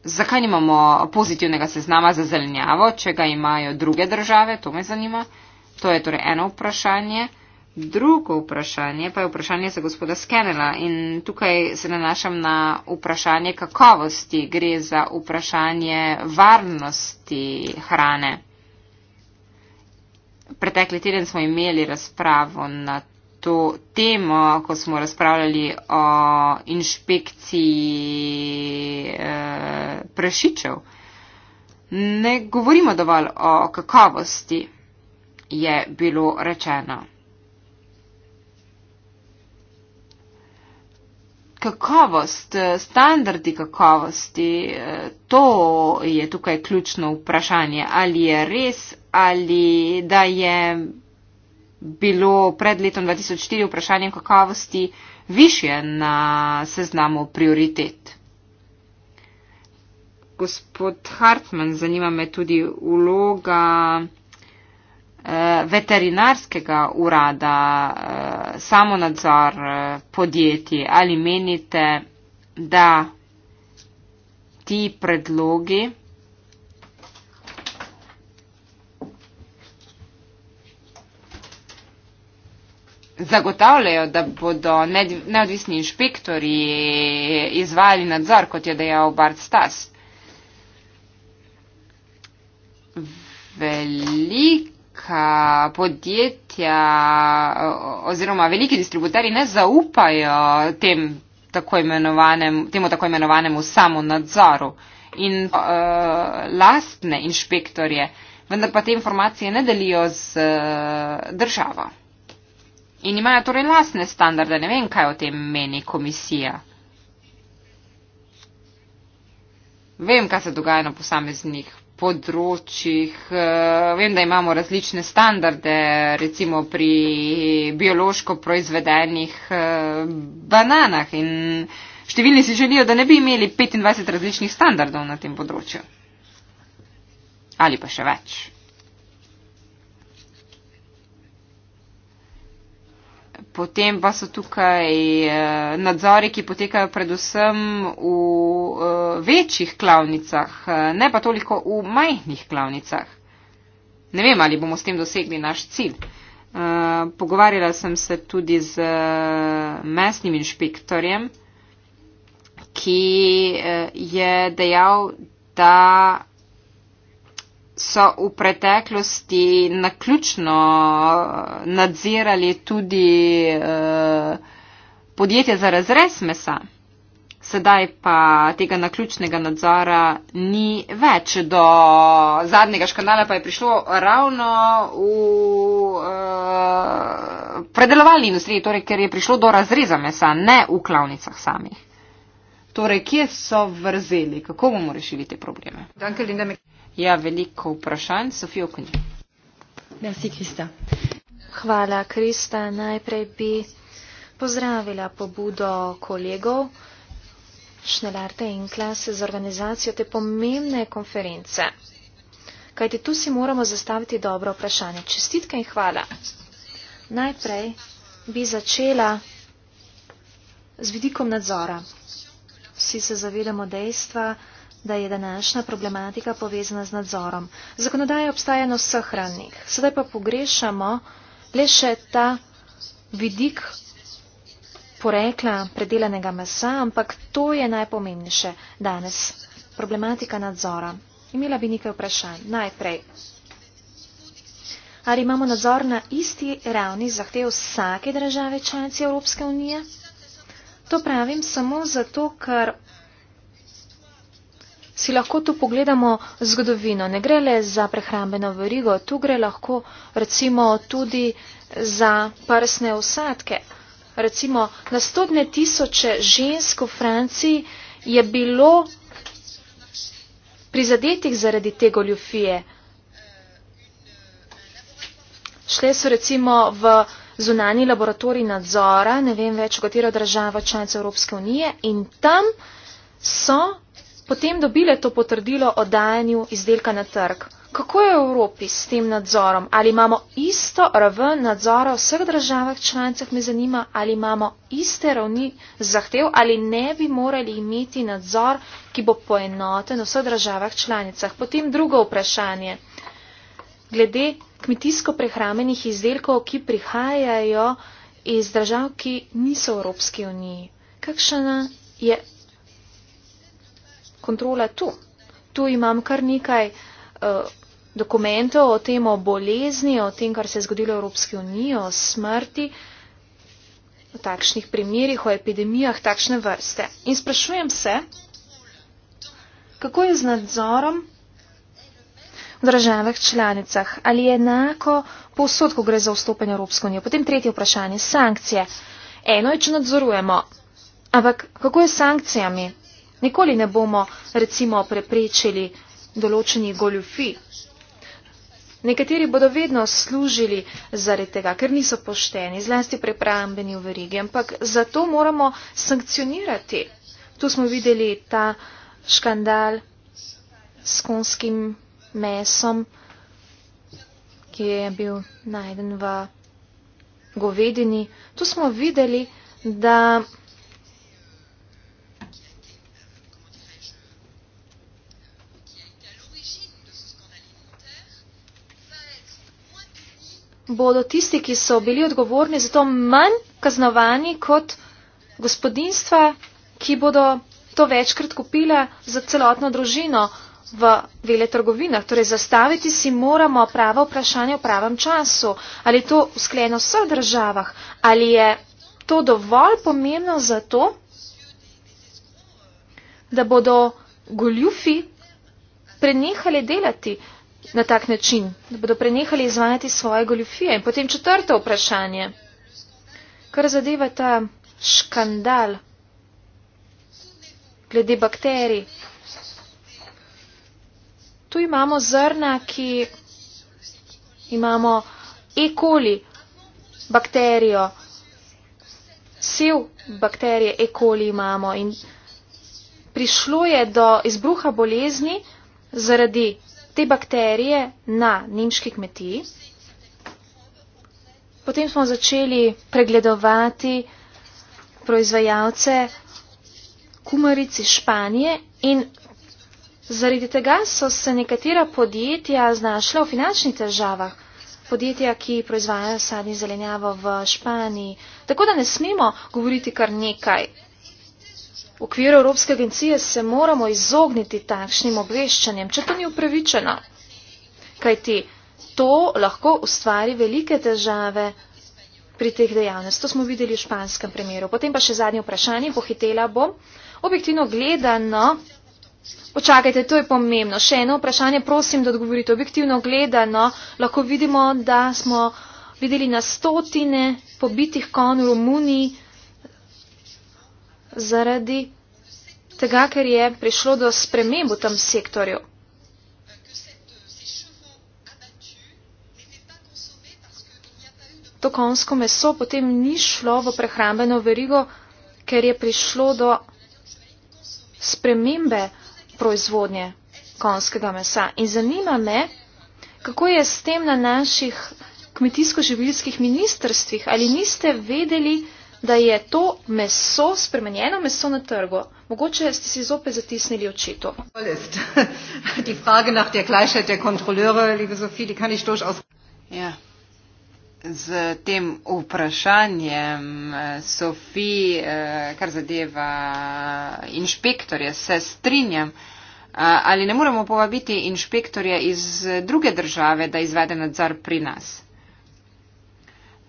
zakaj nimamo pozitivnega seznama za zelenjavo, če ga imajo druge države, to me zanima. To je torej eno vprašanje. Drugo vprašanje pa je vprašanje za gospoda Skenela in tukaj se nanašam na vprašanje kakovosti, gre za vprašanje varnosti hrane. Pretekli teden smo imeli razpravo na to temo, ko smo razpravljali o inšpekciji e, prašičev. Ne govorimo dovolj o kakovosti, je bilo rečeno. Kakovost, standardi kakovosti, eh, to je tukaj ključno vprašanje, ali je res, ali da je bilo pred letom 2004 vprašanje kakovosti više na seznamu prioritet. Gospod Hartman, zanima me tudi vloga eh, veterinarskega urada, eh, samonadzor eh, podjetij. Ali menite, da ti predlogi, zagotavljajo, da bodo neodvisni inšpektori izvajali nadzor, kot je dejal Bart Stas. Velika podjetja oziroma veliki distributeri ne zaupajo tem tako temu tako imenovanemu samo nadzoru in uh, lastne inšpektorje, vendar pa te informacije ne delijo z uh, državo in imajo torej lasne standarde. Ne vem, kaj o tem meni komisija. Vem, kaj se dogaja na posameznih področjih. Eh, vem, da imamo različne standarde, recimo pri biološko proizvedenih eh, bananah in številni si želijo, da ne bi imeli 25 različnih standardov na tem področju. Ali pa še več. Potem pa so tukaj eh, nadzori, ki potekajo predvsem v eh, večjih klavnicah, eh, ne pa toliko v majhnih klavnicah. Ne vem, ali bomo s tem dosegli naš cilj. Pogovarjala sem se tudi z mestnim inšpektorjem, ki je dejal, da so v preteklosti naključno eh, nadzirali tudi eh, podjetje za razrez mesa. Sedaj pa tega naključnega nadzora ni več. Do zadnjega škandala pa je prišlo ravno v eh, predelovalni industriji, torej ker je prišlo do razreza mesa, ne v klavnicah samih. Torej, kje so vrzeli? Kako bomo rešili te probleme? Danke, Linda, me... Ja, veliko vprašanj. Sofijo Kunji. Merci, Krista. Hvala, Krista. Najprej bi pozdravila pobudo kolegov Šnelarte in klase z organizacijo te pomembne konference. Kajti tu si moramo zastaviti dobro vprašanje. Čestitke in hvala. Najprej bi začela z vidikom nadzora. Vsi se zavedamo dejstva, da je današnja problematika povezana z nadzorom. Zakonodaja obstaja na vseh ranih. Sedaj pa pogrešamo le še ta vidik porekla predelanega mesa, ampak to je najpomembnejše danes. Problematika nadzora. Imela bi nekaj vprašanj. Najprej. Ali imamo nadzor na isti ravni zahtev vsake države članice Evropske unije? To pravim samo zato, ker si lahko tu pogledamo zgodovino. Ne gre le za prehrambeno verigo, tu gre lahko recimo tudi za prsne usadke. Recimo na stotne tisoče žensk v Franciji je bilo prizadetih zaradi te goljufije. Šle so recimo v zunani laboratorij nadzora, ne vem več, katera država članica Evropske unije in tam so potem dobile to potrdilo o dajanju izdelka na trg. Kako je v Evropi s tem nadzorom? Ali imamo isto raven nadzora v vseh državah članicah? Me zanima, ali imamo iste ravni zahtev ali ne bi morali imeti nadzor, ki bo poenoten v vseh državah članicah. Potem drugo vprašanje. Glede kmetijsko prehramenih izdelkov, ki prihajajo iz držav, ki niso v Evropski uniji. Kakšna je kontrola tu. Tu imam kar nekaj uh, dokumentov o tem, o bolezni, o tem, kar se je zgodilo v Evropski uniji, o smrti, o takšnih primerjih, o epidemijah takšne vrste. In sprašujem se, kako je z nadzorom v državah članicah? Ali je enako posod, ko gre za vstopanje v Evropsko unijo? Potem tretje vprašanje, sankcije. Eno je, če nadzorujemo. Ampak kako je s sankcijami? Nikoli ne bomo recimo preprečili določenih goljufi. Nekateri bodo vedno služili zaradi tega, ker niso pošteni, zlasti prepravljeni v verigi, ampak zato moramo sankcionirati. Tu smo videli ta škandal s konskim mesom, ki je bil najden v govedini. Tu smo videli, da. bodo tisti, ki so bili odgovorni, zato manj kaznovani kot gospodinstva, ki bodo to večkrat kupila za celotno družino v vele trgovinah. Torej, zastaviti si moramo prava vprašanja v pravem času. Ali je to uskljeno v vseh državah? Ali je to dovolj pomembno za to, da bodo goljufi prenehali delati? na tak način, da bodo prenehali izvajati svoje goljufije. In potem četrto vprašanje, kar zadeva ta škandal glede bakterij. Tu imamo zrna, ki imamo E. coli bakterijo, sev bakterije E. coli imamo in prišlo je do izbruha bolezni zaradi te bakterije na nemški kmetiji. Potem smo začeli pregledovati proizvajalce kumarici Španije in zaradi tega so se nekatera podjetja znašla v finančnih težavah. Podjetja, ki proizvajajo sadni zelenjavo v Španiji. Tako da ne smemo govoriti kar nekaj V okviru Evropske agencije se moramo izogniti takšnim obveščanjem, če to ni upravičeno. Kaj ti to lahko ustvari velike težave pri teh dejavnosti. To smo videli v španskem primeru. Potem pa še zadnje vprašanje, pohitela bom. Objektivno gledano, počakajte, to je pomembno. Še eno vprašanje, prosim, da odgovorite. Objektivno gledano, lahko vidimo, da smo videli na stotine pobitih konj v Romuniji zaradi tega, ker je prišlo do sprememb v tem sektorju. To konsko meso potem ni šlo v prehrambeno verigo, ker je prišlo do spremembe proizvodnje konskega mesa. In zanima me, kako je s tem na naših kmetijsko-življivskih ministrstvih. Ali niste vedeli, da je to meso, spremenjeno meso na trgu. Mogoče ste si zopet zatisnili oči to. Ja. Z tem vprašanjem eh, Sofij, eh, kar zadeva inšpektorje, se strinjam. Eh, ali ne moremo povabiti inšpektorja iz druge države, da izvede nadzor pri nas?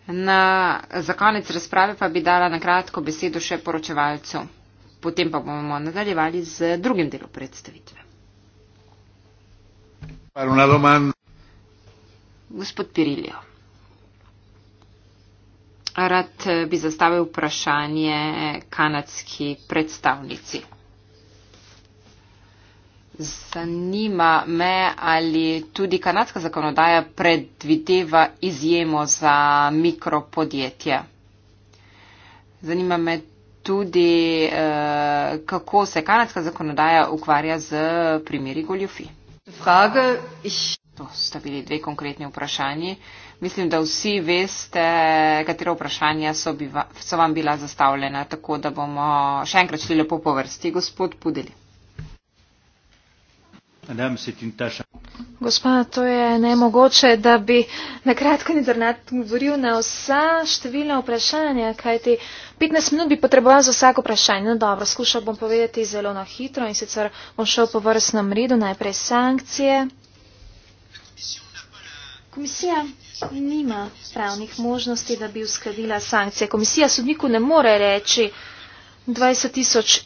Na, za konec razprave pa bi dala na kratko besedo še poročevalcu. Potem pa bomo nadaljevali z drugim delom predstavitve. Gospod Pirilijo, rad bi zastavil vprašanje kanadski predstavnici. Zanima me, ali tudi kanadska zakonodaja predvideva izjemo za mikropodjetje. Zanima me tudi, eh, kako se kanadska zakonodaja ukvarja z primeri goljufi. To sta bili dve konkretni vprašanji. Mislim, da vsi veste, katero vprašanja so, biva, so vam bila zastavljena, tako da bomo še enkrat šli lepo po vrsti, gospod Pudeli. Gospa, to je nemogoče, da bi na kratko internet govoril na vsa številna vprašanja, kajti 15 minut bi potreboval za vsako vprašanje. No dobro, skušal bom povedati zelo na hitro in sicer bom šel po vrstnem redu. Najprej sankcije. Komisija nima pravnih možnosti, da bi uskladila sankcije. Komisija sodniku ne more reči 20 tisoč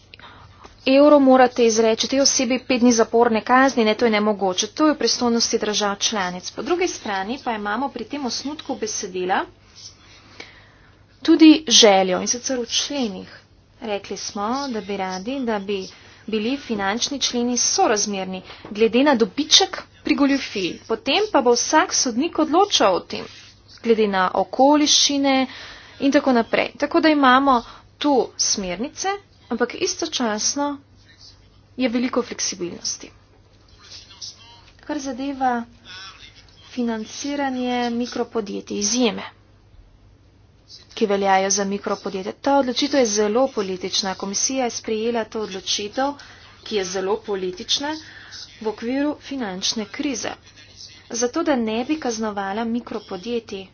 evrov morate izreči te osebi pet dni zaporne kazni, ne, to je nemogoče. To je v pristojnosti držav članic. Po drugi strani pa imamo pri tem osnutku besedila tudi željo in sicer v členih. Rekli smo, da bi radi, da bi bili finančni členi sorazmerni, glede na dobiček pri goljofiji. Potem pa bo vsak sodnik odločal o tem, glede na okoliščine in tako naprej. Tako da imamo tu smernice, ampak istočasno je veliko fleksibilnosti. Kar zadeva financiranje mikropodjetij izjeme, ki veljajo za mikropodjetje. Ta odločitev je zelo politična. Komisija je sprejela to odločitev, ki je zelo politična, v okviru finančne krize. Zato, da ne bi kaznovala mikropodjetij,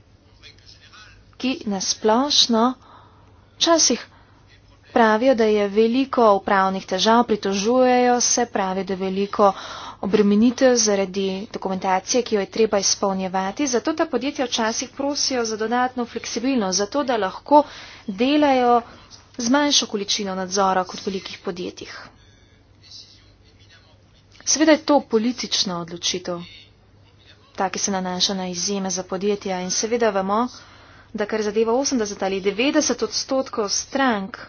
ki nasplošno včasih pravijo, da je veliko upravnih težav, pritožujejo se, pravijo, da je veliko obremenitev zaradi dokumentacije, ki jo je treba izpolnjevati, zato ta podjetja včasih prosijo za dodatno fleksibilnost, zato da lahko delajo z manjšo količino nadzora kot v velikih podjetjih. Seveda je to politična odločitev, ta, ki se nanaša na izjeme za podjetja in seveda vemo, da kar zadeva 80 ali 90 odstotkov strank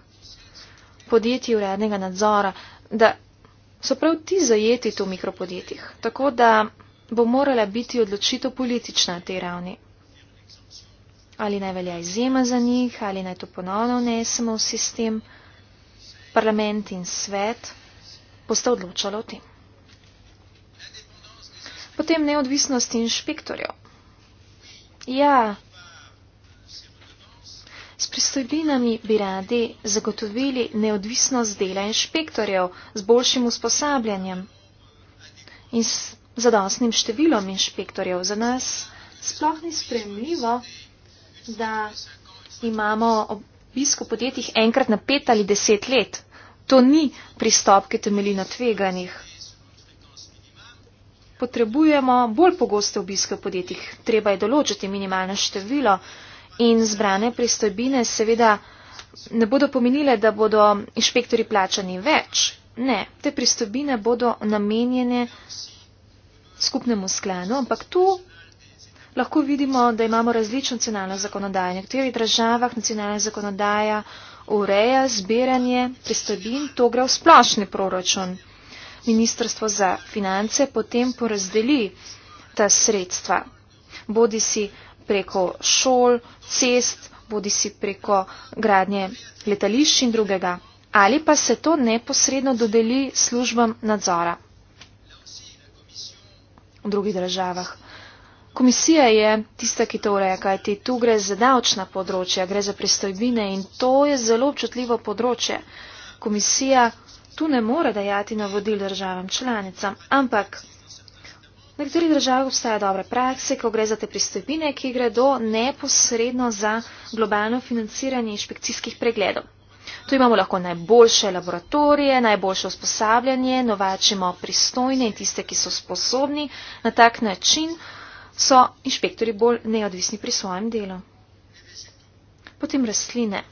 podjetij urednega nadzora, da so prav ti zajeti v mikropodjetjih. Tako da bo morala biti odločitev politična na tej ravni. Ali naj velja izjema za njih, ali naj to ponovno vnesemo v sistem, parlament in svet boste odločali o tem. Potem neodvisnost inšpektorjev. Ja, S pristojbinami bi radi zagotovili neodvisnost dela inšpektorjev z boljšim usposabljanjem in s zadostnim številom inšpektorjev. Za nas sploh ni spremljivo, da imamo obisko podjetjih enkrat na pet ali deset let. To ni pristop, ki temeli na tveganjih. Potrebujemo bolj pogoste obiske v podjetjih. Treba je določiti minimalno število In zbrane pristojbine seveda ne bodo pomenile, da bodo inšpektori plačani več. Ne, te pristojbine bodo namenjene skupnemu sklenu, ampak tu lahko vidimo, da imamo različno nacionalno zakonodajo. V nekaterih državah nacionalna zakonodaja ureja zbiranje pristojbin, to gre v splošni proračun. Ministrstvo za finance potem porazdeli ta sredstva. Bodi si preko šol, cest, bodi si preko gradnje letališč in drugega. Ali pa se to neposredno dodeli službam nadzora v drugih državah. Komisija je tista, ki to ureja, kajti tu gre za davčna področja, gre za pristojbine in to je zelo občutljivo področje. Komisija tu ne more dajati navodil državam članicam, ampak V nekaterih državah obstajajo dobre prakse, ko gre za te pristojbine, ki gredo neposredno za globalno financiranje inšpekcijskih pregledov. Tu imamo lahko najboljše laboratorije, najboljše usposabljanje, novačimo pristojne in tiste, ki so sposobni. Na tak način so inšpektori bolj neodvisni pri svojem delu. Potem rastline.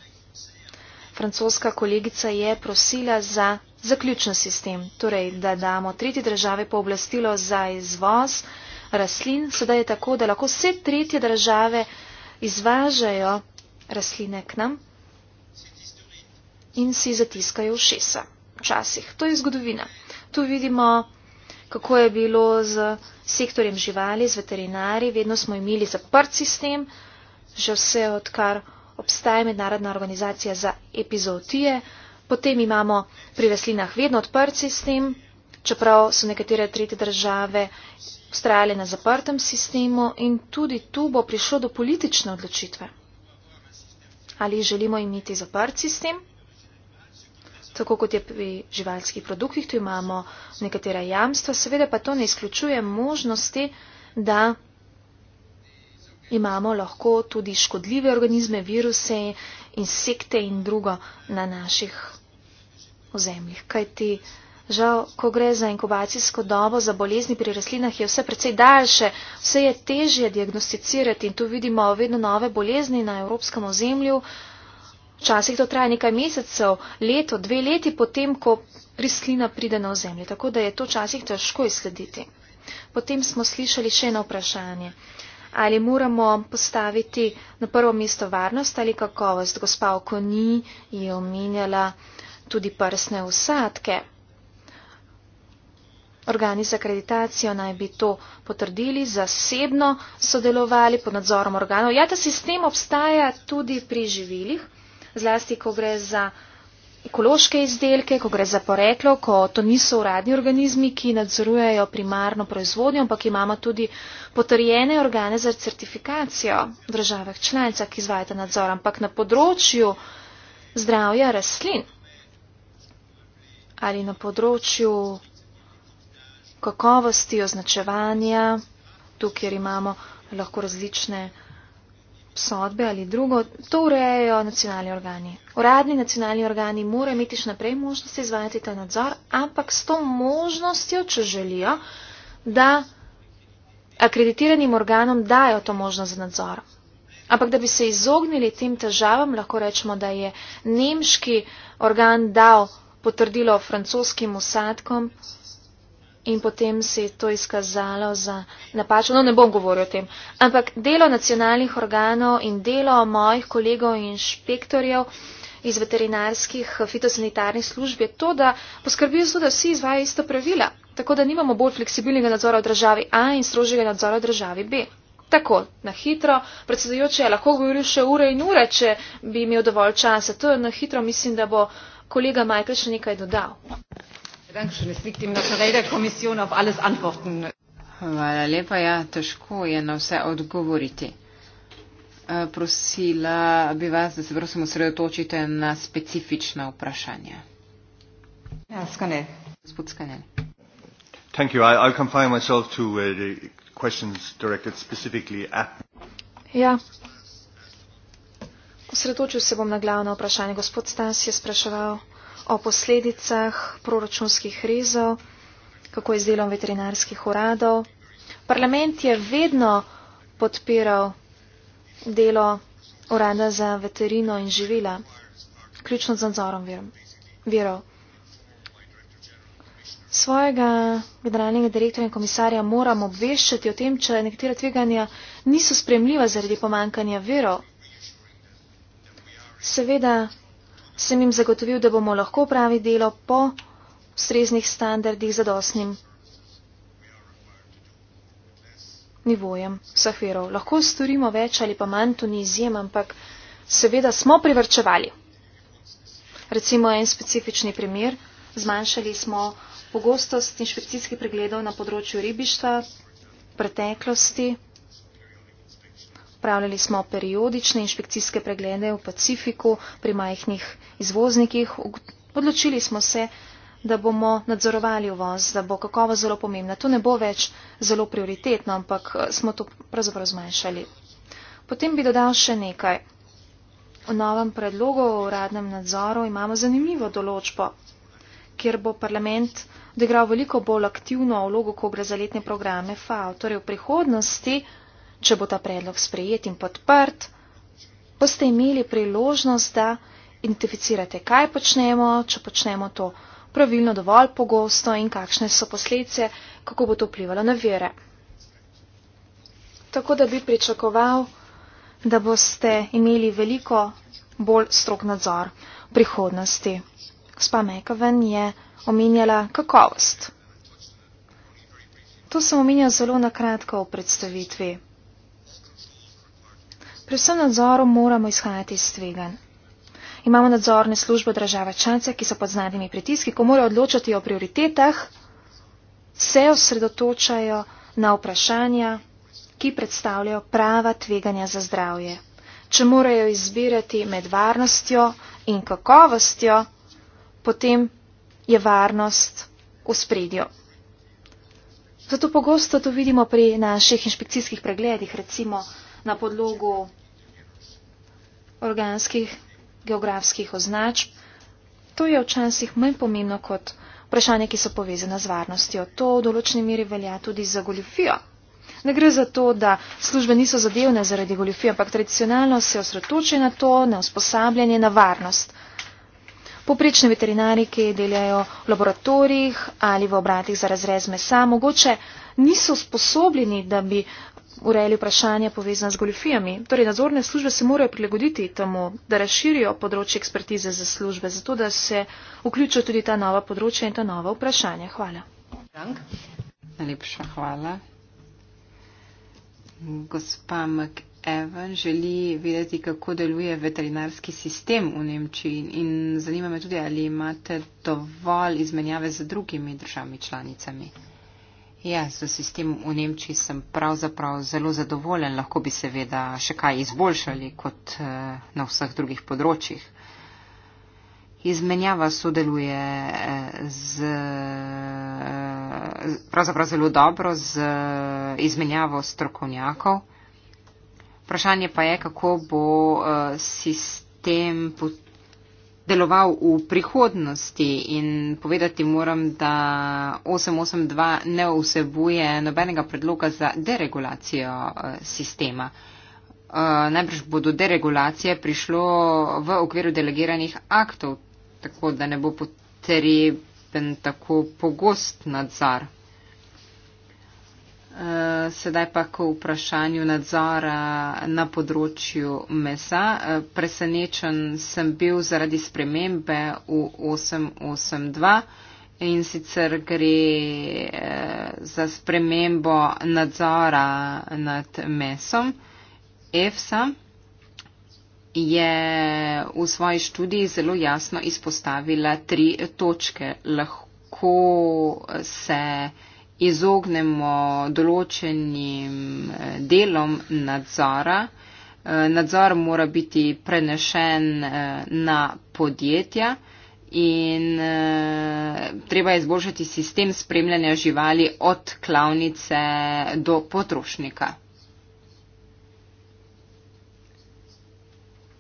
Francoska kolegica je prosila za zaključen sistem, torej da damo tretji države pooblastilo za izvoz rastlin, sedaj je tako, da lahko vse tretje države izvažajo rastline k nam in si zatiskajo v šesa. Včasih. To je zgodovina. Tu vidimo, kako je bilo z sektorjem živali, z veterinari. Vedno smo imeli zaprt sistem, že vse odkar obstaja mednarodna organizacija za epizootije. Potem imamo pri rastlinah vedno odprt sistem, čeprav so nekatere tretje države ustrajale na zaprtem sistemu in tudi tu bo prišlo do politične odločitve. Ali želimo imeti zaprt sistem? Tako kot je pri živalskih produktih, tu imamo nekatera jamstva, seveda pa to ne izključuje možnosti, da imamo lahko tudi škodljive organizme, viruse, insekte in drugo na naših ozemljih. Kajti, žal, ko gre za inkubacijsko dobo, za bolezni pri rastlinah, je vse precej daljše, vse je težje diagnosticirati in tu vidimo vedno nove bolezni na evropskem ozemlju. Včasih to traja nekaj mesecev, leto, dve leti potem, ko rastlina pride na ozemlje. Tako da je to včasih težko izslediti. Potem smo slišali še eno vprašanje. Ali moramo postaviti na prvo mesto varnost ali kakovost? Gospa Okoni je omenjala uh, tudi prsne usadke. Organi za akreditacijo naj bi to potrdili, zasebno sodelovali pod nadzorom organov. Ja, ta sistem obstaja tudi pri živilih, zlasti, ko gre za ekološke izdelke, ko gre za poreklo, ko to niso uradni organizmi, ki nadzorujejo primarno proizvodnjo, ampak imamo tudi potrjene organe za certifikacijo v državah članicah, ki izvajata nadzor, ampak na področju zdravja rastlin ali na področju kakovosti označevanja, tu, kjer imamo lahko različne sodbe ali drugo, to urejajo nacionalni organi. Uradni nacionalni organi morajo imeti še naprej možnost izvajati ta nadzor, ampak s to možnostjo, če želijo, da akreditiranim organom dajo to možnost za nadzor. Ampak da bi se izognili tem težavam, lahko rečemo, da je nemški organ dal potrdilo francoskim usadkom in potem se je to izkazalo za napačno. No, ne bom govoril o tem. Ampak delo nacionalnih organov in delo mojih kolegov in inšpektorjev iz veterinarskih eh, fitosanitarnih služb je to, da poskrbijo so, da vsi izvajo isto pravila. Tako da nimamo bolj fleksibilnega nadzora v državi A in strožjega nadzora v državi B. Tako, na hitro, predsedujoče, lahko govoril še ure in ure, če bi imel dovolj časa. To je na hitro, mislim, da bo. Kollege Michael Schnicker dodal. Hvala lepa, ja, težko je na vse odgovoriti. Eh, prosila bi vas, da se prosim osredotočite na specifična vprašanja. Ja, skane. Gospod Skane. Thank you. I'll confine myself to uh, the questions directed specifically at. Ja, Osredotočil se bom na glavno vprašanje. Gospod Stas je spraševal o posledicah proračunskih rezov, kako je z delom veterinarskih uradov. Parlament je vedno podpiral delo urada za veterino in živila, ključno z nadzorom virov. Svojega generalnega direktorja in komisarja moram obveščati o tem, če nekatera tveganja niso spremljiva zaradi pomankanja virov. Seveda sem jim zagotovil, da bomo lahko pravi delo po sreznih standardih zadosnim nivojem vseh verov. Lahko storimo več ali pa manj, to ni izjem, ampak seveda smo privrčevali. Recimo en specifični primer, zmanjšali smo pogostost inšpekcijskih pregledov na področju ribištva v preteklosti. Opravljali smo periodične inšpekcijske preglede v Pacifiku pri majhnih izvoznikih. Odločili smo se, da bomo nadzorovali uvoz, da bo kakovost zelo pomembna. To ne bo več zelo prioritetno, ampak eh, smo to pravzaprav zmanjšali. Potem bi dodal še nekaj. V novem predlogu o uradnem nadzoru imamo zanimivo določbo, kjer bo parlament odigral veliko bolj aktivno vlogo, ko gre za letne programe FAO. Torej v prihodnosti Če bo ta predlog sprejet in podprt, boste imeli priložnost, da identificirate, kaj počnemo, če počnemo to pravilno dovolj pogosto in kakšne so posledice, kako bo to vplivalo na vere. Tako da bi pričakoval, da boste imeli veliko bolj strok nadzor v prihodnosti. Gospa Mekaven je omenjala kakovost. To sem omenjal zelo na kratko v predstavitvi. Pri vsem nadzoru moramo izhajati iz tvegan. Imamo nadzorne službe države članice, ki so pod znanimi pritiski, ko morajo odločati o prioritetah, se osredotočajo na vprašanja, ki predstavljajo prava tveganja za zdravje. Če morajo izbirati med varnostjo in kakovostjo, potem je varnost v spredju. Zato pogosto to vidimo pri naših inšpekcijskih pregledih, recimo na podlogu organskih geografskih označb. To je včasih manj pomembno kot vprašanje, ki so povezane z varnostjo. To v določeni meri velja tudi za goljofijo. Ne gre za to, da službe niso zadevne zaradi goljofije, ampak tradicionalno se osredotočajo na to, na usposabljanje, na varnost. Poprečni veterinari, ki delajo v laboratorijih ali v obratih za razrez mesa, mogoče niso sposobljeni, da bi urejali vprašanja povezana z goljofijami. Torej, nadzorne službe se morajo prilagoditi temu, da razširijo področje ekspertize za službe, zato da se vključijo tudi ta nova področja in ta nova vprašanja. Hvala. Frank. Najlepša hvala. Gospa McEwan želi vedeti, kako deluje veterinarski sistem v Nemčiji in zanima me tudi, ali imate dovolj izmenjave z drugimi državami članicami. Ja, z sistemom v Nemčiji sem pravzaprav zelo zadovoljen, lahko bi seveda še kaj izboljšali kot eh, na vseh drugih področjih. Izmenjava sodeluje eh, z, eh, pravzaprav zelo dobro z izmenjavo strokovnjakov. Vprašanje pa je, kako bo sistem potrebno deloval v prihodnosti in povedati moram, da 882 ne vsebuje nobenega predloga za deregulacijo eh, sistema. Eh, najbrž bodo deregulacije prišlo v okviru delegiranih aktov, tako da ne bo potreben tako pogost nadzor. Eh, sedaj pa k vprašanju nadzora na področju mesa. Eh, presenečen sem bil zaradi spremembe v 882 in sicer gre eh, za spremembo nadzora nad mesom. EFSA je v svoji študiji zelo jasno izpostavila tri točke. Lahko se izognemo določenim eh, delom nadzora. Eh, nadzor mora biti prenešen eh, na podjetja in treba je izboljšati sistem spremljanja živali od klavnice do potrošnika.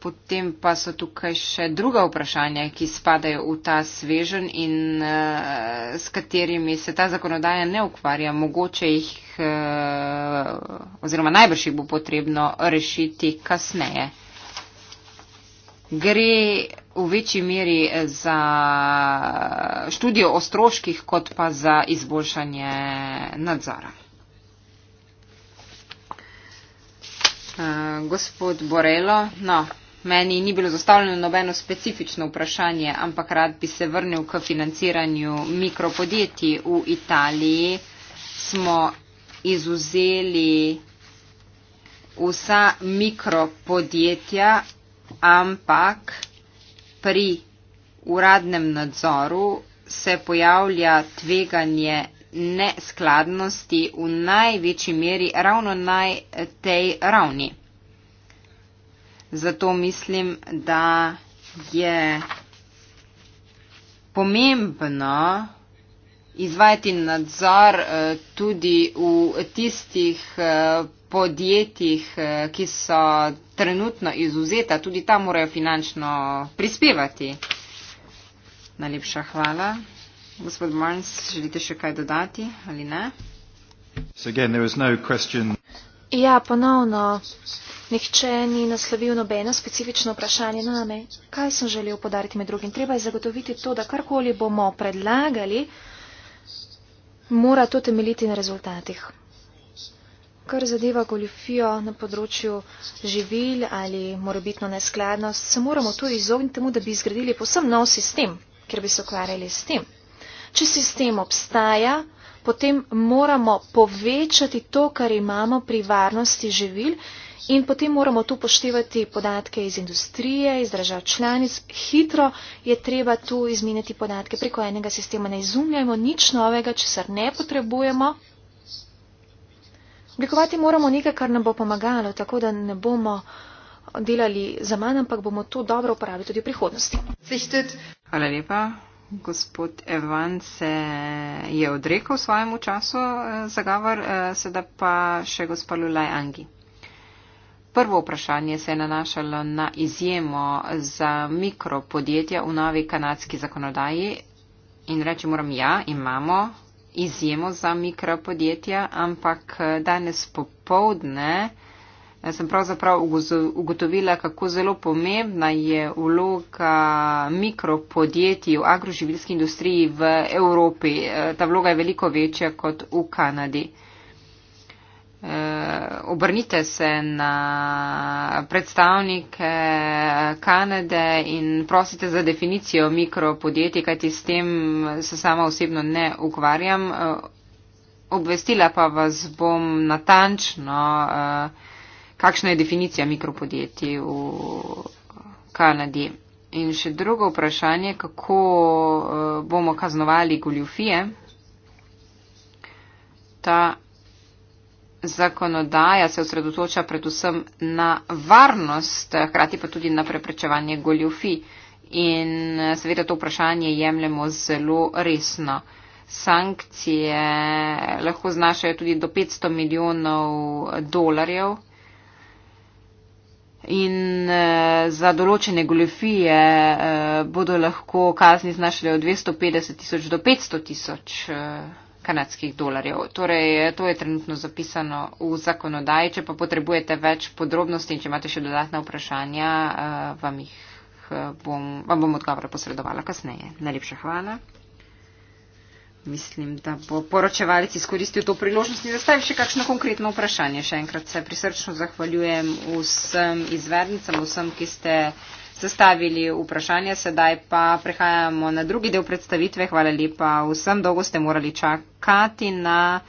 Potem pa so tukaj še druga vprašanja, ki spadajo v ta svežen in uh, s katerimi se ta zakonodaja ne ukvarja. Mogoče jih uh, oziroma najbrž jih bo potrebno rešiti kasneje. Gre v večji meri eh, za študijo o stroških, kot pa za izboljšanje nadzora. Uh, gospod Borelo, no. Meni ni bilo zastavljeno nobeno specifično vprašanje, ampak rad bi se vrnil k financiranju mikropodjetij v Italiji. Smo izuzeli vsa mikropodjetja, ampak pri uradnem nadzoru se pojavlja tveganje neskladnosti v največji meri ravno na tej ravni. Zato mislim, da je pomembno izvajati nadzor eh, tudi v tistih eh, podjetjih, eh, ki so trenutno izuzeta, tudi tam morajo finančno prispevati. Najlepša hvala. Gospod Marns, želite še kaj dodati ali ne? So again, there was no question. Ja, ponovno. Nihče ni naslovil nobeno specifično vprašanje name. Kaj sem želel podariti med drugim? Treba je zagotoviti to, da karkoli bomo predlagali, mora to temeljiti na rezultatih. Kar zadeva goljofijo na področju živil ali morebitno neskladnost, se moramo to izogniti temu, da bi izgradili posebno nov sistem, ker bi se ukvarjali s tem. Če sistem obstaja, potem moramo povečati to, kar imamo pri varnosti živil In potem moramo tu poštevati podatke iz industrije, iz držav članic. Hitro je treba tu izmeniti podatke preko enega sistema. Ne izumljajmo nič novega, česar ne potrebujemo. Oblikovati moramo nekaj, kar nam bo pomagalo, tako da ne bomo delali za manj, ampak bomo to dobro uporabili tudi v prihodnosti. Hvala lepa. Gospod Evan se je odrekel svojemu času eh, za govor, eh, sedaj pa še gospod Lulaj Angi prvo vprašanje se je nanašalo na izjemo za mikropodjetja v novi kanadski zakonodaji in reči moram, ja, imamo izjemo za mikropodjetja, ampak danes popovdne sem pravzaprav ugotovila, kako zelo pomembna je vloga mikropodjetij v agroživilski industriji v Evropi. Ta vloga je veliko večja kot v Kanadi. Eh, obrnite se na predstavnike Kanade in prosite za definicijo mikropodjetij, kajti s tem se sama osebno ne ukvarjam. Eh, obvestila pa vas bom natančno, eh, kakšna je definicija mikropodjetij v Kanadi. In še drugo vprašanje, kako bomo kaznovali goljufije. Ta zakonodaja se osredotoča predvsem na varnost, hkrati pa tudi na preprečevanje goljufi. In seveda to vprašanje jemljemo zelo resno. Sankcije lahko znašajo tudi do 500 milijonov dolarjev. In za določene goljofije eh, bodo lahko kazni znašale od 250 tisoč do 500 tisoč. Eh, kanadskih dolarjev. Torej, to je trenutno zapisano v zakonodaji. Če pa potrebujete več podrobnosti in če imate še dodatna vprašanja, eh, vam, jih eh, bom, vam bom odgovore posredovala kasneje. Najlepša hvala. Mislim, da bo poročevalec izkoristil to priložnost in zastavil še kakšno konkretno vprašanje. Še enkrat se prisrčno zahvaljujem vsem izvednicam, vsem, ki ste zastavili vprašanja. Sedaj pa prehajamo na drugi del predstavitve. Hvala lepa vsem. Dolgo ste morali čakati na.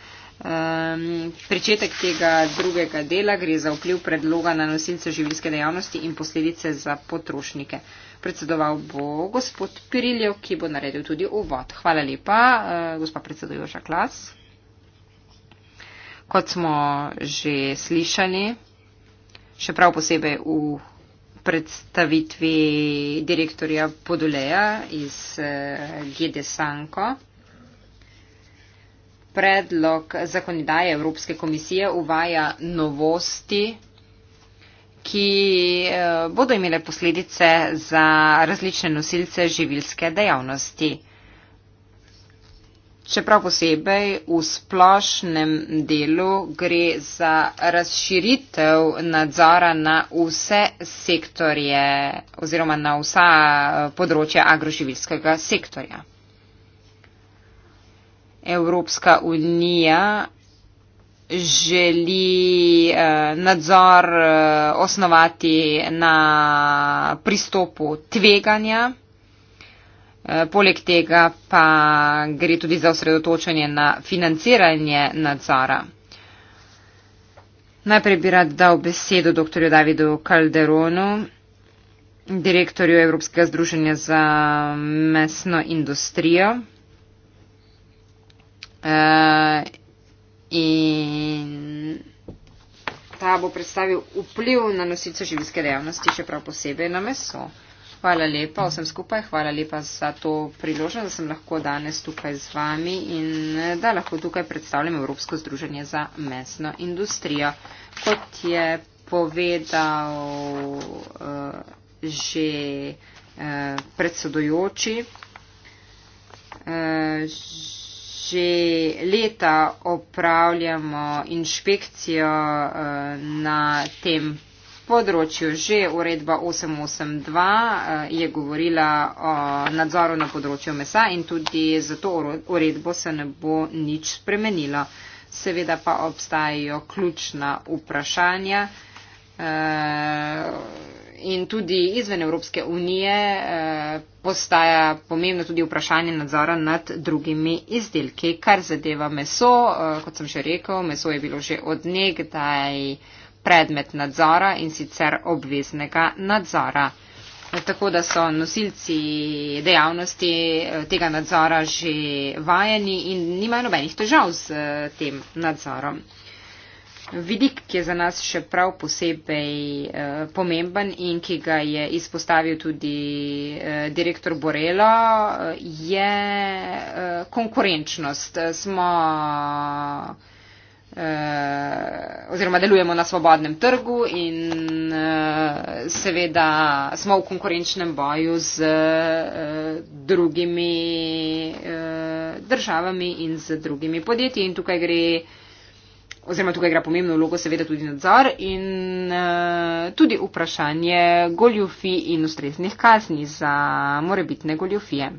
Um, pričetek tega drugega dela gre za vpliv predloga na nosilce življske dejavnosti in posledice za potrošnike. Predsedoval bo gospod Piriljev, ki bo naredil tudi uvod. Hvala lepa, uh, gospa predsedujoča Klas. Kot smo že slišali, še prav posebej v predstavitvi direktorja Poduleja iz eh, GD Sanko. Predlog zakonodaje Evropske komisije uvaja novosti, ki eh, bodo imele posledice za različne nosilce živilske dejavnosti. Čeprav posebej v splošnem delu gre za razširitev nadzora na vse sektorje oziroma na vsa eh, področja agroživilskega sektorja. Evropska unija želi eh, nadzor eh, osnovati na pristopu tveganja. Eh, poleg tega pa gre tudi za osredotočanje na financiranje nadzora. Najprej bi rad dal besedo dr. Davidu Calderonu, direktorju Evropskega združenja za mesno industrijo. Uh, in ta bo predstavil vpliv na nosilce živinske dejavnosti, še prav posebej na meso. Uh, Hvala lepa vsem skupaj, hvala lepa za to priložnost, da sem lahko danes tukaj z vami in da lahko tukaj predstavljam Evropsko združenje za mesno industrijo. Kot je povedal uh, že uh, eh, predsedojoči, uh, eh, Že leta opravljamo inšpekcijo na tem področju. Že uredba 882 eh, je govorila o nadzoru na področju mesa in tudi za to uredbo se ne bo nič spremenilo. Seveda pa obstajajo ključna vprašanja eh, in tudi izven Evropske unije eh, postaja pomembno tudi vprašanje nadzora nad drugimi izdelki. Kar zadeva meso, kot sem že rekel, meso je bilo že od nekdaj predmet nadzora in sicer obveznega nadzora. Tako da so nosilci dejavnosti eh, tega nadzora že vajeni in nimajo nobenih težav z eh, tem nadzorom. Vidik, ki je za nas še prav posebej eh, pomemben in ki ga je izpostavil tudi direktor Borelo, je konkurenčnost. Smo Eh, oziroma delujemo na svobodnem trgu in eh, seveda smo v konkurenčnem boju z eh, drugimi državami in z drugimi podjetji in tukaj gre oziroma tukaj igra pomembno vlogo seveda tudi nadzor in uh, tudi vprašanje goljufi in ustreznih kazni za morebitne goljufije.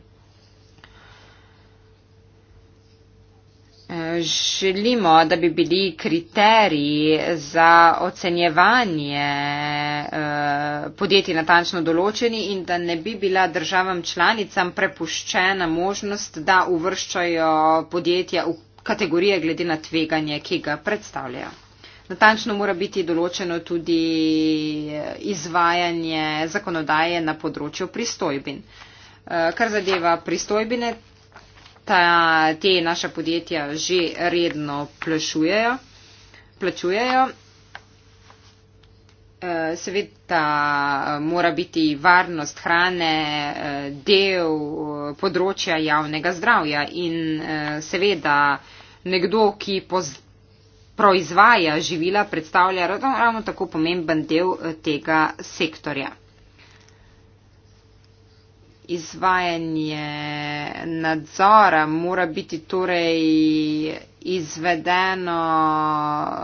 želimo, da bi bili kriteriji za ocenjevanje eh, podjetij natančno določeni in da ne bi bila državam članicam prepuščena možnost, da uvrščajo podjetja v kategorije glede na tveganje, ki ga predstavljajo. Natančno mora biti določeno tudi eh, izvajanje zakonodaje na področju pristojbin. Eh, kar zadeva pristojbine, ta, te naša podjetja že redno plašujejo, plačujejo. E, seveda mora biti varnost hrane e, del področja javnega zdravja in e, seveda nekdo, ki proizvaja živila, predstavlja ravno tako pomemben del tega sektorja izvajanje nadzora mora biti torej izvedeno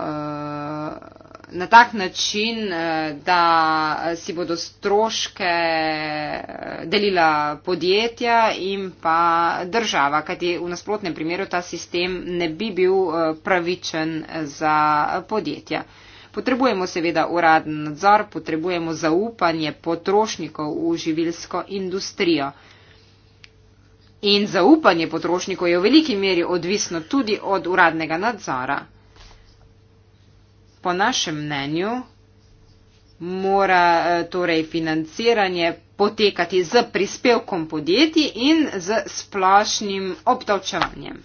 eh, na tak način, eh, da si bodo stroške eh, delila podjetja in pa država, kajti v nasprotnem primeru ta sistem ne bi bil pravičen za podjetja. Potrebujemo seveda uraden nadzor, potrebujemo zaupanje potrošnikov v živilsko industrijo. In zaupanje potrošnikov je v veliki meri odvisno tudi od uradnega nadzora. Po našem mnenju mora eh, torej financiranje potekati z prispevkom podjetij in z splošnim obdavčevanjem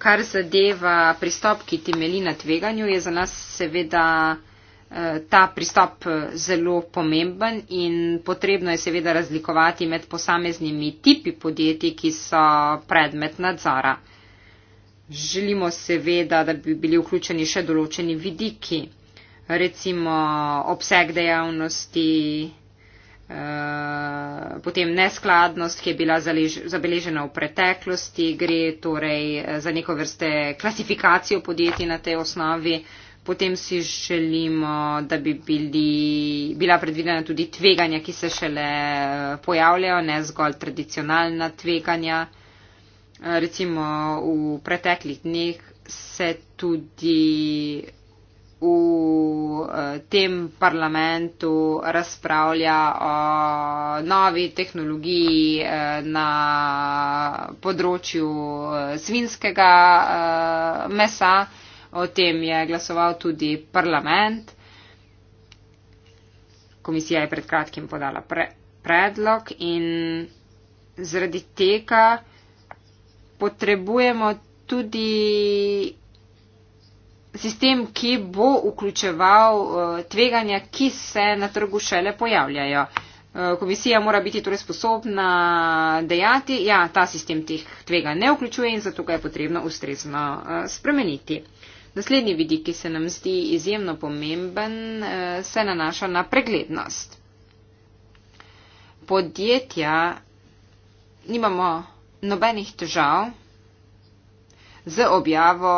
kar zadeva pristop, ki temeli na tveganju, je za nas seveda eh, ta pristop eh, zelo pomemben in potrebno je seveda razlikovati med posameznimi tipi podjetij, ki so predmet nadzora. Želimo seveda, da bi bili vključeni še določeni vidiki, recimo obseg dejavnosti, Eh, potem neskladnost, ki je bila zabeležena v preteklosti, gre torej eh, za neko vrste klasifikacijo podjetij na tej osnovi, potem si želimo, da bi bili, bila predvidena tudi tveganja, ki se šele eh, pojavljajo, ne zgolj tradicionalna tveganja. Recimo v preteklih dneh se tudi v eh, tem parlamentu razpravlja o novi tehnologiji eh, na področju eh, svinskega mesa. O tem je glasoval tudi parlament. Komisija je pred kratkim podala pre predlog in zaradi tega potrebujemo tudi sistem, ki bo vključeval eh, tveganja, ki se na trgu šele pojavljajo. Eh, komisija mora biti torej sposobna dejati, ja, ta sistem teh tvega ne vključuje in zato ga je potrebno ustrezno eh, spremeniti. Naslednji vidik, ki se nam zdi izjemno pomemben, se nanaša na preglednost. Podjetja nimamo nobenih težav, z objavo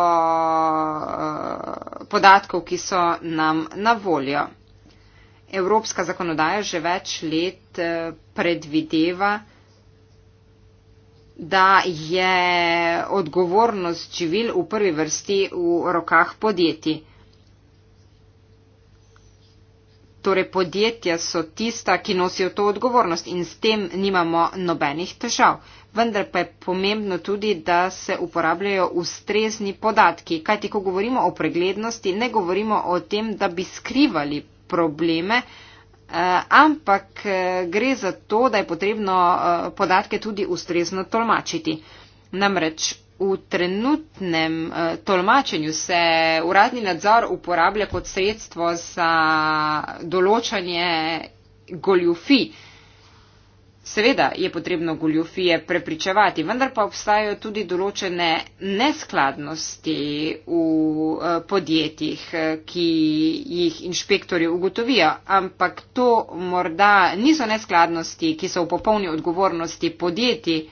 eh, podatkov, ki so nam na voljo. Evropska zakonodaja že več let eh, predvideva, da je odgovornost živil v prvi vrsti v rokah podjetij. Torej podjetja so tista, ki nosijo to odgovornost in s tem nimamo nobenih težav. Vendar pa je pomembno tudi, da se uporabljajo ustrezni podatki. Kajti, ko govorimo o preglednosti, ne govorimo o tem, da bi skrivali probleme, eh, ampak eh, gre za to, da je potrebno eh, podatke tudi ustrezno tolmačiti. Namreč v trenutnem uh, tolmačenju se uradni nadzor uporablja kot sredstvo za določanje goljufi. Seveda je potrebno goljufije prepričevati, vendar pa obstajajo tudi določene neskladnosti v eh, podjetjih, eh, ki jih inšpektori ugotovijo, ampak to morda niso neskladnosti, ki so v popolni odgovornosti podjetij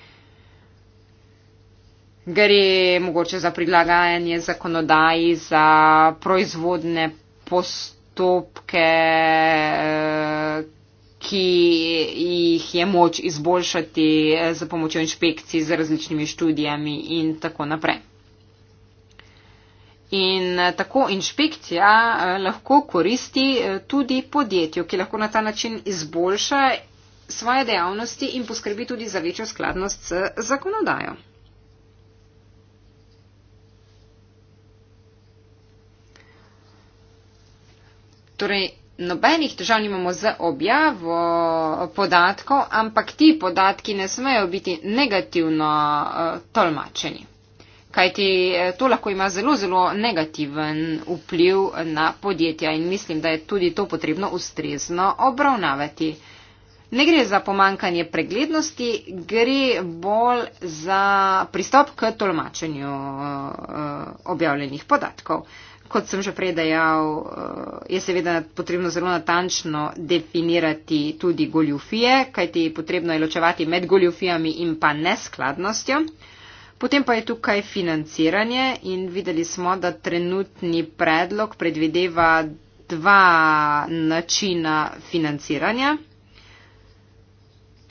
gre mogoče za prilagajanje zakonodaji, za proizvodne postopke, eh, ki jih je moč izboljšati eh, za pomočjo inšpekcij z različnimi študijami in tako naprej. In eh, tako inšpekcija lahko koristi tudi podjetju, ki lahko na ta način izboljša svoje dejavnosti in poskrbi tudi za večjo skladnost z zakonodajo. Torej, nobenih težav nimamo z objavo podatkov, ampak ti podatki ne smejo biti negativno uh, tolmačeni. Kajti eh, to lahko ima zelo, zelo negativen vpliv na podjetja in mislim, da je tudi to potrebno ustrezno obravnavati. Ne gre za pomankanje preglednosti, gre bolj za pristop k tolmačenju uh, objavljenih podatkov. Uh, kot sem že prej dejal, eh, je seveda potrebno zelo natančno definirati tudi goljufije, kajti potrebno je ločevati med goljufijami in pa neskladnostjo. Potem pa je tukaj financiranje in videli smo, da trenutni predlog predvideva dva načina financiranja.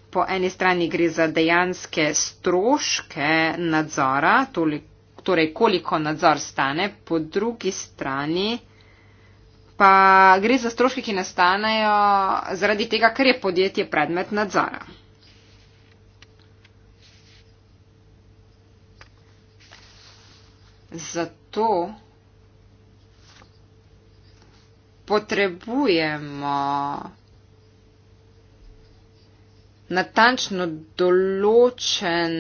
Po eni strani gre za dejanske stroške nadzora, toliko torej koliko nadzor stane, po drugi strani pa gre za stroške, ki nastanejo zaradi tega, ker je podjetje predmet nadzora. Zato potrebujemo natančno določen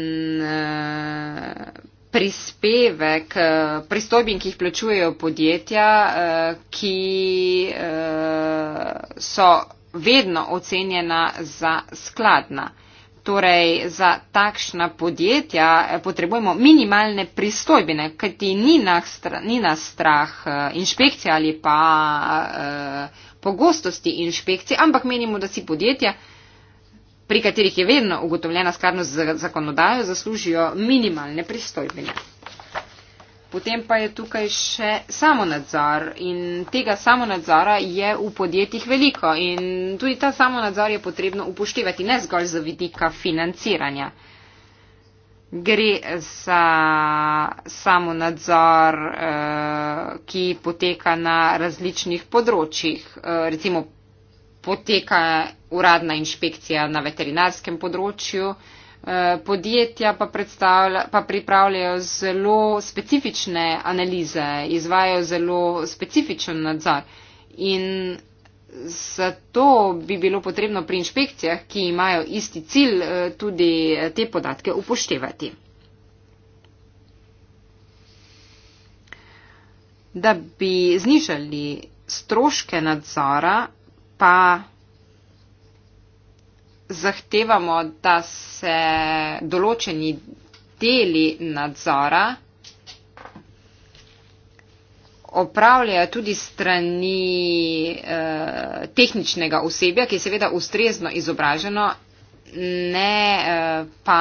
eh, prispevek, eh, pristojbin, ki jih plačujejo podjetja, eh, ki eh, so vedno ocenjena za skladna. Torej, za takšna podjetja potrebujemo minimalne pristojbine, kajti ni, ni na strah inšpekcije ali pa eh, pogostosti inšpekcije, ampak menimo, da si podjetja eh, pri katerih je vedno ugotovljena skladnost z zakonodajo, zaslužijo minimalne pristojbine. Potem pa je tukaj še samonadzor in tega samonadzora je v podjetjih veliko in tudi ta samonadzor je potrebno upoštevati ne zgolj za vidika financiranja. Gre za samonadzor, eh, ki poteka na različnih področjih, eh, recimo poteka uradna inšpekcija na veterinarskem področju. Eh, podjetja pa, pa pripravljajo zelo specifične analize, izvajajo zelo specifičen nadzor. In zato bi bilo potrebno pri inšpekcijah, ki imajo isti cilj, eh, tudi eh, te podatke upoštevati. Da bi znižali stroške nadzora, pa zahtevamo, da se določeni deli nadzora opravljajo tudi strani eh, tehničnega osebja, ki je seveda ustrezno izobraženo, ne eh, pa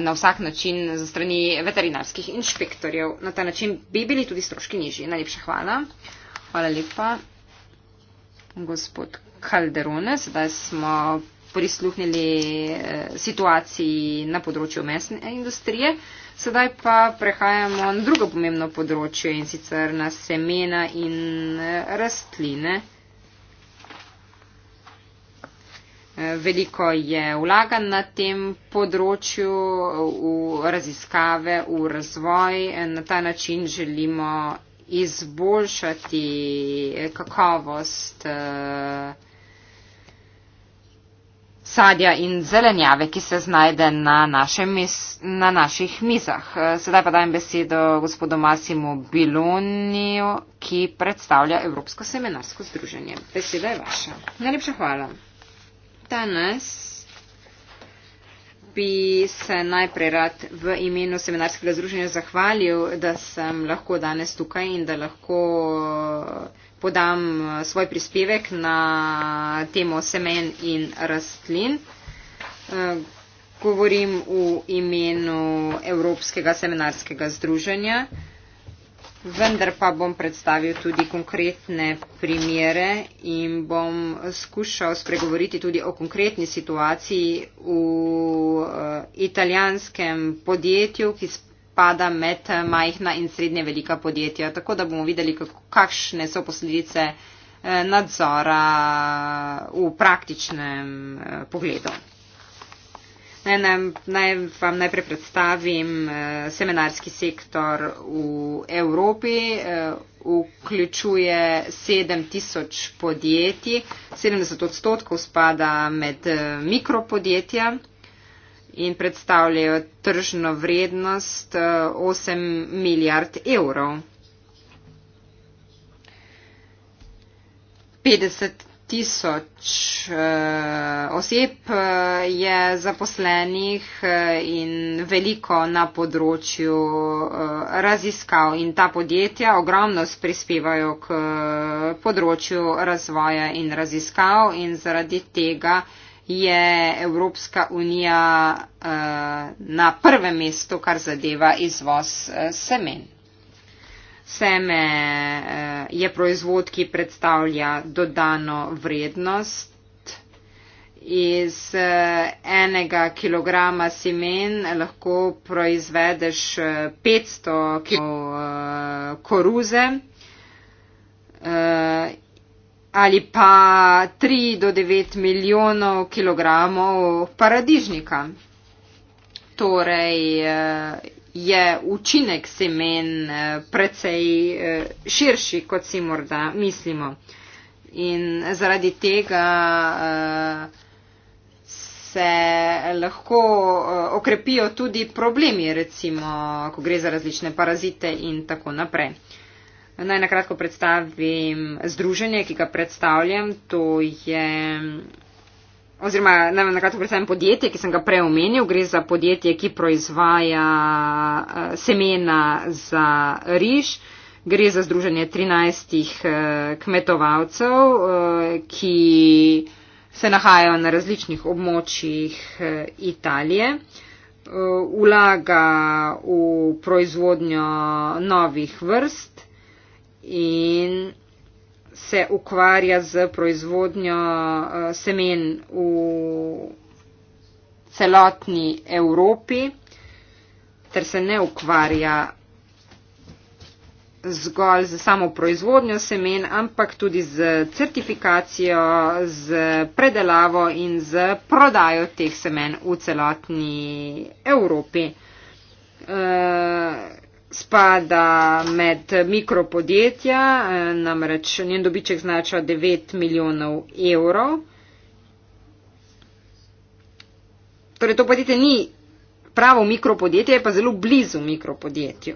na vsak način za strani veterinarskih inšpektorjev. Na ta način bi bili tudi stroški nižji. Najlepša hvala. Hvala lepa gospod Calderone. Sedaj smo prisluhnili eh, situaciji na področju mesne industrije. Sedaj pa prehajamo na drugo pomembno področje in sicer na semena in eh, rastline. Eh, veliko je vlagan na tem področju v raziskave, v razvoj. Na ta način želimo izboljšati kakovost eh, sadja in zelenjave, ki se znajde na, naše mis, na naših mizah. Eh, sedaj pa dajem besedo gospodu Masimu Biloniju, ki predstavlja Evropsko seminarsko združenje. Beseda je vaša. Najlepša hvala. Danes bi se najprej rad v imenu seminarskega združenja zahvalil, da sem lahko danes tukaj in da lahko eh, podam eh, svoj prispevek na temo semen in rastlin. Eh, govorim v imenu Evropskega seminarskega združenja vendar pa bom predstavil tudi konkretne primere in bom skušal spregovoriti tudi o konkretni situaciji v eh, italijanskem podjetju, ki spada med eh, majhna in srednje velika podjetja, tako da bomo videli, kakšne so posledice eh, nadzora v praktičnem pogledu. Naj, naj, naj vam najprej predstavim eh, seminarski sektor v Evropi. Eh, vključuje 7000 podjetij, 70 odstotkov spada med eh, mikropodjetja in predstavljajo tržno vrednost eh, 8 milijard evrov. 50 tisoč uh, oseb uh, je zaposlenih uh, in veliko na področju uh, raziskav in ta podjetja ogromno prispevajo k uh, področju razvoja in raziskav in zaradi tega je Evropska unija uh, na prvem mestu, kar zadeva izvoz uh, semen. Seme eh, je proizvod, ki predstavlja dodano vrednost. Iz eh, enega kilograma semen lahko proizvedeš 500 eh, kilogramov koruze ali pa 3 do 9 milijonov kilogramov paradižnika. Torej, je učinek semen eh, precej eh, širši, kot si morda mislimo. In zaradi tega eh, se lahko eh, okrepijo tudi problemi, recimo, ko gre za različne parazite in tako naprej. Naj nakratko predstavim združenje, ki ga predstavljam. To je oziroma ne vem, na kratko predstavim podjetje, ki sem ga prej omenil, gre za podjetje, ki proizvaja uh, semena za riž. Gre za združenje 13 uh, eh, kmetovalcev, uh, ki se nahajajo na različnih območjih uh, Italije. Uh, ulaga v proizvodnjo novih vrst in se ukvarja z proizvodnjo eh, semen v celotni Evropi, ter se ne ukvarja zgolj z samo proizvodnjo semen, ampak tudi z certifikacijo, z predelavo in z prodajo teh semen v celotni Evropi. Uh, spada med mikropodjetja, eh, namreč njen dobiček znača 9 milijonov evrov. Torej, to podjetje ni pravo mikropodjetje, je pa zelo blizu mikropodjetju.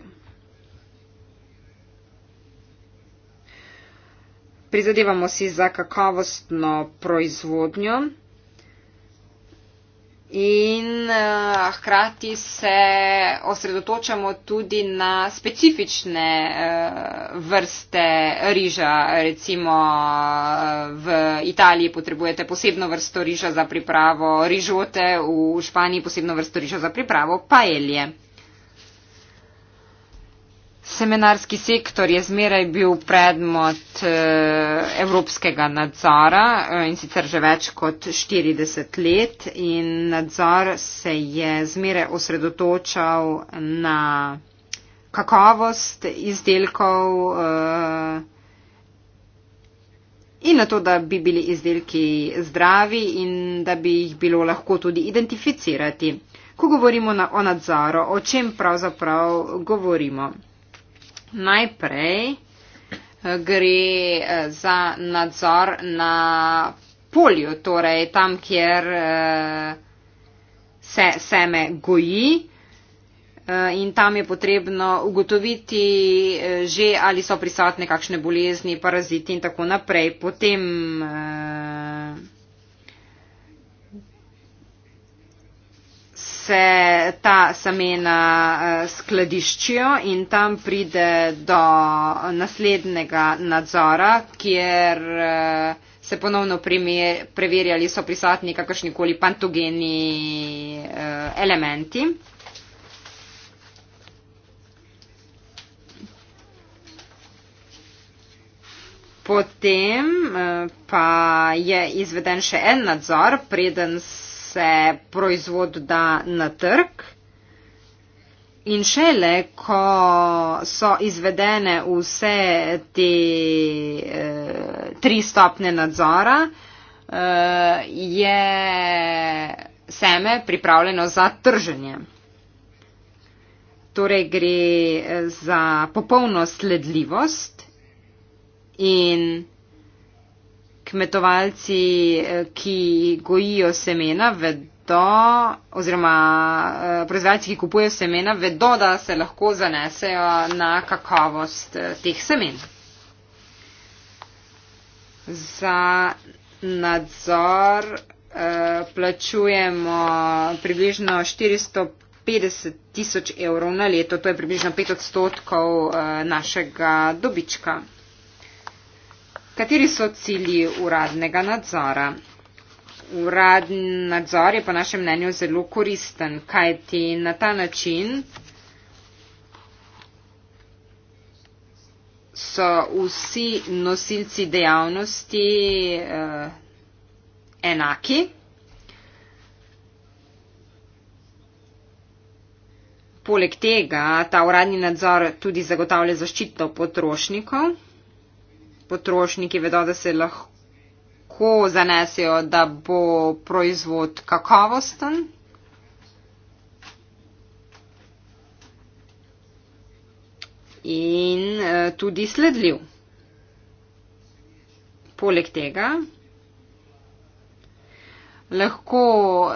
Prizadevamo si za kakovostno proizvodnjo. In uh, hkrati se osredotočamo tudi na specifične uh, vrste riža. Recimo uh, v Italiji potrebujete posebno vrsto riža za pripravo rižote, v Španiji posebno vrsto riža za pripravo paelje. Seminarski sektor je zmeraj bil predmet eh, evropskega nadzora eh, in sicer že več kot 40 let in nadzor se je zmeraj osredotočal na kakovost izdelkov eh, in na to, da bi bili izdelki zdravi in da bi jih bilo lahko tudi identificirati. Ko govorimo o nadzoru, o čem pravzaprav govorimo? Najprej eh, gre eh, za nadzor na polju, torej tam, kjer eh, se seme goji. In tam je potrebno ugotoviti že, ali so prisotne kakšne bolezni, paraziti in tako naprej. Potem, se ta semena eh, skladiščijo in tam pride do naslednjega nadzora, kjer eh, se ponovno preverjali so prisotni kakršnikoli pantogeni eh, elementi. Potem pa je izveden še en nadzor, preden se proizvod da na trg in šele, ko so izvedene vse te eh, tri stopne nadzora, eh, je seme pripravljeno za trženje. Torej gre za popolno sledljivost in kmetovalci, eh, ki gojijo semena, vedo, oziroma eh, proizvajalci, ki kupujejo semena, vedo, da se lahko zanesejo na kakovost eh, teh semen. Za nadzor plačujemo približno 450 tisoč evrov na leto, to je približno 5 odstotkov našega dobička. Kateri so cilji uradnega nadzora? Uradni nadzor je po našem mnenju zelo koristen, kajti na ta način so vsi nosilci dejavnosti eh, enaki. Poleg tega ta uradni nadzor tudi zagotavlja zaščito potrošnikov potrošniki vedo, da se lahko zanesijo, da bo proizvod kakovosten. In eh, tudi sledljiv. Poleg tega lahko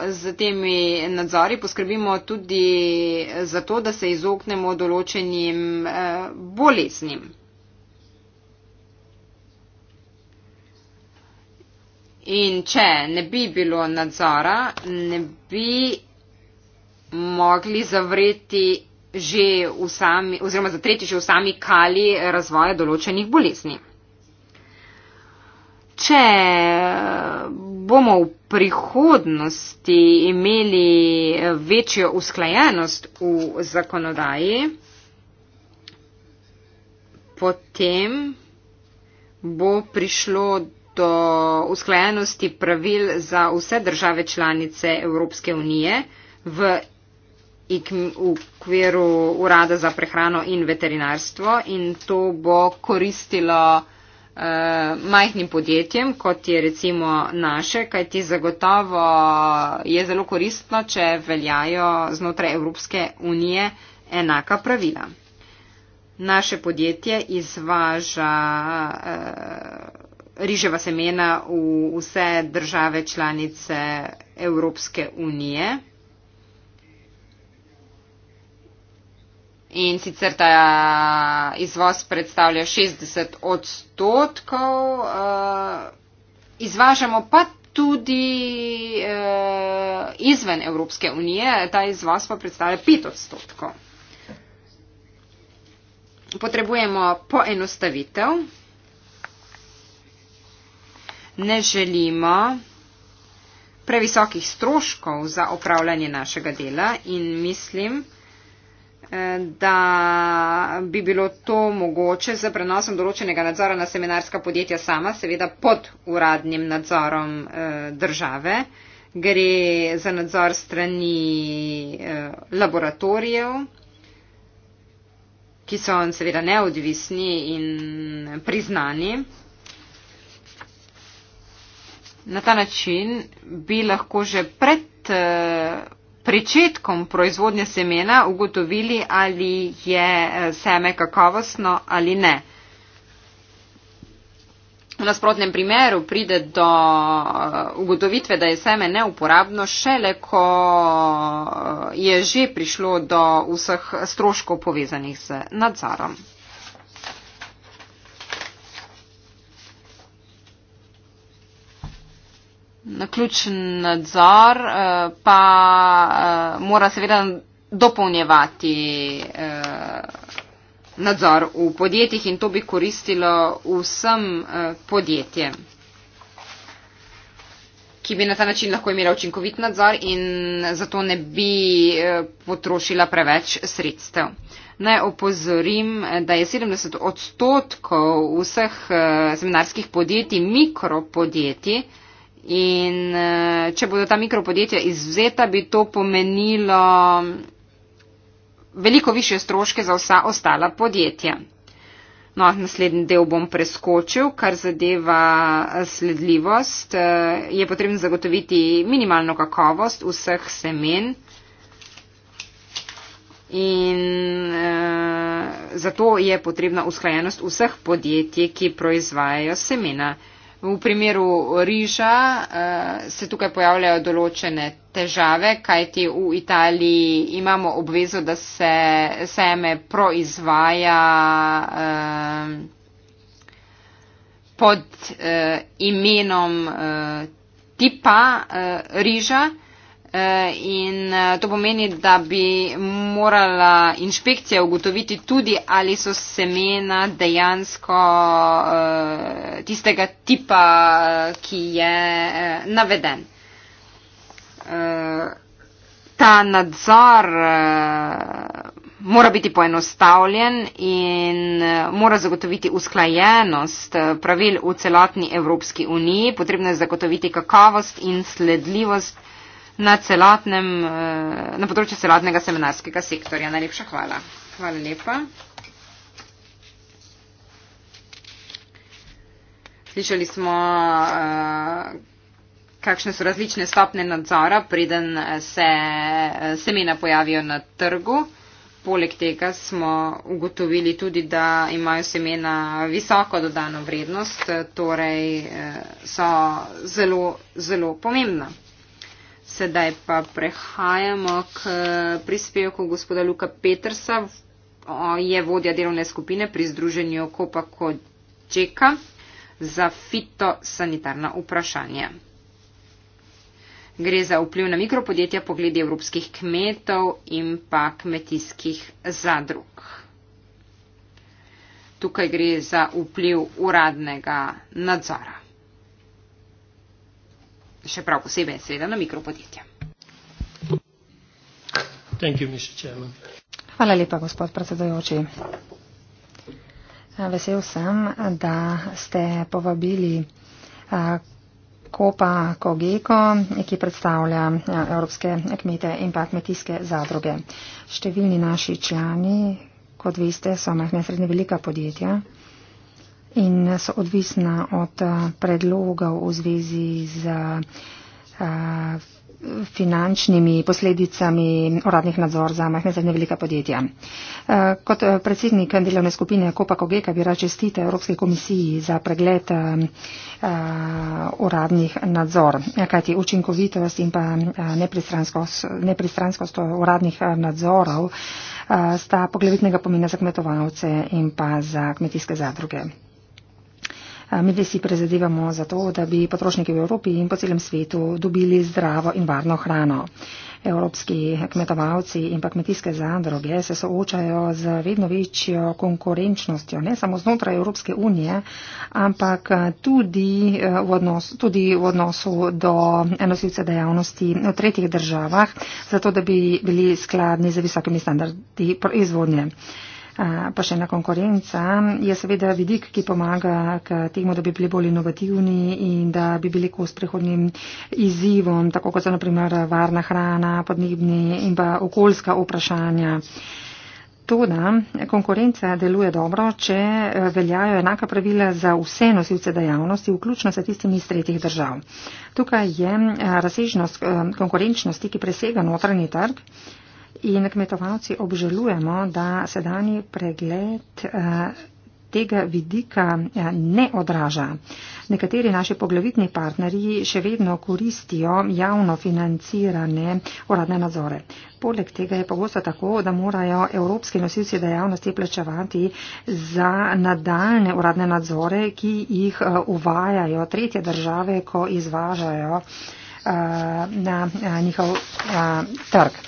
z temi nadzori poskrbimo tudi za to, da se izognemo določenim eh, boleznim. In če ne bi bilo nadzora, ne bi mogli zavreti že v sami, oziroma zatreti že v sami kali razvoja določenih bolezni. Če bomo v prihodnosti imeli večjo usklajenost v zakonodaji, potem bo prišlo do do usklajenosti pravil za vse države članice Evropske unije v okviru Urada za prehrano in veterinarstvo in to bo koristilo eh, majhnim podjetjem, kot je recimo naše, kajti zagotovo je zelo koristno, če veljajo znotraj Evropske unije enaka pravila. Naše podjetje izvaža. Eh, riževa semena v vse države članice Evropske unije. In sicer ta izvoz predstavlja 60 odstotkov, uh, izvažamo pa tudi uh, izven Evropske unije, ta izvoz pa predstavlja 5 odstotkov. Potrebujemo poenostavitev ne želimo previsokih stroškov za opravljanje našega dela in mislim, eh, da bi bilo to mogoče z prenosom določenega nadzora na seminarska podjetja sama, seveda pod uradnim nadzorom eh, države. Gre za nadzor strani eh, laboratorijev, ki so seveda neodvisni in priznani na ta način bi lahko že pred eh, pričetkom proizvodnje semena ugotovili, ali je eh, seme kakovostno ali ne. V nasprotnem primeru pride do eh, ugotovitve, da je seme neuporabno šele, ko je že prišlo do vseh stroškov povezanih z nadzorom. ključen nadzor eh, pa eh, mora seveda dopolnjevati eh, nadzor v podjetjih in to bi koristilo vsem podjetjem, ki bi na ta način lahko imela učinkovit nadzor in zato ne bi potrošila preveč sredstev. Naj opozorim, da je 70 odstotkov vseh seminarskih podjetij mikropodjetij, In eh, če bodo ta mikropodjetja izvzeta, bi to pomenilo veliko više stroške za vsa ostala podjetja. No, naslednji del bom preskočil, kar zadeva sledljivost. Eh, je potrebno zagotoviti minimalno kakovost vseh semen. In e, zato je potrebna usklajenost vseh podjetij, ki proizvajajo semena. V primeru riža uh, se tukaj pojavljajo določene težave, kajti v Italiji imamo obvezo, da se seme proizvaja uh, pod uh, imenom uh, tipa uh, riža. Uh, Eh, in eh, to pomeni, da bi morala inšpekcija ugotoviti tudi, ali so semena dejansko eh, tistega tipa, ki je naveden. Ta nadzor mora biti poenostavljen in mora zagotoviti usklajenost pravil v celotni Evropski uniji. Potrebno je zagotoviti kakovost in sledljivost na, celotnem, eh, na področju celotnega seminarskega sektorja. Najlepša hvala. Hvala lepa. Slišali smo, eh, kakšne so različne stopne nadzora, preden eh, se semena pojavijo na trgu. Poleg tega smo ugotovili tudi, da imajo semena visoko dodano vrednost, torej so zelo, zelo pomembna. Sedaj pa prehajamo k eh, prispevku gospoda Luka Petersa, je vodja delovne skupine pri združenju Kopa Kočeka za fitosanitarna vprašanja. Gre za vpliv na mikropodjetja, pogledi evropskih kmetov in pa kmetijskih zadrug. Tukaj gre za vpliv uradnega nadzora še prav posebej seveda na mikropodjetja. Hvala lepa, gospod predsedajoči. Vesel sem, da ste povabili Kopa Kogeko, ki predstavlja evropske kmete in pa kmetijske zadruge. Številni naši člani, kot veste, so majhne srednje velika podjetja in so odvisna od eh, predlogov v zvezi z eh, finančnimi posledicami uradnih nadzor za majhne srednje velika podjetja. Eh, kot predsednik delovne skupine Kopa Kogeka bi rad čestite Evropske komisiji za pregled uradnih nadzor, kajti učinkovitost in pa nepristranskost, nepristranskost uradnih nadzorov sta poglavitnega pomena za kmetovalce in pa za kmetijske zadruge. Mi vsi prizadevamo za to, da bi potrošniki v Evropi in po celem svetu dobili zdravo in varno hrano. Evropski kmetovalci in pa kmetijske zadruge se soočajo z vedno večjo konkurenčnostjo, ne samo znotraj Evropske unije, ampak tudi eh, v, odnos, tudi v odnosu do enosilce dejavnosti v tretjih državah, zato da bi bili skladni z visokimi standardi proizvodnje. Pa še na konkurenca je seveda vidik, ki pomaga k temu, da bi bili bolj inovativni in da bi bili kos prihodnim izzivom, tako kot so naprimer varna hrana, podnebni in pa okoljska vprašanja. Toda konkurenca deluje dobro, če eh, veljajo enaka pravila za vse nosilce dejavnosti, vključno s tistimi iz tretjih držav. Tukaj je eh, razsežnost eh, konkurenčnosti, ki presega notranji trg. In kmetovalci obžalujemo, da sedani pregled eh, tega vidika eh, ne odraža. Nekateri naši poglavitni partnerji še vedno koristijo javno financirane uradne nadzore. Poleg tega je pogosto tako, da morajo evropski nosilci dejavnosti plačevati za nadaljne uradne nadzore, ki jih eh, uvajajo tretje države, ko izvažajo na njihov trg.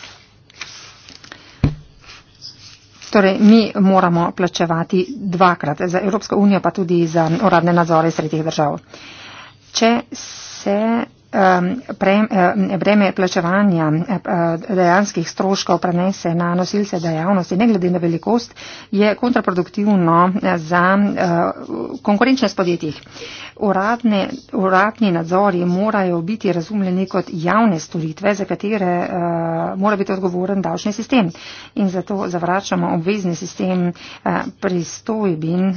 Torej, mi moramo plačevati dvakrat za Evropsko unijo, pa tudi za uradne nadzore sredih držav. Če se breme plačevanja eh, dejanskih stroškov prenese na nosilce dejavnosti, ne glede na velikost, je kontraproduktivno eh, za eh, konkurenčnost podjetjih. Uradne, uradni nadzori morajo biti razumljeni kot javne storitve, za katere mora biti odgovoren davčni sistem. In zato zavračamo obvezni sistem pristojbin,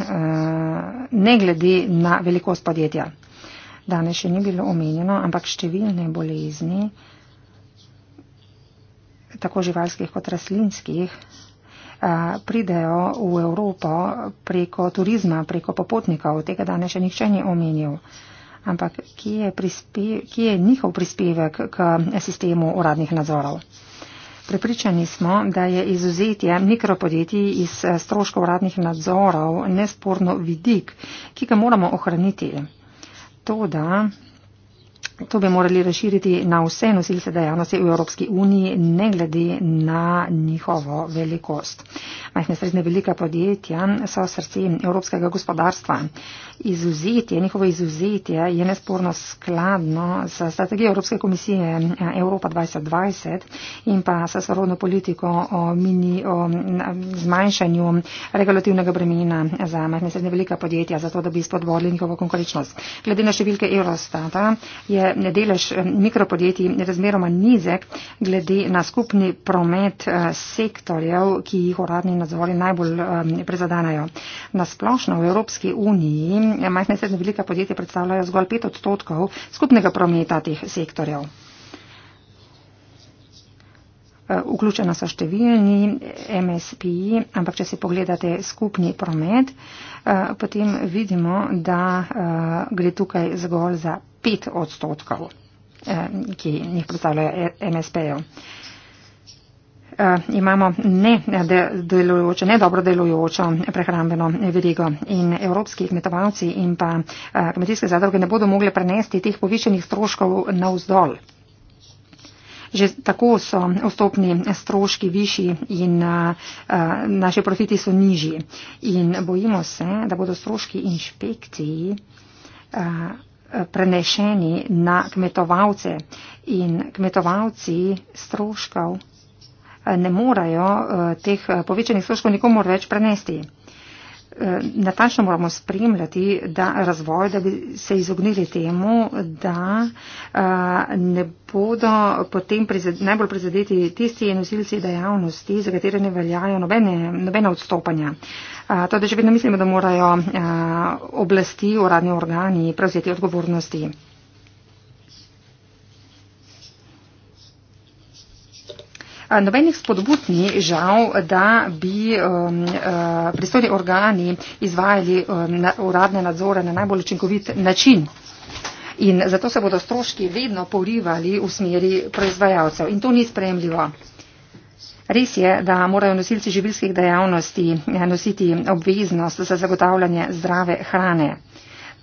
ne glede na velikost podjetja danes še ni bilo omenjeno, ampak številne bolezni, tako živalskih kot rastlinskih, pridejo v Evropo preko turizma, preko popotnikov. Tega danes še nihče ni omenil. Ampak kje je, prispe, kje je njihov prispevek k sistemu uradnih nadzorov? Prepričani smo, da je izuzetje mikropodjetij iz eh, stroškov uradnih nadzorov nesporno vidik, ki ga moramo ohraniti to, da To bi morali razširiti na vse nosilce dejavnosti v Evropski uniji, ne glede na njihovo velikost. Majhne srednje velika podjetja so srce evropskega gospodarstva. Izuzetje, njihovo izuzetje je nesporno skladno s strategijo Evropske komisije eh, Evropa 2020 in pa s sorodno politiko o, mini, o zmanjšanju regulativnega bremena za majhne srednje velika podjetja, zato da bi spodbodli njihovo konkurenčnost. Glede na številke Eurostata je delež eh, mikropodjetij razmeroma nizek glede na skupni promet eh, sektorjev, ki jih uradni nadzori najbolj eh, prezadanajo. Na splošno v Evropski uniji majhne srednje velika podjetja predstavljajo zgolj 5 odstotkov skupnega prometa teh sektorjev. Vključena so številni MSPI, ampak če si pogledate skupni promet, potem vidimo, da gre tukaj zgolj za 5 odstotkov, eh, ki jih predstavljajo MSP-jo. Eh, imamo nedelujoče, nedobro delujočo prehrambeno verigo in evropski kmetovalci in pa eh, kmetijske zadruge ne bodo mogli prenesti teh povišenih stroškov na vzdolj. Že tako so vstopni stroški višji in a, a, naši profiti so nižji. In bojimo se, da bodo stroški inšpekciji. A, prenešeni na kmetovalce in kmetovalci stroškov eh, ne morajo eh, teh eh, povečanih stroškov nikomu več prenesti natančno moramo spremljati da razvoj, da bi se izognili temu, da ne bodo potem prizad, najbolj prizadeti tisti nosilci dejavnosti, za katere ne veljajo nobene, nobene odstopanja. To, da že vedno mislimo, da morajo oblasti, uradni organi prevzeti odgovornosti. nobenih spodbudni žal, da bi um, uh, pristojni organi izvajali um, na, uradne nadzore na najbolj učinkovit način. In zato se bodo stroški vedno porivali v smeri proizvajalcev. In to ni spremljivo. Res je, da morajo nosilci živilskih dejavnosti eh, nositi obveznost za zagotavljanje zdrave hrane.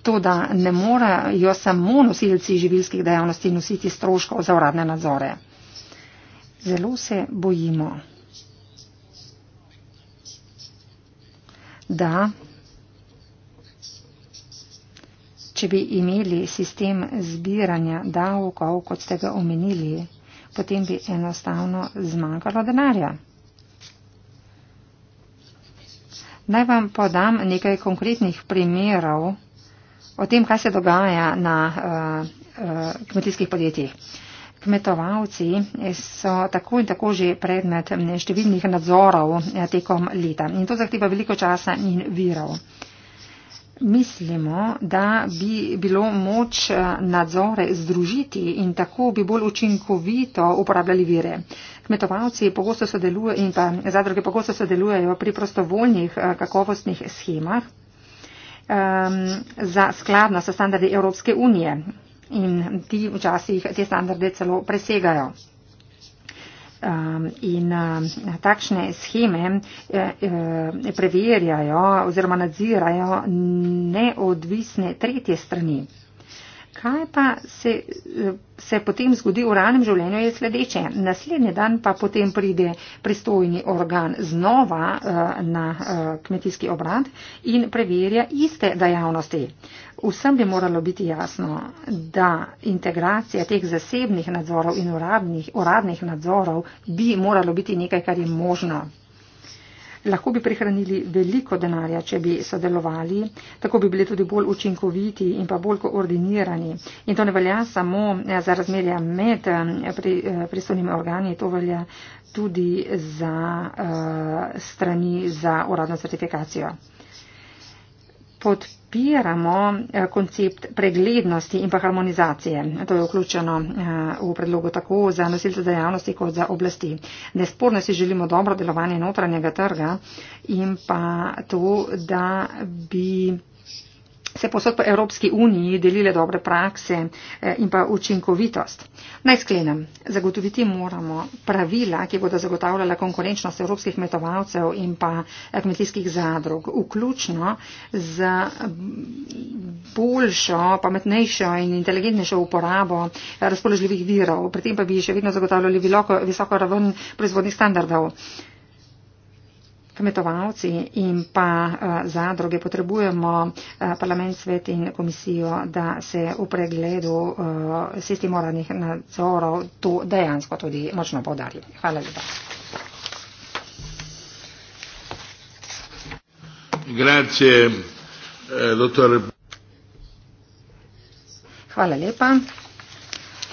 To, da ne morajo samo nosilci živilskih dejavnosti nositi stroškov za uradne nadzore. Zelo se bojimo, da če bi imeli sistem zbiranja davkov, kot ste ga omenili, potem bi enostavno zmagalo denarja. Naj vam podam nekaj konkretnih primerov o tem, kaj se dogaja na uh, uh, kmetijskih podjetjih. Uh, Kmetovalci so tako in tako že predmet številnih nadzorov eh, tekom leta in to zahteva veliko časa in virov. Mislimo, da bi bilo moč eh, nadzore združiti in tako bi bolj učinkovito uporabljali vire. Kmetovalci pogosto sodelujejo in pa zadruge pogosto sodelujejo pri prostovoljnih eh, kakovostnih schemah um, za skladno sa standardi Evropske unije in ti včasih te standarde celo presegajo. Um, in um, takšne scheme eh, eh, preverjajo oziroma nadzirajo neodvisne tretje strani. Kaj pa se, se potem zgodi v ranem življenju je sledeče. Naslednji dan pa potem pride pristojni organ znova eh, na eh, kmetijski obrad in preverja iste dejavnosti. Vsem bi moralo biti jasno, da integracija teh zasebnih nadzorov in uradnih, uradnih nadzorov bi moralo biti nekaj, kar je možno. Lahko bi prihranili veliko denarja, če bi sodelovali, tako bi bili tudi bolj učinkoviti in pa bolj koordinirani. In to ne velja samo eh, za razmerja med eh, pri, eh, pristojnimi organi, to velja tudi za uh, strani za uradno certifikacijo. Podpira podpiramo eh, koncept preglednosti in pa harmonizacije. To je vključeno eh, v predlogu tako za nosilce dejavnosti kot za oblasti. Nesporno si želimo dobro delovanje notranjega trga in pa to, da bi se posod po Evropski uniji delile dobre prakse eh, in pa učinkovitost. Naj sklenem, zagotoviti moramo pravila, ki bodo zagotavljala konkurenčnost evropskih metovalcev in pa eh, kmetijskih zadrug, vključno z mm, boljšo, pametnejšo in inteligentnejšo uporabo eh, razpoložljivih virov, pri tem pa bi še vedno zagotavljali visoko raven proizvodnih standardov kmetovalci in pa eh, zadruge potrebujemo eh, parlament, svet in komisijo, da se v pregledu eh, sistemoranih nadzorov tu dejansko tudi močno podari. Hvala lepa. Grazie, Hvala lepa,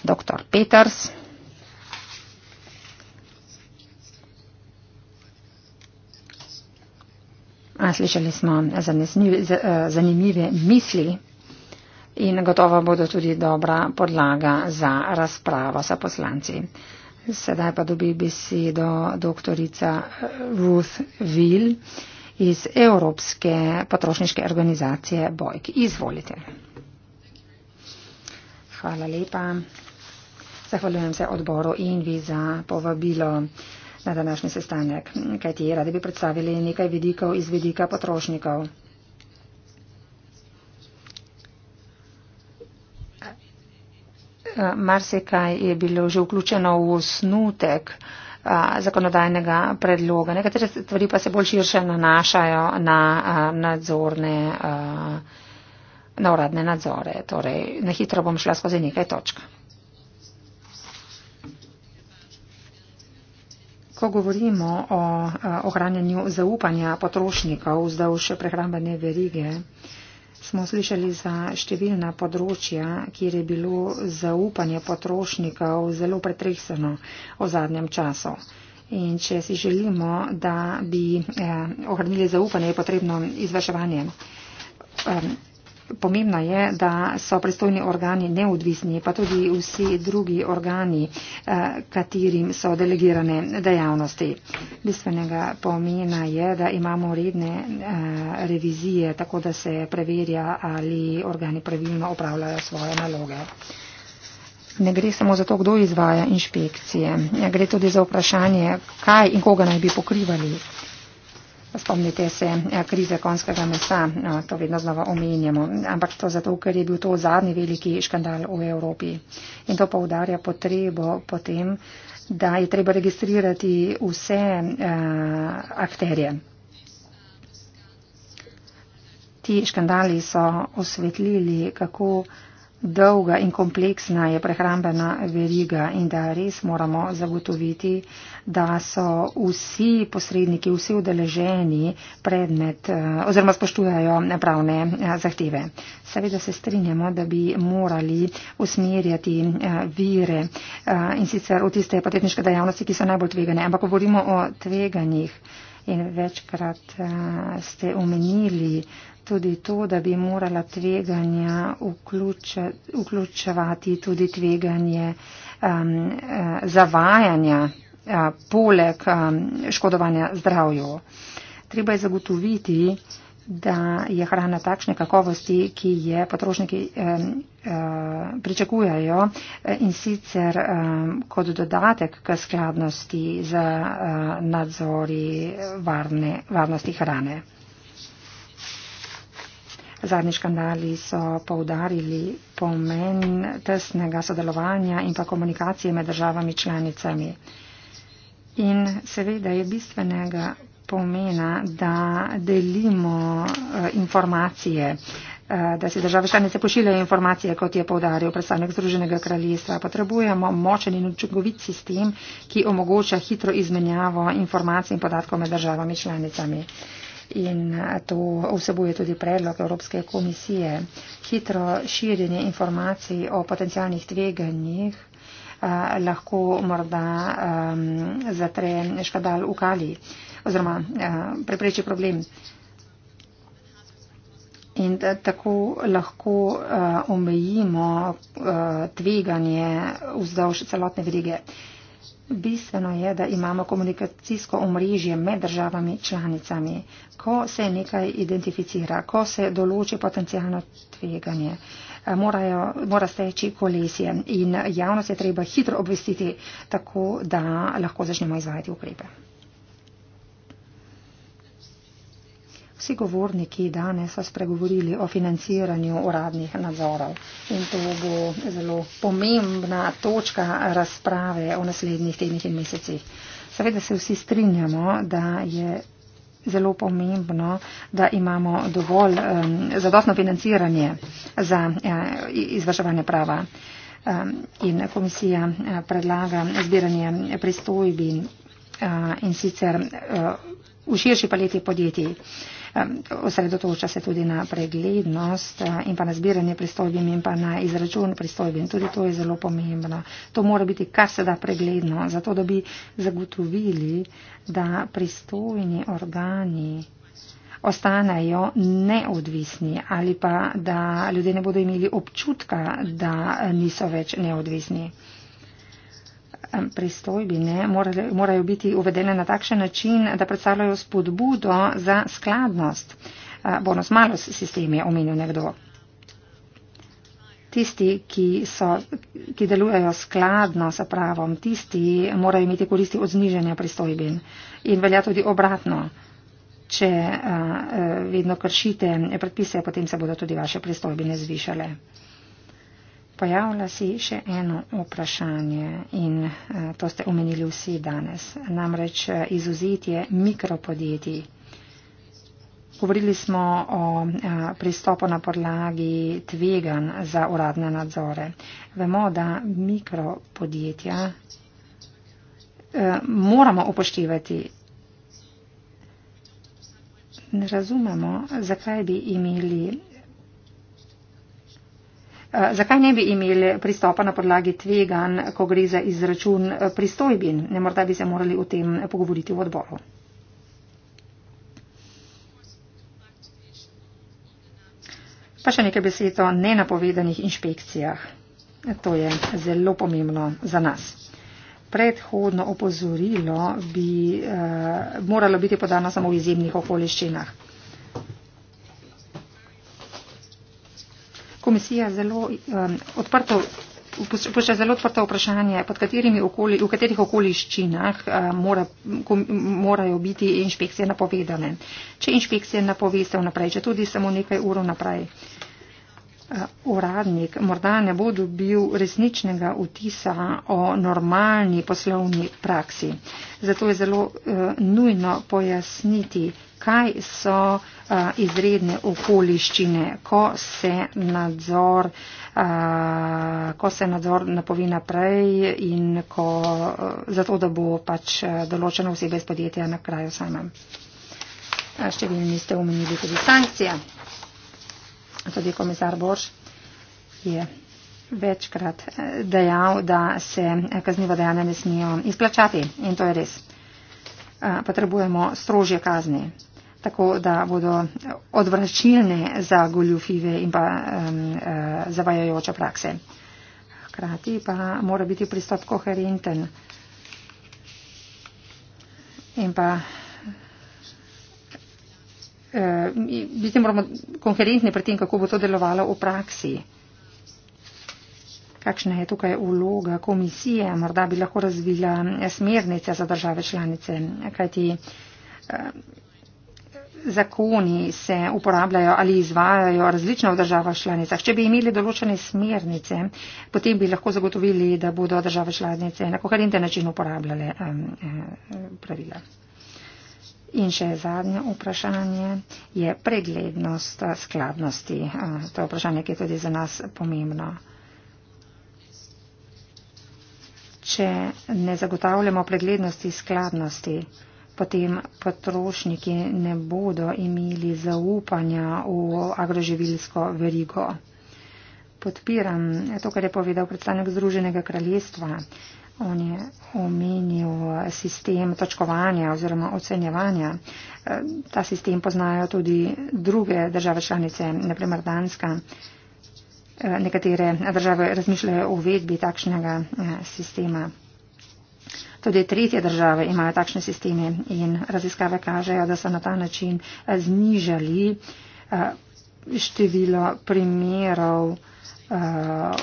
doktor Peters. Slišali smo eh, zanimive misli in gotovo bodo tudi dobra podlaga za razpravo sa poslanci. Sedaj pa dobi besedo doktorica eh, Ruth Will iz Evropske potrošniške organizacije Bojk. Izvolite. Hvala lepa. Zahvaljujem se odboru in vi za povabilo na današnji sestanek, kajti radi bi predstavili nekaj vidikov iz vidika potrošnikov. Marsikaj je bilo že vključeno v osnutek zakonodajnega predloga. Nekatere stvari pa se bolj širše nanašajo na nadzorne, na uradne nadzore. Torej, na hitro bom šla skozi nekaj točk. Ko govorimo o ohranjanju zaupanja potrošnikov vzdolž prehrambene verige, smo slišali za številna področja, kjer je bilo zaupanje potrošnikov zelo pretreseno v zadnjem času. In če si želimo, da bi eh, ohranili zaupanje, je potrebno izvrševanje eh, Pomembno je, da so pristojni organi neodvisni, pa tudi vsi drugi organi, eh, katerim so delegirane dejavnosti. Bistvenega pomena je, da imamo redne eh, revizije, tako da se preverja, ali organi pravilno opravljajo svoje naloge. Ne gre samo za to, kdo izvaja inšpekcije. Gre tudi za vprašanje, kaj in koga naj bi pokrivali. Spomnite se eh, krize konjskega mesa, eh, to vedno znova omenjamo, ampak to zato, ker je bil to zadnji veliki škandal v Evropi. In to povdarja potrebo potem, da je treba registrirati vse uh, akterje. Ti škandali so osvetlili, kako dolga in kompleksna je prehrambena veriga in da res moramo zagotoviti, da so vsi posredniki, vsi udeleženi predmet eh, oziroma spoštujajo pravne eh, zahteve. Seveda se strinjamo, da bi morali usmerjati eh, vire in sicer v tiste podjetniške dejavnosti, ki so najbolj tvegane, ampak govorimo o tveganjih. In večkrat ste omenili, tudi to, da bi morala tveganja vključe, vključevati tudi tveganje um, eh, zavajanja uh, poleg um, škodovanja zdravju. Treba je zagotoviti, da je hrana takšne kakovosti, ki je potrošniki eh, eh, pričakujajo in sicer eh, kot dodatek k skladnosti za eh, nadzori varne, varnosti hrane. Zadnji škandali so poudarili pomen tesnega sodelovanja in pa komunikacije med državami članicami. In seveda je bistvenega pomena, da delimo eh, informacije, eh, da si države članice pošiljajo informacije, kot je povdaril predstavnik Združenega kraljestva. Potrebujemo močen in učinkovit sistem, ki omogoča hitro izmenjavo informacij in podatkov med državami članicami in to vsebuje tudi predlog Evropske komisije. Hitro širjenje informacij o potencijalnih tveganjih lahko morda um, zatre škadal v kali oziroma uh, prepreči problem. In tako lahko uh, omejimo uh, tveganje vzdolž celotne verige. Uh, Bistveno je, da imamo komunikacijsko omrežje med državami članicami, ko se nekaj identificira, ko se določi potencijalno tveganje. Eh, morajo, mora steči kolesje in javnost je treba hitro obvestiti, tako da lahko začnemo izvajati ukrepe. vsi govorniki danes spregovorili o financiranju uradnih nadzorov. In to bo zelo pomembna točka razprave o naslednjih tednih in mesecih. Seveda se vsi strinjamo, da je zelo pomembno, da imamo dovolj um, zadostno financiranje za uh, izvrševanje prava. Um, in komisija uh, predlaga zbiranje pristojbin uh, eh, in sicer uh, v širši paleti podjetij. Uh, osredotoča se tudi na preglednost eh, in pa na zbiranje pristojbin in pa na izračun pristojbin. Tudi to je zelo pomembno. To mora biti kar se da pregledno, zato da bi zagotovili, da pristojni organi ostanejo neodvisni ali pa da ljudje ne bodo imeli občutka, da niso več neodvisni pristojbi ne, morajo, morajo biti uvedene na takšen način, da predstavljajo spodbudo za skladnost. Eh, bonus malus sistem je omenil nekdo. Tisti, ki, so, ki delujejo skladno s pravom, tisti morajo imeti koristi od zniženja pristojbin. In velja tudi obratno. Če a, eh, a, eh, vedno kršite predpise, potem se bodo tudi vaše pristojbine zvišale. Pojavlja si še eno vprašanje in eh, to ste omenili vsi danes, namreč eh, izuzetje mikropodjetij. Govorili smo o eh, pristopu na podlagi tvegan za uradne nadzore. Vemo, da mikropodjetja moramo upoštevati. Ne razumemo, zakaj bi imeli Eh, zakaj ne bi imeli pristopa na podlagi tvegan, ko gre za izračun eh, pristojbin? Ne morda bi se morali o tem pogovoriti v odboru. Pa še nekaj besed o nenapovedanih inšpekcijah. To je zelo pomembno za nas. Predhodno opozorilo bi uh, moralo biti podano samo v izjemnih okoliščinah. komisija zelo um, odprto. Pošlja zelo odprta vprašanje, okoli, v katerih okoliščinah uh, mora, morajo biti inšpekcije napovedane. Če inšpekcije napovejo vnaprej, če tudi samo nekaj ur vnaprej, uh, Eh, uradnik morda ne bo dobil resničnega vtisa o normalni poslovni praksi. Zato je zelo uh, nujno pojasniti, kaj so uh, izredne okoliščine, ko se nadzor, uh, ko se nadzor napovi naprej in ko, uh, zato, da bo pač določena oseba iz podjetja na kraju samem. Številni ste omenili tudi sankcije tudi komisar Borš je večkrat eh, dejal, da se eh, kaznivo dejanje ne smijo izplačati in to je res. Eh, potrebujemo strožje kazni, tako da bodo odvračilne za goljufive in pa um, zavajajoče prakse. Hkrati pa mora biti pristop koherenten in pa Eh, mislim, moramo konferentni pri tem, kako bo to delovalo v praksi. Kakšna je tukaj vloga komisije? Morda bi lahko razvila eh, smernice za države članice, kajti eh, zakoni se uporabljajo ali izvajajo različno v državah članicah. Če bi imeli določene smernice, potem bi lahko zagotovili, da bodo države članice na koherente način uporabljale pravila. In še zadnje vprašanje je preglednost eh, skladnosti. Eh, to je vprašanje, ki je tudi za nas pomembno. Če ne zagotavljamo preglednosti skladnosti, potem potrošniki ne bodo imeli zaupanja v agroživilsko verigo. Podpiram to, kar je povedal predstavnik Združenega kraljestva. On je omenil eh, sistem točkovanja oziroma ocenjevanja. Eh, ta sistem poznajo tudi druge države članice, naprimer Danska. Eh, nekatere države razmišljajo o uvedbi takšnega sistema. Tudi tretje države imajo takšne sisteme in raziskave kažejo, da so na ta način znižali število primerov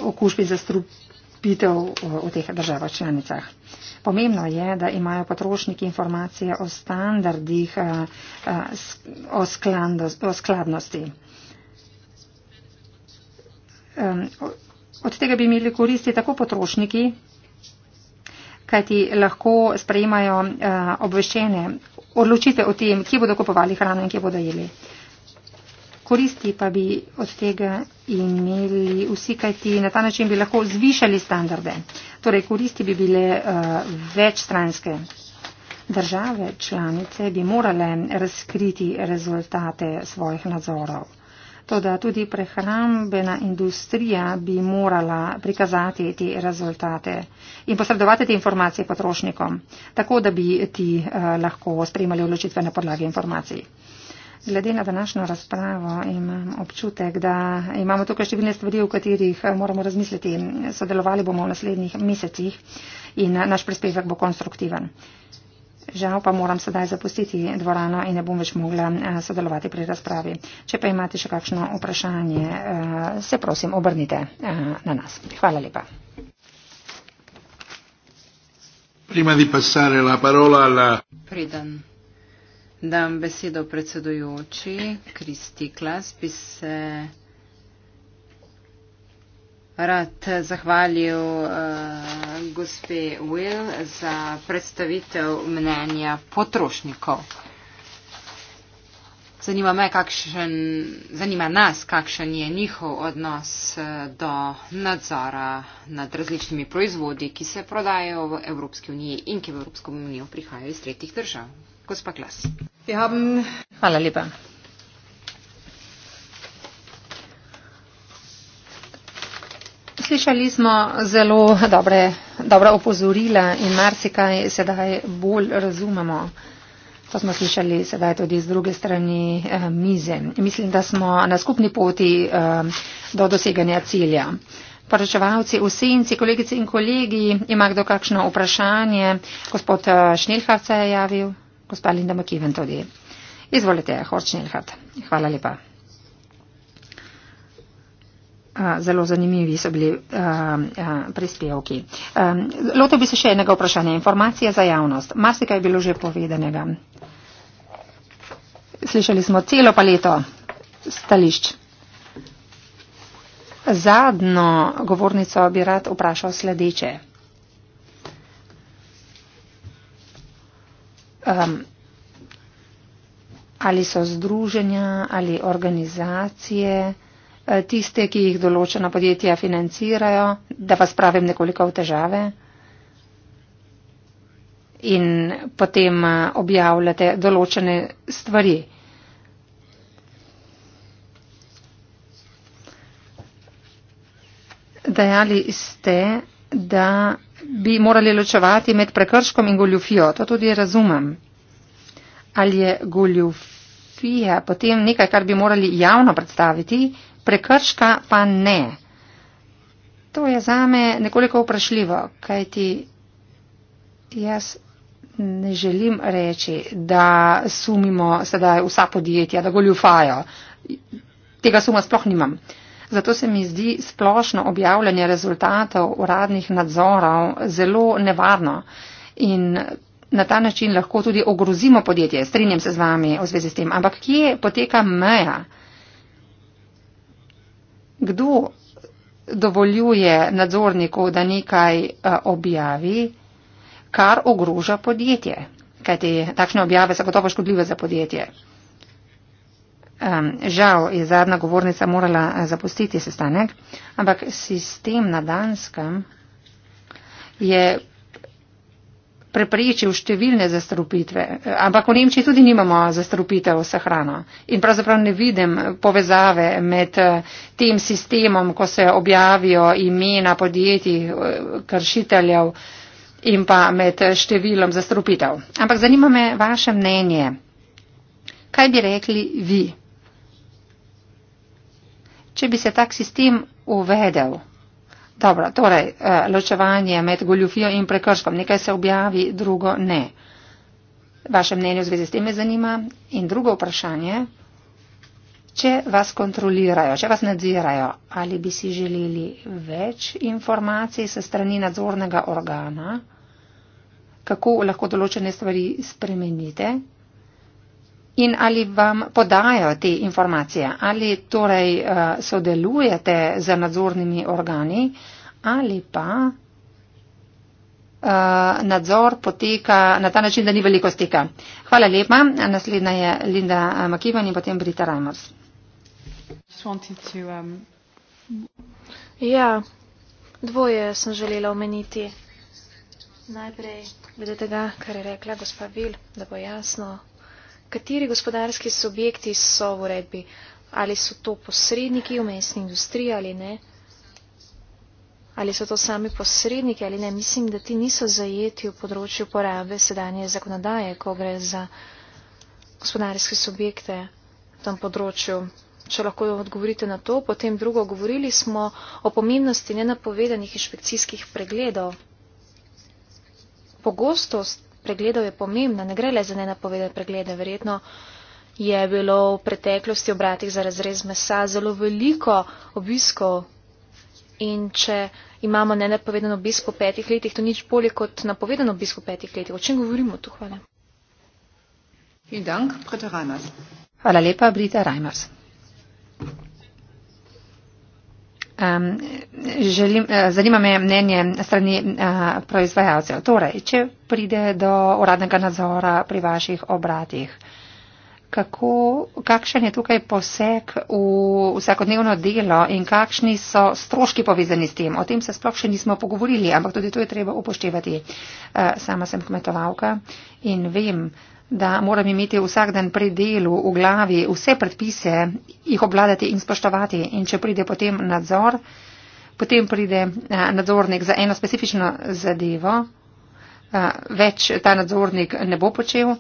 okužbi za strup storitev eh, v teh državah članicah. Pomembno je, da imajo potrošniki informacije o standardih, eh, eh, o, sklando, o skladnosti. Od tega bi imeli koristi tako potrošniki, kajti lahko sprejemajo obveščene odločitve o tem, kje bodo kupovali hrano in kje bodo jeli koristi pa bi od tega imeli vsi, kajti na ta način bi lahko zvišali standarde. Torej, koristi bi bile uh, večstranske. Države članice bi morale razkriti rezultate svojih nadzorov. Toda tudi prehrambena industrija bi morala prikazati te rezultate in posredovati te informacije potrošnikom, tako da bi ti uh, lahko spremljali odločitve na podlagi informacij. Glede na današnjo razpravo imam občutek, da imamo tukaj številne stvari, o katerih eh, moramo razmisliti. Sodelovali bomo v naslednjih mesecih in eh, naš prispevek bo konstruktiven. Žal pa moram sedaj zapustiti dvorano in ne bom več mogla eh, sodelovati pri razpravi. Če pa imate še kakšno vprašanje, se prosim obrnite na nas. Hvala lepa. Prima di passare la parola alla... Pridan Dam besedo predsedujoči Kristi Klas, bi se rad zahvalil uh, gospe Will za predstavitev mnenja potrošnikov. Zanima, me, kakšen, zanima nas, kakšen je njihov odnos eh, do nadzora nad različnimi proizvodi, ki se prodajo v Evropski uniji in ki v Evropsko unijo prihajajo iz tretjih držav gospa Klas. Hvala lepa. Slišali smo zelo dobre, dobra opozorila in marsikaj sedaj bolj razumemo. To smo slišali sedaj tudi z druge strani eh, mize. Mislim, da smo na skupni poti eh, do doseganja cilja. Poročevalci v senci, kolegice in kolegi, ima kdo kakšno vprašanje? Gospod eh, Šnilhavca je javil gospa Linda McKeven tudi. Izvolite, Horčnilhat. Hvala lepa. Zelo zanimivi so bili uh, uh, prispevki. Um, Lotev bi se še enega vprašanja. Informacija za javnost. Marsika je bilo že povedanega. Slišali smo celo paleto stališč. Zadnjo govornico bi rad vprašal sledeče. um, ali so združenja ali organizacije eh, tiste, ki jih določena podjetja financirajo, da vas pravim nekoliko v težave in potem eh, objavljate določene stvari. Dajali ste, da bi morali ločevati med prekrškom in goljufijo. To tudi razumem. Ali je goljufija potem nekaj, kar bi morali javno predstaviti, prekrška pa ne. To je zame nekoliko vprašljivo, kajti jaz ne želim reči, da sumimo sedaj vsa podjetja, da goljufajo. Tega suma sploh nimam. Uh, Zato se mi zdi splošno objavljanje rezultatov uradnih nadzorov zelo nevarno in na ta način lahko tudi ogrozimo podjetje. Strinjam se z vami v zvezi s tem. Ampak kje poteka meja? Kdo dovoljuje nadzorniku, da nekaj eh, objavi, kar ogroža podjetje? Kajti takšne objave so gotovo škodljive za podjetje. Um, žal je zadnja govornica morala eh, zapustiti sestanek, ampak sistem na Danskem je preprečil številne zastrupitve. Eh, ampak v Nemčiji tudi nimamo zastrupitev s hrano. In pravzaprav ne vidim povezave med eh, tem sistemom, ko se objavijo imena podjetij, kršiteljev in pa med številom zastrupitev. Ampak zanima me vaše mnenje. Kaj bi rekli vi? če bi se tak sistem uvedel. Dobro, torej, eh, ločevanje med goljufijo in prekrškom. Nekaj se objavi, drugo ne. Vaše mnenje v zvezi s tem me zanima. In drugo vprašanje, če vas kontrolirajo, če vas nadzirajo, ali bi si želeli več informacij se strani nadzornega organa, kako lahko določene stvari spremenite? In ali vam podajo te informacije, ali torej uh, sodelujete z nadzornimi organi, ali pa uh, nadzor poteka na ta način, da ni veliko steka. Hvala lepa. Naslednja je Linda eh, Makivan in potem Brita Reimers. Um, ja, dvoje sem želela omeniti. Najprej glede tega, kar je rekla gospa Bil, da bo jasno, kateri gospodarski subjekti so v uredbi, ali so to posredniki v mestni industriji ali ne, ali so to sami posredniki ali ne, mislim, da ti niso zajeti v področju porabe sedanje zakonodaje, ko gre za gospodarske subjekte v tem področju. Če lahko odgovorite na to, potem drugo, govorili smo o pomembnosti nenapovedanih inšpekcijskih pregledov. Pogostost pregledov je pomembna, ne gre le za nenapovedane preglede. Verjetno je bilo v preteklosti obratih za razrez mesa zelo veliko obiskov in če imamo nenapovedan obisk po petih letih, to nič bolje kot napovedan obisk po petih letih. O čem govorimo tu? Hvala. Hvala lepa, Brita Reimers. Um, želim, eh, zanima me mnenje strani uh, proizvajalcev. Torej, če pride do uradnega nadzora pri vaših obratih, kako, kakšen je tukaj poseg v vsakodnevno delo in kakšni so stroški povezani s tem? O tem se sploh še nismo pogovorili, ampak tudi to je treba upoštevati. Uh, sama sem kmetovalka in vem, uh, da moram imeti vsak dan pri delu v glavi vse predpise, jih obladati in spoštovati. In če pride potem nadzor, potem pride eh, nadzornik za eno specifično zadevo, eh, več ta nadzornik ne bo počel.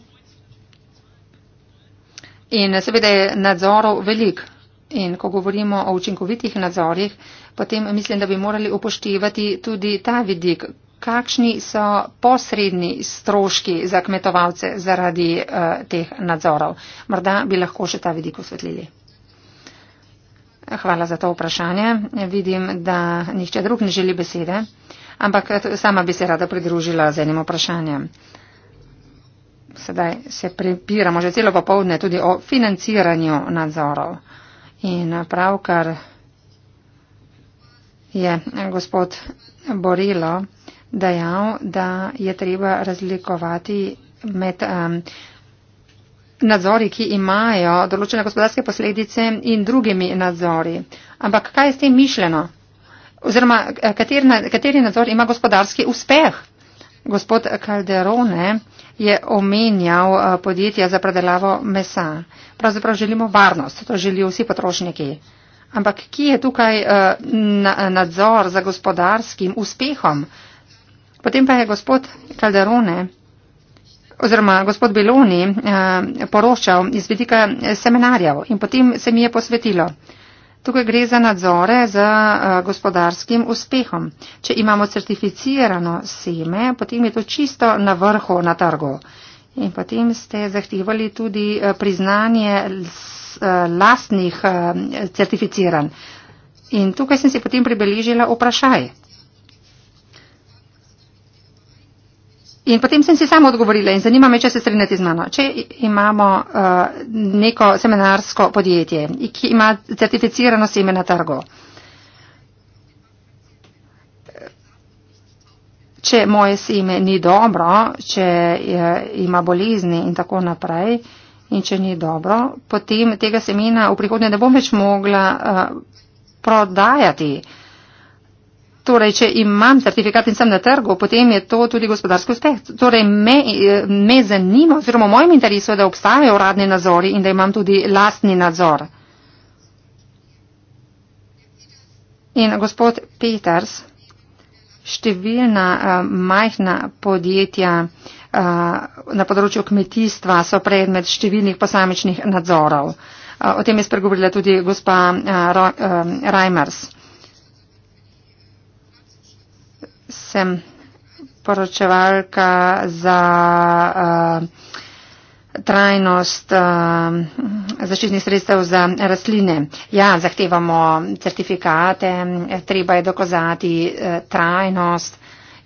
In seveda je nadzorov velik. In ko govorimo o učinkovitih nadzorih, potem mislim, da bi morali upoštevati tudi ta vidik, kakšni so posredni stroški za kmetovalce zaradi uh, teh nadzorov. Morda bi lahko še ta vidik osvetlili. Hvala za to vprašanje. Vidim, da nihče drug ne želi besede, ampak eh, sama bi se rada pridružila z enim vprašanjem. Sedaj se prepiramo že celo popovdne tudi o financiranju nadzorov. In eh, pravkar je gospod Borilo dejal, da je treba razlikovati med um, nadzori, ki imajo določene gospodarske posledice in drugimi nadzori. Ampak kaj je s tem mišljeno? Oziroma, eh, kateri, kateri nadzor ima gospodarski uspeh? Gospod Calderone je omenjal eh, podjetja za predelavo mesa. Pravzaprav želimo varnost, to želijo vsi potrošniki. Ampak kje je tukaj eh, nadzor za gospodarskim uspehom? Potem pa je gospod Calderone oziroma gospod Beloni eh, poročal iz vidika seminarjev in potem se mi je posvetilo. Tukaj gre za nadzore z eh, gospodarskim uspehom. Če imamo certificirano seme, potem je to čisto na vrhu na trgu. In potem ste zahtevali tudi eh, priznanje lastnih certificiran. In tukaj sem si potem pribeležila vprašaj. In potem sem si samo odgovorila in zanima me, če se strinjate z mano. Če imamo uh, neko seminarsko podjetje, ki ima certificirano seme na trgu, če moje seme ni dobro, če je, eh, ima bolezni in tako naprej in če ni dobro, potem tega semena v prihodnje ne bom več mogla uh, prodajati. Uh, Torej, če imam certifikat in sem na trgu, potem je to tudi gospodarski uspeh. Torej, me, me zanima, oziroma v mojem interesu je, da obstajajo uradni nadzori in da imam tudi lastni nadzor. In gospod Peters, številna uh, majhna podjetja uh, na področju kmetijstva so predmet številnih posamičnih nadzorov. Uh, o tem je spregovorila tudi gospa uh, Reimers. Uh, sem poročevalka za uh, trajnost uh, zaščitnih sredstev za rastline. Ja, zahtevamo certifikate, treba je dokazati uh, trajnost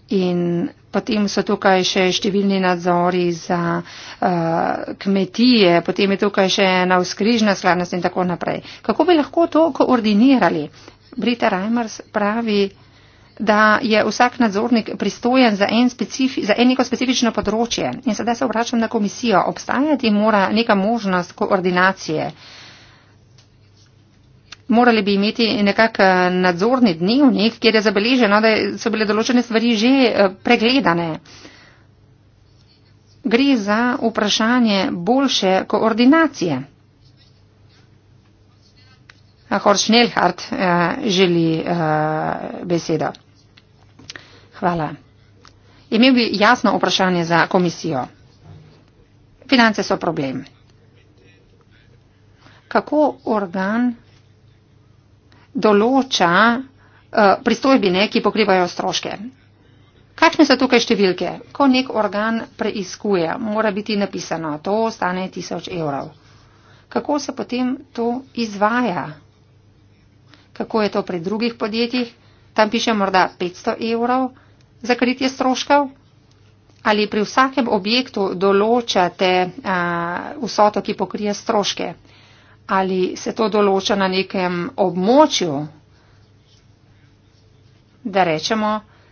in potem so tukaj še številni nadzori za uh, kmetije, potem je tukaj še ena vzkrižna skladnost in tako naprej. Kako bi lahko to koordinirali? Brita Reimers pravi, da je vsak nadzornik pristojen za, en specifi, za eno specifično področje. In sedaj se obračam na komisijo. Obstajati mora neka možnost koordinacije. Morali bi imeti nekak eh, nadzorni dnevnik, kjer je zabeleženo, da so bile določene stvari že eh, pregledane. Gre za vprašanje boljše koordinacije. Horst Schnellhardt eh, želi besedo. Hvala. Imel bi jasno vprašanje za komisijo. Finance so problem. Kako organ določa uh, pristojbine, ki pokrivajo stroške? Kakšne so tukaj številke? Ko nek organ preiskuje, mora biti napisano, to stane tisoč evrov. Kako se potem to izvaja? Kako je to pri drugih podjetjih? Tam piše morda 500 evrov za kritje stroškov? Ali pri vsakem objektu določate vsoto, ki pokrije stroške? Ali se to določa na nekem območju? Da rečemo,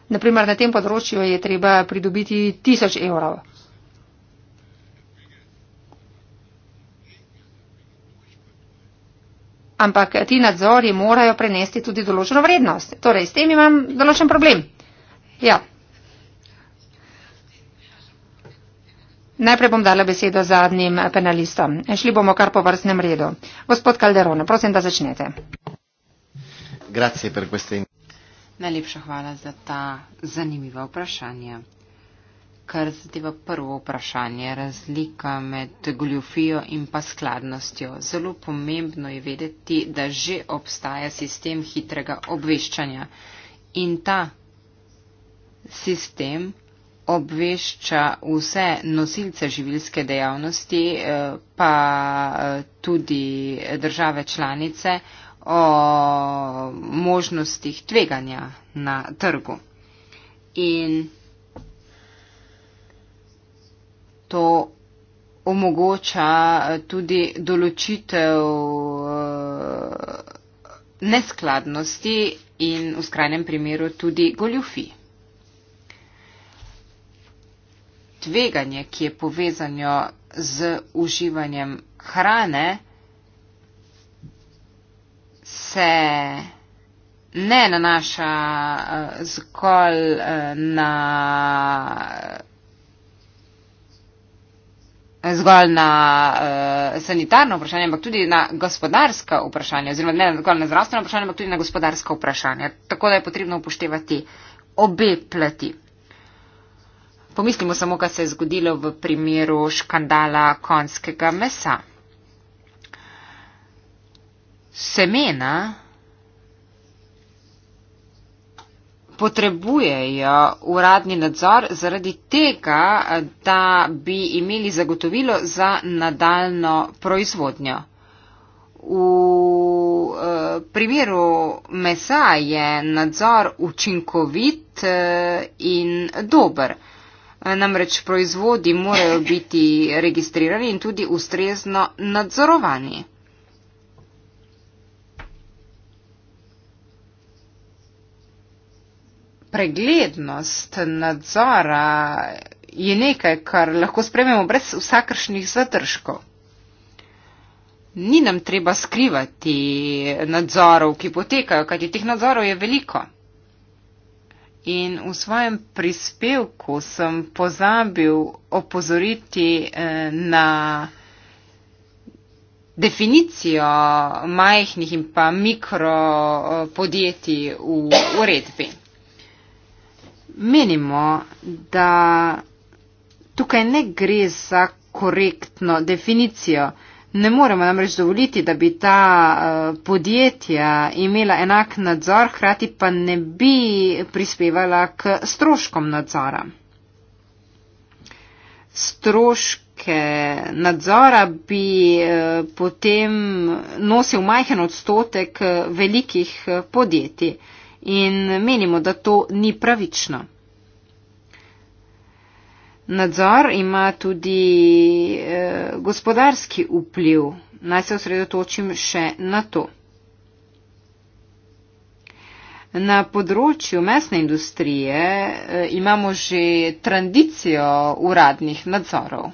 naprimer na tem področju je treba pridobiti tisoč evrov. Ampak ti nadzori morajo prenesti tudi določeno vrednost. Torej, s tem imam določen problem. Ja. Najprej bom dala besedo zadnjim penalistom. Šli bomo kar po vrstnem redu. Gospod Calderon, prosim, da začnete. Najlepša hvala za ta zanimiva vprašanja. Kar zadeva prvo vprašanje, razlika med goljofijo in pa skladnostjo. Zelo pomembno je vedeti, da že obstaja sistem hitrega obveščanja. In ta sistem obvešča vse nosilce živilske dejavnosti, eh, pa eh, tudi države članice o možnostih tveganja na trgu. In to omogoča eh, tudi določitev neskladnosti in v skrajnem primeru tudi goljufi. tveganje, ki je povezano z uživanjem hrane, se ne nanaša uh, zgolj uh, na. Zgolj na uh, sanitarno vprašanje, ampak tudi na gospodarska vprašanja, oziroma ne zgolj na zdravstveno vprašanje, ampak tudi na gospodarska vprašanja. Tako da je potrebno upoštevati obe plati. Pomislimo samo, kaj se je zgodilo v primeru škandala konskega mesa. Semena potrebujejo uradni nadzor zaradi tega, da bi imeli zagotovilo za nadaljno proizvodnjo. V eh, primeru mesa je nadzor učinkovit eh, in dober. Eh, namreč proizvodi morajo biti registrirani in tudi ustrezno nadzorovani. Preglednost nadzora je nekaj, kar lahko sprememo brez vsakršnih zadržkov. Ni nam treba skrivati nadzorov, ki potekajo, kajti teh nadzorov je veliko. In v svojem prispevku sem pozabil opozoriti eh, na definicijo majhnih in pa mikropodjetij eh, v uredbi. Menimo, da tukaj ne gre za korektno definicijo. Ne moremo namreč dovoliti, da bi ta eh, podjetja imela enak nadzor, hkrati pa ne bi prispevala k stroškom nadzora. Stroške nadzora bi eh, potem nosil majhen odstotek eh, velikih podjetij in menimo, da to ni pravično. Nadzor ima tudi eh, gospodarski vpliv. Naj se osredotočim še na to. Na področju mesne industrije eh, imamo že tradicijo uradnih nadzorov.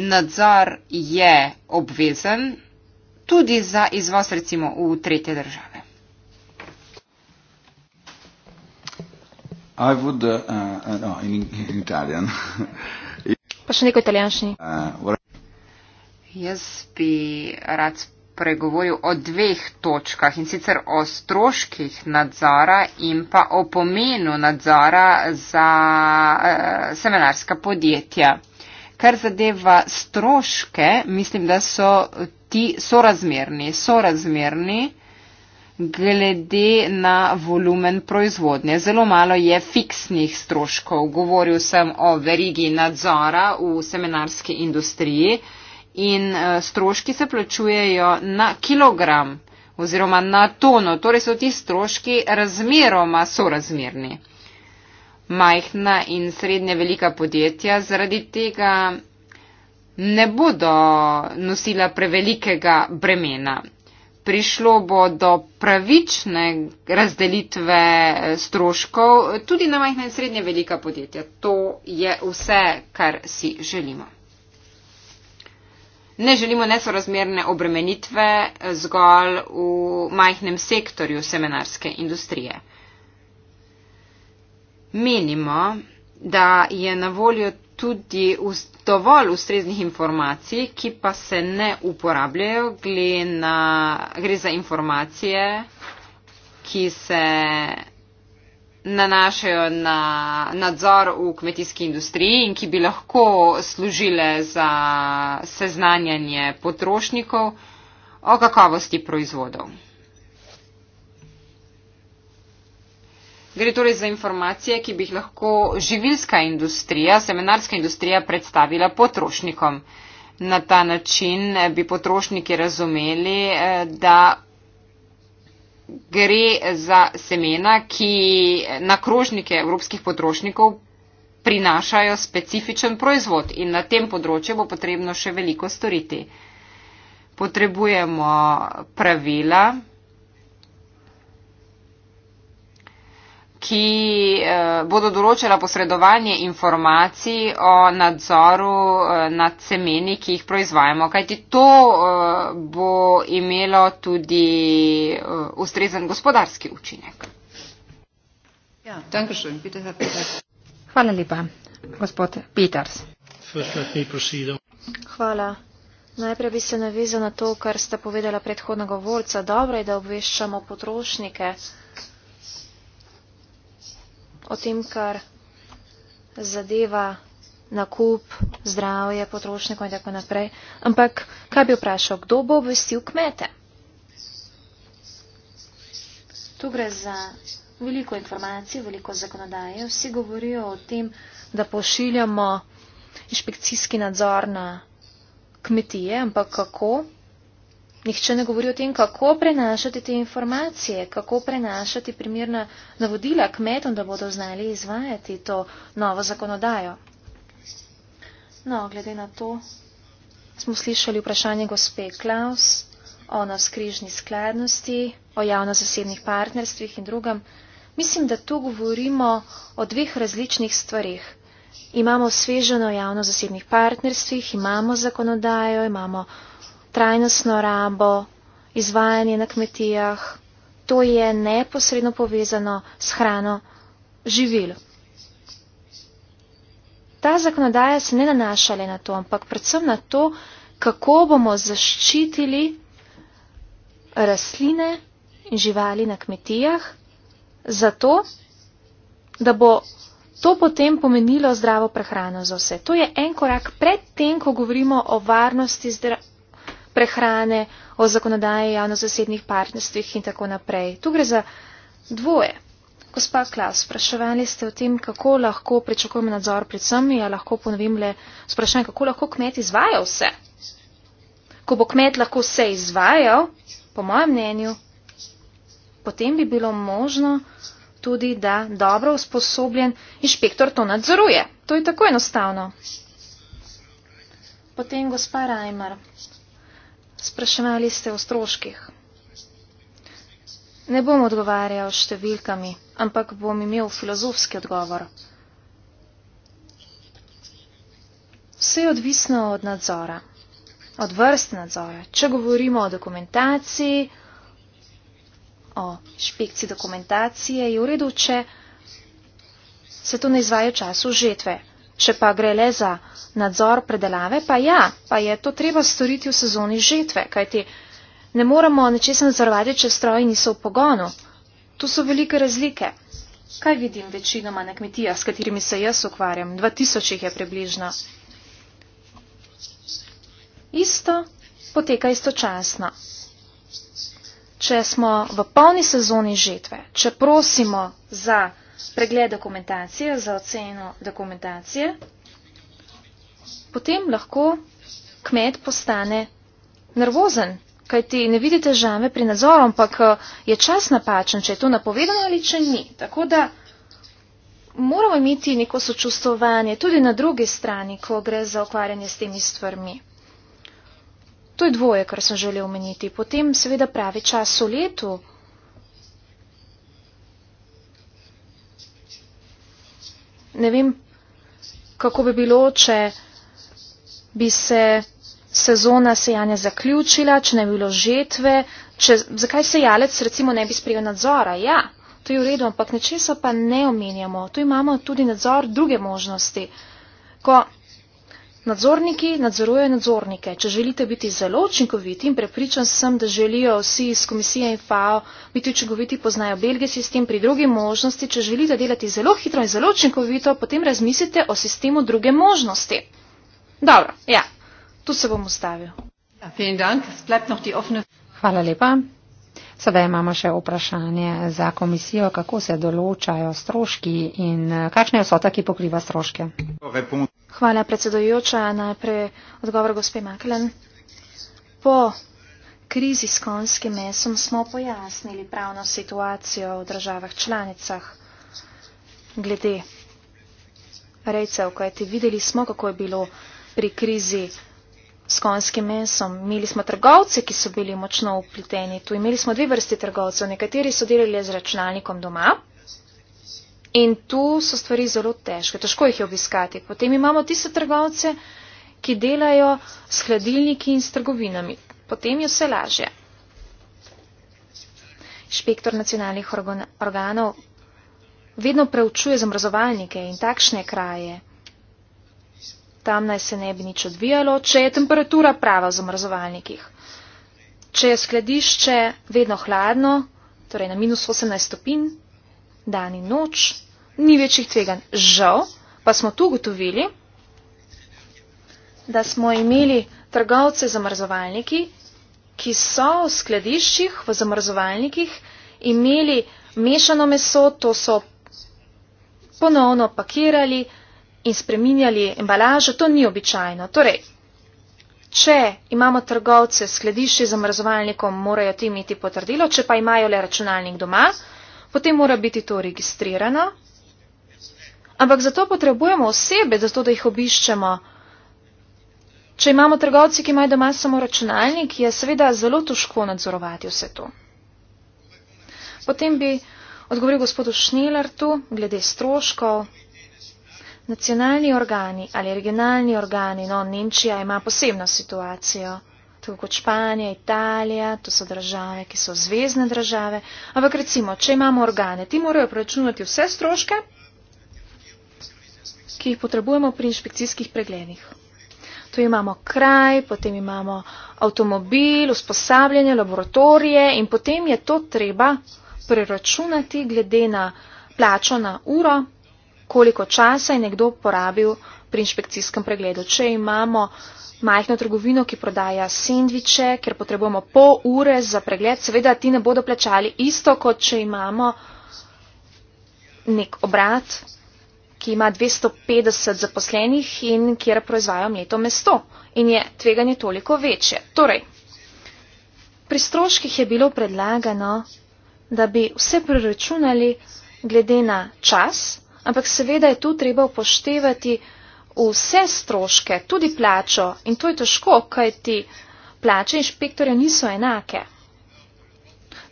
Nadzor je obvezen tudi za izvoz recimo v tretje države. I would, uh, uh, no, in, in Italian. pa še nekaj italijanščini. Uh, Jaz bi rad pregovoril o dveh točkah in sicer o stroških nadzora in pa o pomenu nadzora za uh, seminarska podjetja. Kar zadeva stroške, mislim, da so ti sorazmerni. sorazmerni uh, glede na volumen proizvodnje. Zelo malo je fiksnih stroškov. Govoril sem o verigi nadzora v seminarski industriji in eh, stroški se plačujejo na kilogram oziroma na tono. Torej so ti stroški razmeroma sorazmerni. Majhna in srednje velika podjetja zaradi tega ne bodo nosila prevelikega bremena prišlo bo do pravične razdelitve eh, stroškov tudi na majhna in srednje velika podjetja. To je vse, kar si želimo. Ne želimo nesorazmerne obremenitve eh, zgolj v majhnem sektorju seminarske industrije. Menimo, da je na voljo tudi vz, dovolj ustreznih informacij, ki pa se ne uporabljajo, na, gre za informacije, ki se nanašajo na nadzor v kmetijski industriji in ki bi lahko služile za seznanjanje potrošnikov o kakovosti proizvodov. Gre torej za informacije, ki bi jih lahko živilska industrija, seminarska industrija predstavila potrošnikom. Na ta način eh, bi potrošniki razumeli, eh, da gre za semena, ki na krožnike evropskih potrošnikov prinašajo specifičen proizvod in na tem področju bo potrebno še veliko storiti. Potrebujemo pravila, ki eh, bodo določala posredovanje informacij o nadzoru eh, nad semeni, ki jih proizvajamo. Kajti to eh, bo imelo tudi ustrezen gospodarski učinek. Ja, Hvala lepa, gospod Peters. Hvala. Najprej bi se navezal na to, kar sta povedala predhodna govorca. Dobro je, da obveščamo potrošnike o tem, kar zadeva nakup, zdravje potrošnikov in tako naprej. Ampak kaj bi vprašal, kdo bo obvestil kmete? Tu gre za veliko informacij, veliko zakonodaje. Vsi govorijo o tem, da pošiljamo inšpekcijski nadzor na kmetije, ampak kako? Nihče ne govori o tem, kako prenašati te informacije, kako prenašati primirna navodila kmetom, da bodo znali izvajati to novo zakonodajo. No, glede na to smo slišali vprašanje gospe Klaus o navskrižni skladnosti, o javno-zasebnih partnerstvih in drugem. Mislim, da tu govorimo o dveh različnih stvarih. Imamo sveženo javno-zasebnih partnerstvih, imamo zakonodajo, imamo trajnostno rabo, izvajanje na kmetijah, to je neposredno povezano s hrano živil. Ta zakonodaja se ne nanaša le na to, ampak predvsem na to, kako bomo zaščitili rastline in živali na kmetijah, zato, da bo to potem pomenilo zdravo prehrano za vse. To je en korak pred tem, ko govorimo o varnosti zdrav prehrane, o zakonodaji javno-zasebnih partnerstvih in tako naprej. Tu gre za dvoje. Gospa Klaus, spraševali ste o tem, kako lahko pričakujemo nadzor pred vsemi, ja lahko ponovim le sprašanje, kako lahko kmet izvaja vse. Ko bo kmet lahko vse izvajal, po mojem mnenju, potem bi bilo možno tudi, da dobro usposobljen inšpektor to nadzoruje. To je tako enostavno. Potem gospa Reimer. Spraševali ste o stroških. Ne bom odgovarjal številkami, ampak bom imel filozofski odgovor. Vse je odvisno od nadzora, od vrst nadzora. Če govorimo o dokumentaciji, o inšpekciji dokumentacije, je v redu, če se to ne izvaja v času žetve. Če pa gre le za nadzor predelave, pa ja, pa je to treba storiti v sezoni žetve, kajti ne moremo nečesa nadzorovati, če stroji niso v pogonu. Tu so velike razlike. Kaj vidim večinoma na kmetijah, s katerimi se jaz ukvarjam? 2000 jih je približno. Isto poteka istočasno. Če smo v polni sezoni žetve, če prosimo za pregled dokumentacije za oceno dokumentacije, potem lahko kmet postane nervozen, kajti ne vidi težave pri nadzoru, ampak je čas napačen, če je to napovedano ali če ni. Tako da moramo imeti neko sočustovanje tudi na drugi strani, ko gre za okvarjanje s temi stvarmi. To je dvoje, kar sem želel omeniti. Potem seveda pravi čas v letu, ne vem, kako bi bilo, če bi se sezona sejanja zaključila, če ne bi bilo žetve, če, zakaj sejalec recimo ne bi sprejel nadzora. Ja, to je v redu, ampak nečesa pa ne omenjamo. Tu imamo tudi nadzor druge možnosti. Ko Nadzorniki nadzorujejo nadzornike. Če želite biti zelo učinkoviti in prepričan sem, da želijo vsi iz komisije in FAO biti učinkoviti, poznajo belgijski sistem pri drugi možnosti. Če želite delati zelo hitro in zelo učinkovito, potem razmislite o sistemu druge možnosti. Dobro, ja, tu se bom ustavil. Ja, Hvala lepa. Sedaj imamo še vprašanje za komisijo, kako se določajo stroški in eh, kakšne osota, ki pokriva stroške. Hvala, predsedojoča. Najprej odgovor gospe Maklen. Po krizi s konskim mesom smo pojasnili pravno situacijo v državah članicah glede rejcev, kajti videli smo, kako je bilo pri krizi s konskim mesom. Imeli smo trgovce, ki so bili močno upleteni. Tu imeli smo dve vrsti trgovcev. Nekateri so delali z računalnikom doma, In tu so stvari zelo težke, težko jih je obiskati. Potem imamo tiste trgovce, ki delajo s hladilniki in s trgovinami. Potem je vse lažje. Špektor nacionalnih organov vedno preučuje zamrzovalnike in takšne kraje. Tam naj se ne bi nič odvijalo, če je temperatura prava v zamrzovalnikih. Če je skladišče vedno hladno, torej na minus 18 stopinj, dan in noč, ni večjih tveganj. Žal pa smo tu ugotovili, da smo imeli trgovce zamrzovalniki, ki so v skladiščih, v zamrzovalnikih imeli mešano meso, to so ponovno pakirali in spreminjali embalažo, to ni običajno. Torej, če imamo trgovce skladišči z zamrzovalnikom, morajo ti imeti potrdilo, če pa imajo le računalnik doma, potem mora biti to registrirano Ampak zato potrebujemo osebe, zato da jih obiščemo. Če imamo trgovci, ki imajo doma samo računalnik, je seveda zelo težko nadzorovati vse to. Potem bi odgovoril gospodu Šnilartu glede stroškov. Nacionalni organi ali regionalni organi, no, Nemčija ima posebno situacijo, tako kot Španija, Italija, to so države, ki so zvezdne države. Ampak recimo, če imamo organe, ti morajo preračunati vse stroške, ki jih potrebujemo pri inšpekcijskih pregledih. Tu imamo kraj, potem imamo avtomobil, usposabljanje, laboratorije in potem je to treba preračunati glede na plačo na uro, koliko časa je nekdo porabil pri inšpekcijskem pregledu. Če imamo majhno trgovino, ki prodaja sendviče, ker potrebujemo pol ure za pregled, seveda ti ne bodo plačali isto, kot če imamo nek obrat, ki ima 250 zaposlenih in kjer proizvajo mleto mesto in je tveganje toliko večje. Torej, pri stroških je bilo predlagano, da bi vse preračunali glede na čas, ampak seveda je tu treba upoštevati vse stroške, tudi plačo in to je težko, kajti plače inšpektorja niso enake.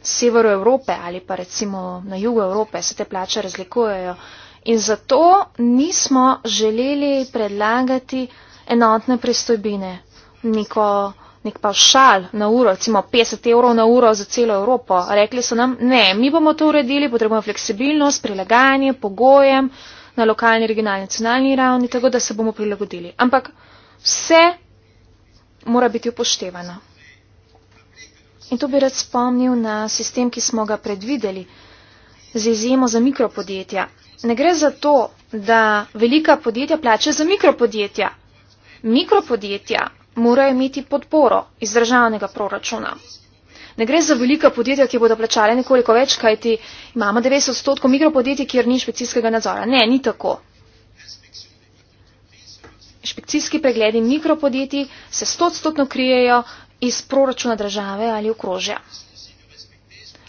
Severo Evrope ali pa recimo na jugu Evrope se te plače razlikujejo. In zato nismo želeli predlagati enotne pristojbine, neko, nek pavšal na uro, recimo 50 evrov na uro za celo Evropo. Rekli so nam, ne, mi bomo to uredili, potrebujemo fleksibilnost, prilagajanje pogojem na lokalni, regionalni, nacionalni ravni, tako da se bomo prilagodili. Ampak vse mora biti upoštevano. In to bi rad spomnil na sistem, ki smo ga predvideli, z izjemo za mikropodjetja ne gre za to, da velika podjetja plače za mikropodjetja. Mikropodjetja morajo imeti podporo iz državnega proračuna. Ne gre za velika podjetja, ki bodo plačale nekoliko več, kajti imamo 90 odstotkov mikropodjetij, kjer ni špecijskega nadzora. Ne, ni tako. Špekcijski pregledi mikropodjetij se stotstotno krijejo iz proračuna države ali okrožja.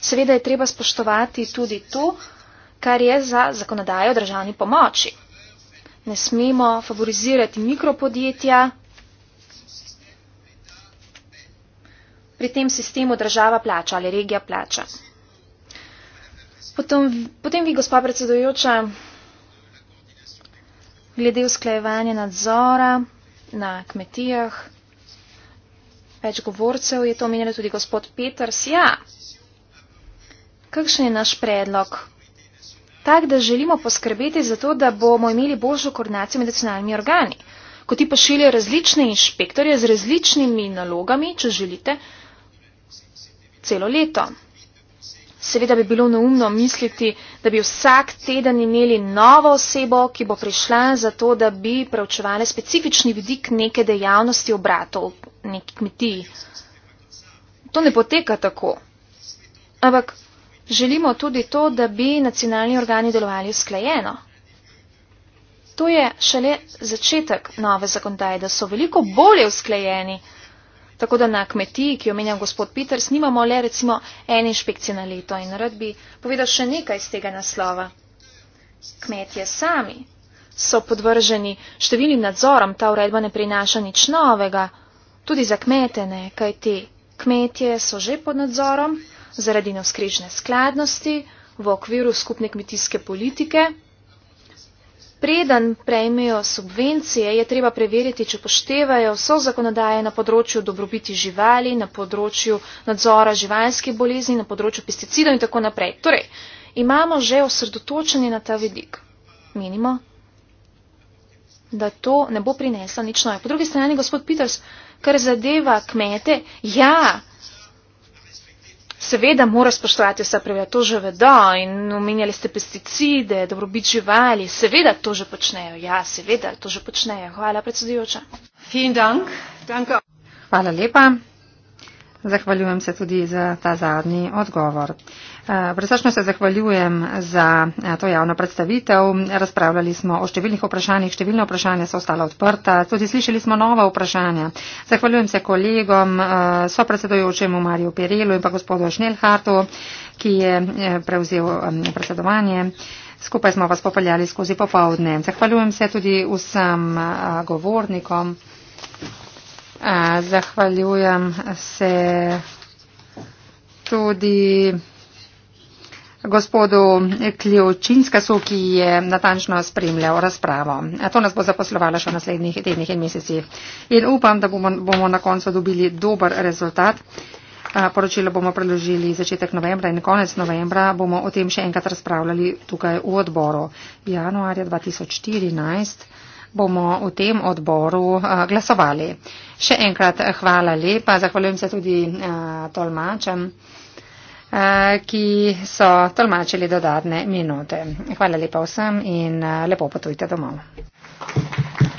Seveda je treba spoštovati tudi to, kar je za zakonodajo državni pomoči. Ne smemo favorizirati mikropodjetja. Pri tem sistemu država plača ali regija plača. Potem, potem vi, gospod predsedujoča, glede usklajevanja nadzora na kmetijah, več govorcev je to omenjalo tudi gospod Peters. Ja, kakšen je naš predlog tak, da želimo poskrbeti za to, da bomo imeli boljšo koordinacijo med nacionalnimi organi. Ko ti pošiljajo različne inšpektorje z različnimi nalogami, če želite, celo leto. Seveda bi bilo neumno misliti, da bi vsak teden imeli novo osebo, ki bo prišla za to, da bi preučevala specifični vidik neke dejavnosti obratov, neki kmetiji. To ne poteka tako. Ampak želimo tudi to, da bi nacionalni organi delovali usklajeno. To je šele začetek nove zakonodaje, da so veliko bolje usklajeni. Tako da na kmetiji, ki jo menjam gospod Peters, nimamo le recimo ene inšpekcije na leto. In rad bi povedal še nekaj iz tega naslova. Kmetje sami so podvrženi številnim nadzorom, ta uredba ne prinaša nič novega. Tudi za kmete ne, kaj ti kmetje so že pod nadzorom, zaradi navskrižne skladnosti v okviru skupne kmetijske politike. Preden prejmejo subvencije, je treba preveriti, če poštevajo vso zakonodaje na področju dobrobiti živali, na področju nadzora živalskih bolezni, na področju pesticidov in tako naprej. Torej, imamo že osredotočenje na ta vidik. Menimo, da to ne bo prineslo nič novega. Po drugi strani, gospod Peters, kar zadeva kmete, ja, seveda mora spoštovati vsa pravila, to že vedo in omenjali ste pesticide, dobrobit živali, seveda to že počnejo, ja, seveda to že počnejo. Hvala predsedujoča. Hvala lepa. Zahvaljujem se tudi za ta zadnji odgovor. Vresečno eh, se zahvaljujem za eh, to javno predstavitev. Razpravljali smo o številnih vprašanjih, številne vprašanja so ostala odprta, tudi slišali smo nova vprašanja. Zahvaljujem se kolegom, eh, sopredsedojočemu Mariju Pirelu in pa gospodu Šnelhartu, ki je prevzel predsedovanje. Skupaj smo vas popeljali skozi popovdne. Zahvaljujem se tudi vsem govornikom. Zahvaljujem se tudi gospodu Ključinskasu, ki je natančno spremljal razpravo. To nas bo zaposlovalo še v naslednjih tednih in mesecih. In upam, da bomo, bomo na koncu dobili dober rezultat. Poročilo bomo preložili začetek novembra in konec novembra bomo o tem še enkrat razpravljali tukaj v odboru. Januarja 2014 bomo v tem odboru glasovali. Še enkrat hvala lepa, zahvaljujem se tudi tolmačem ki so tolmačili dodatne minute. Hvala lepa vsem in lepo potujte domov.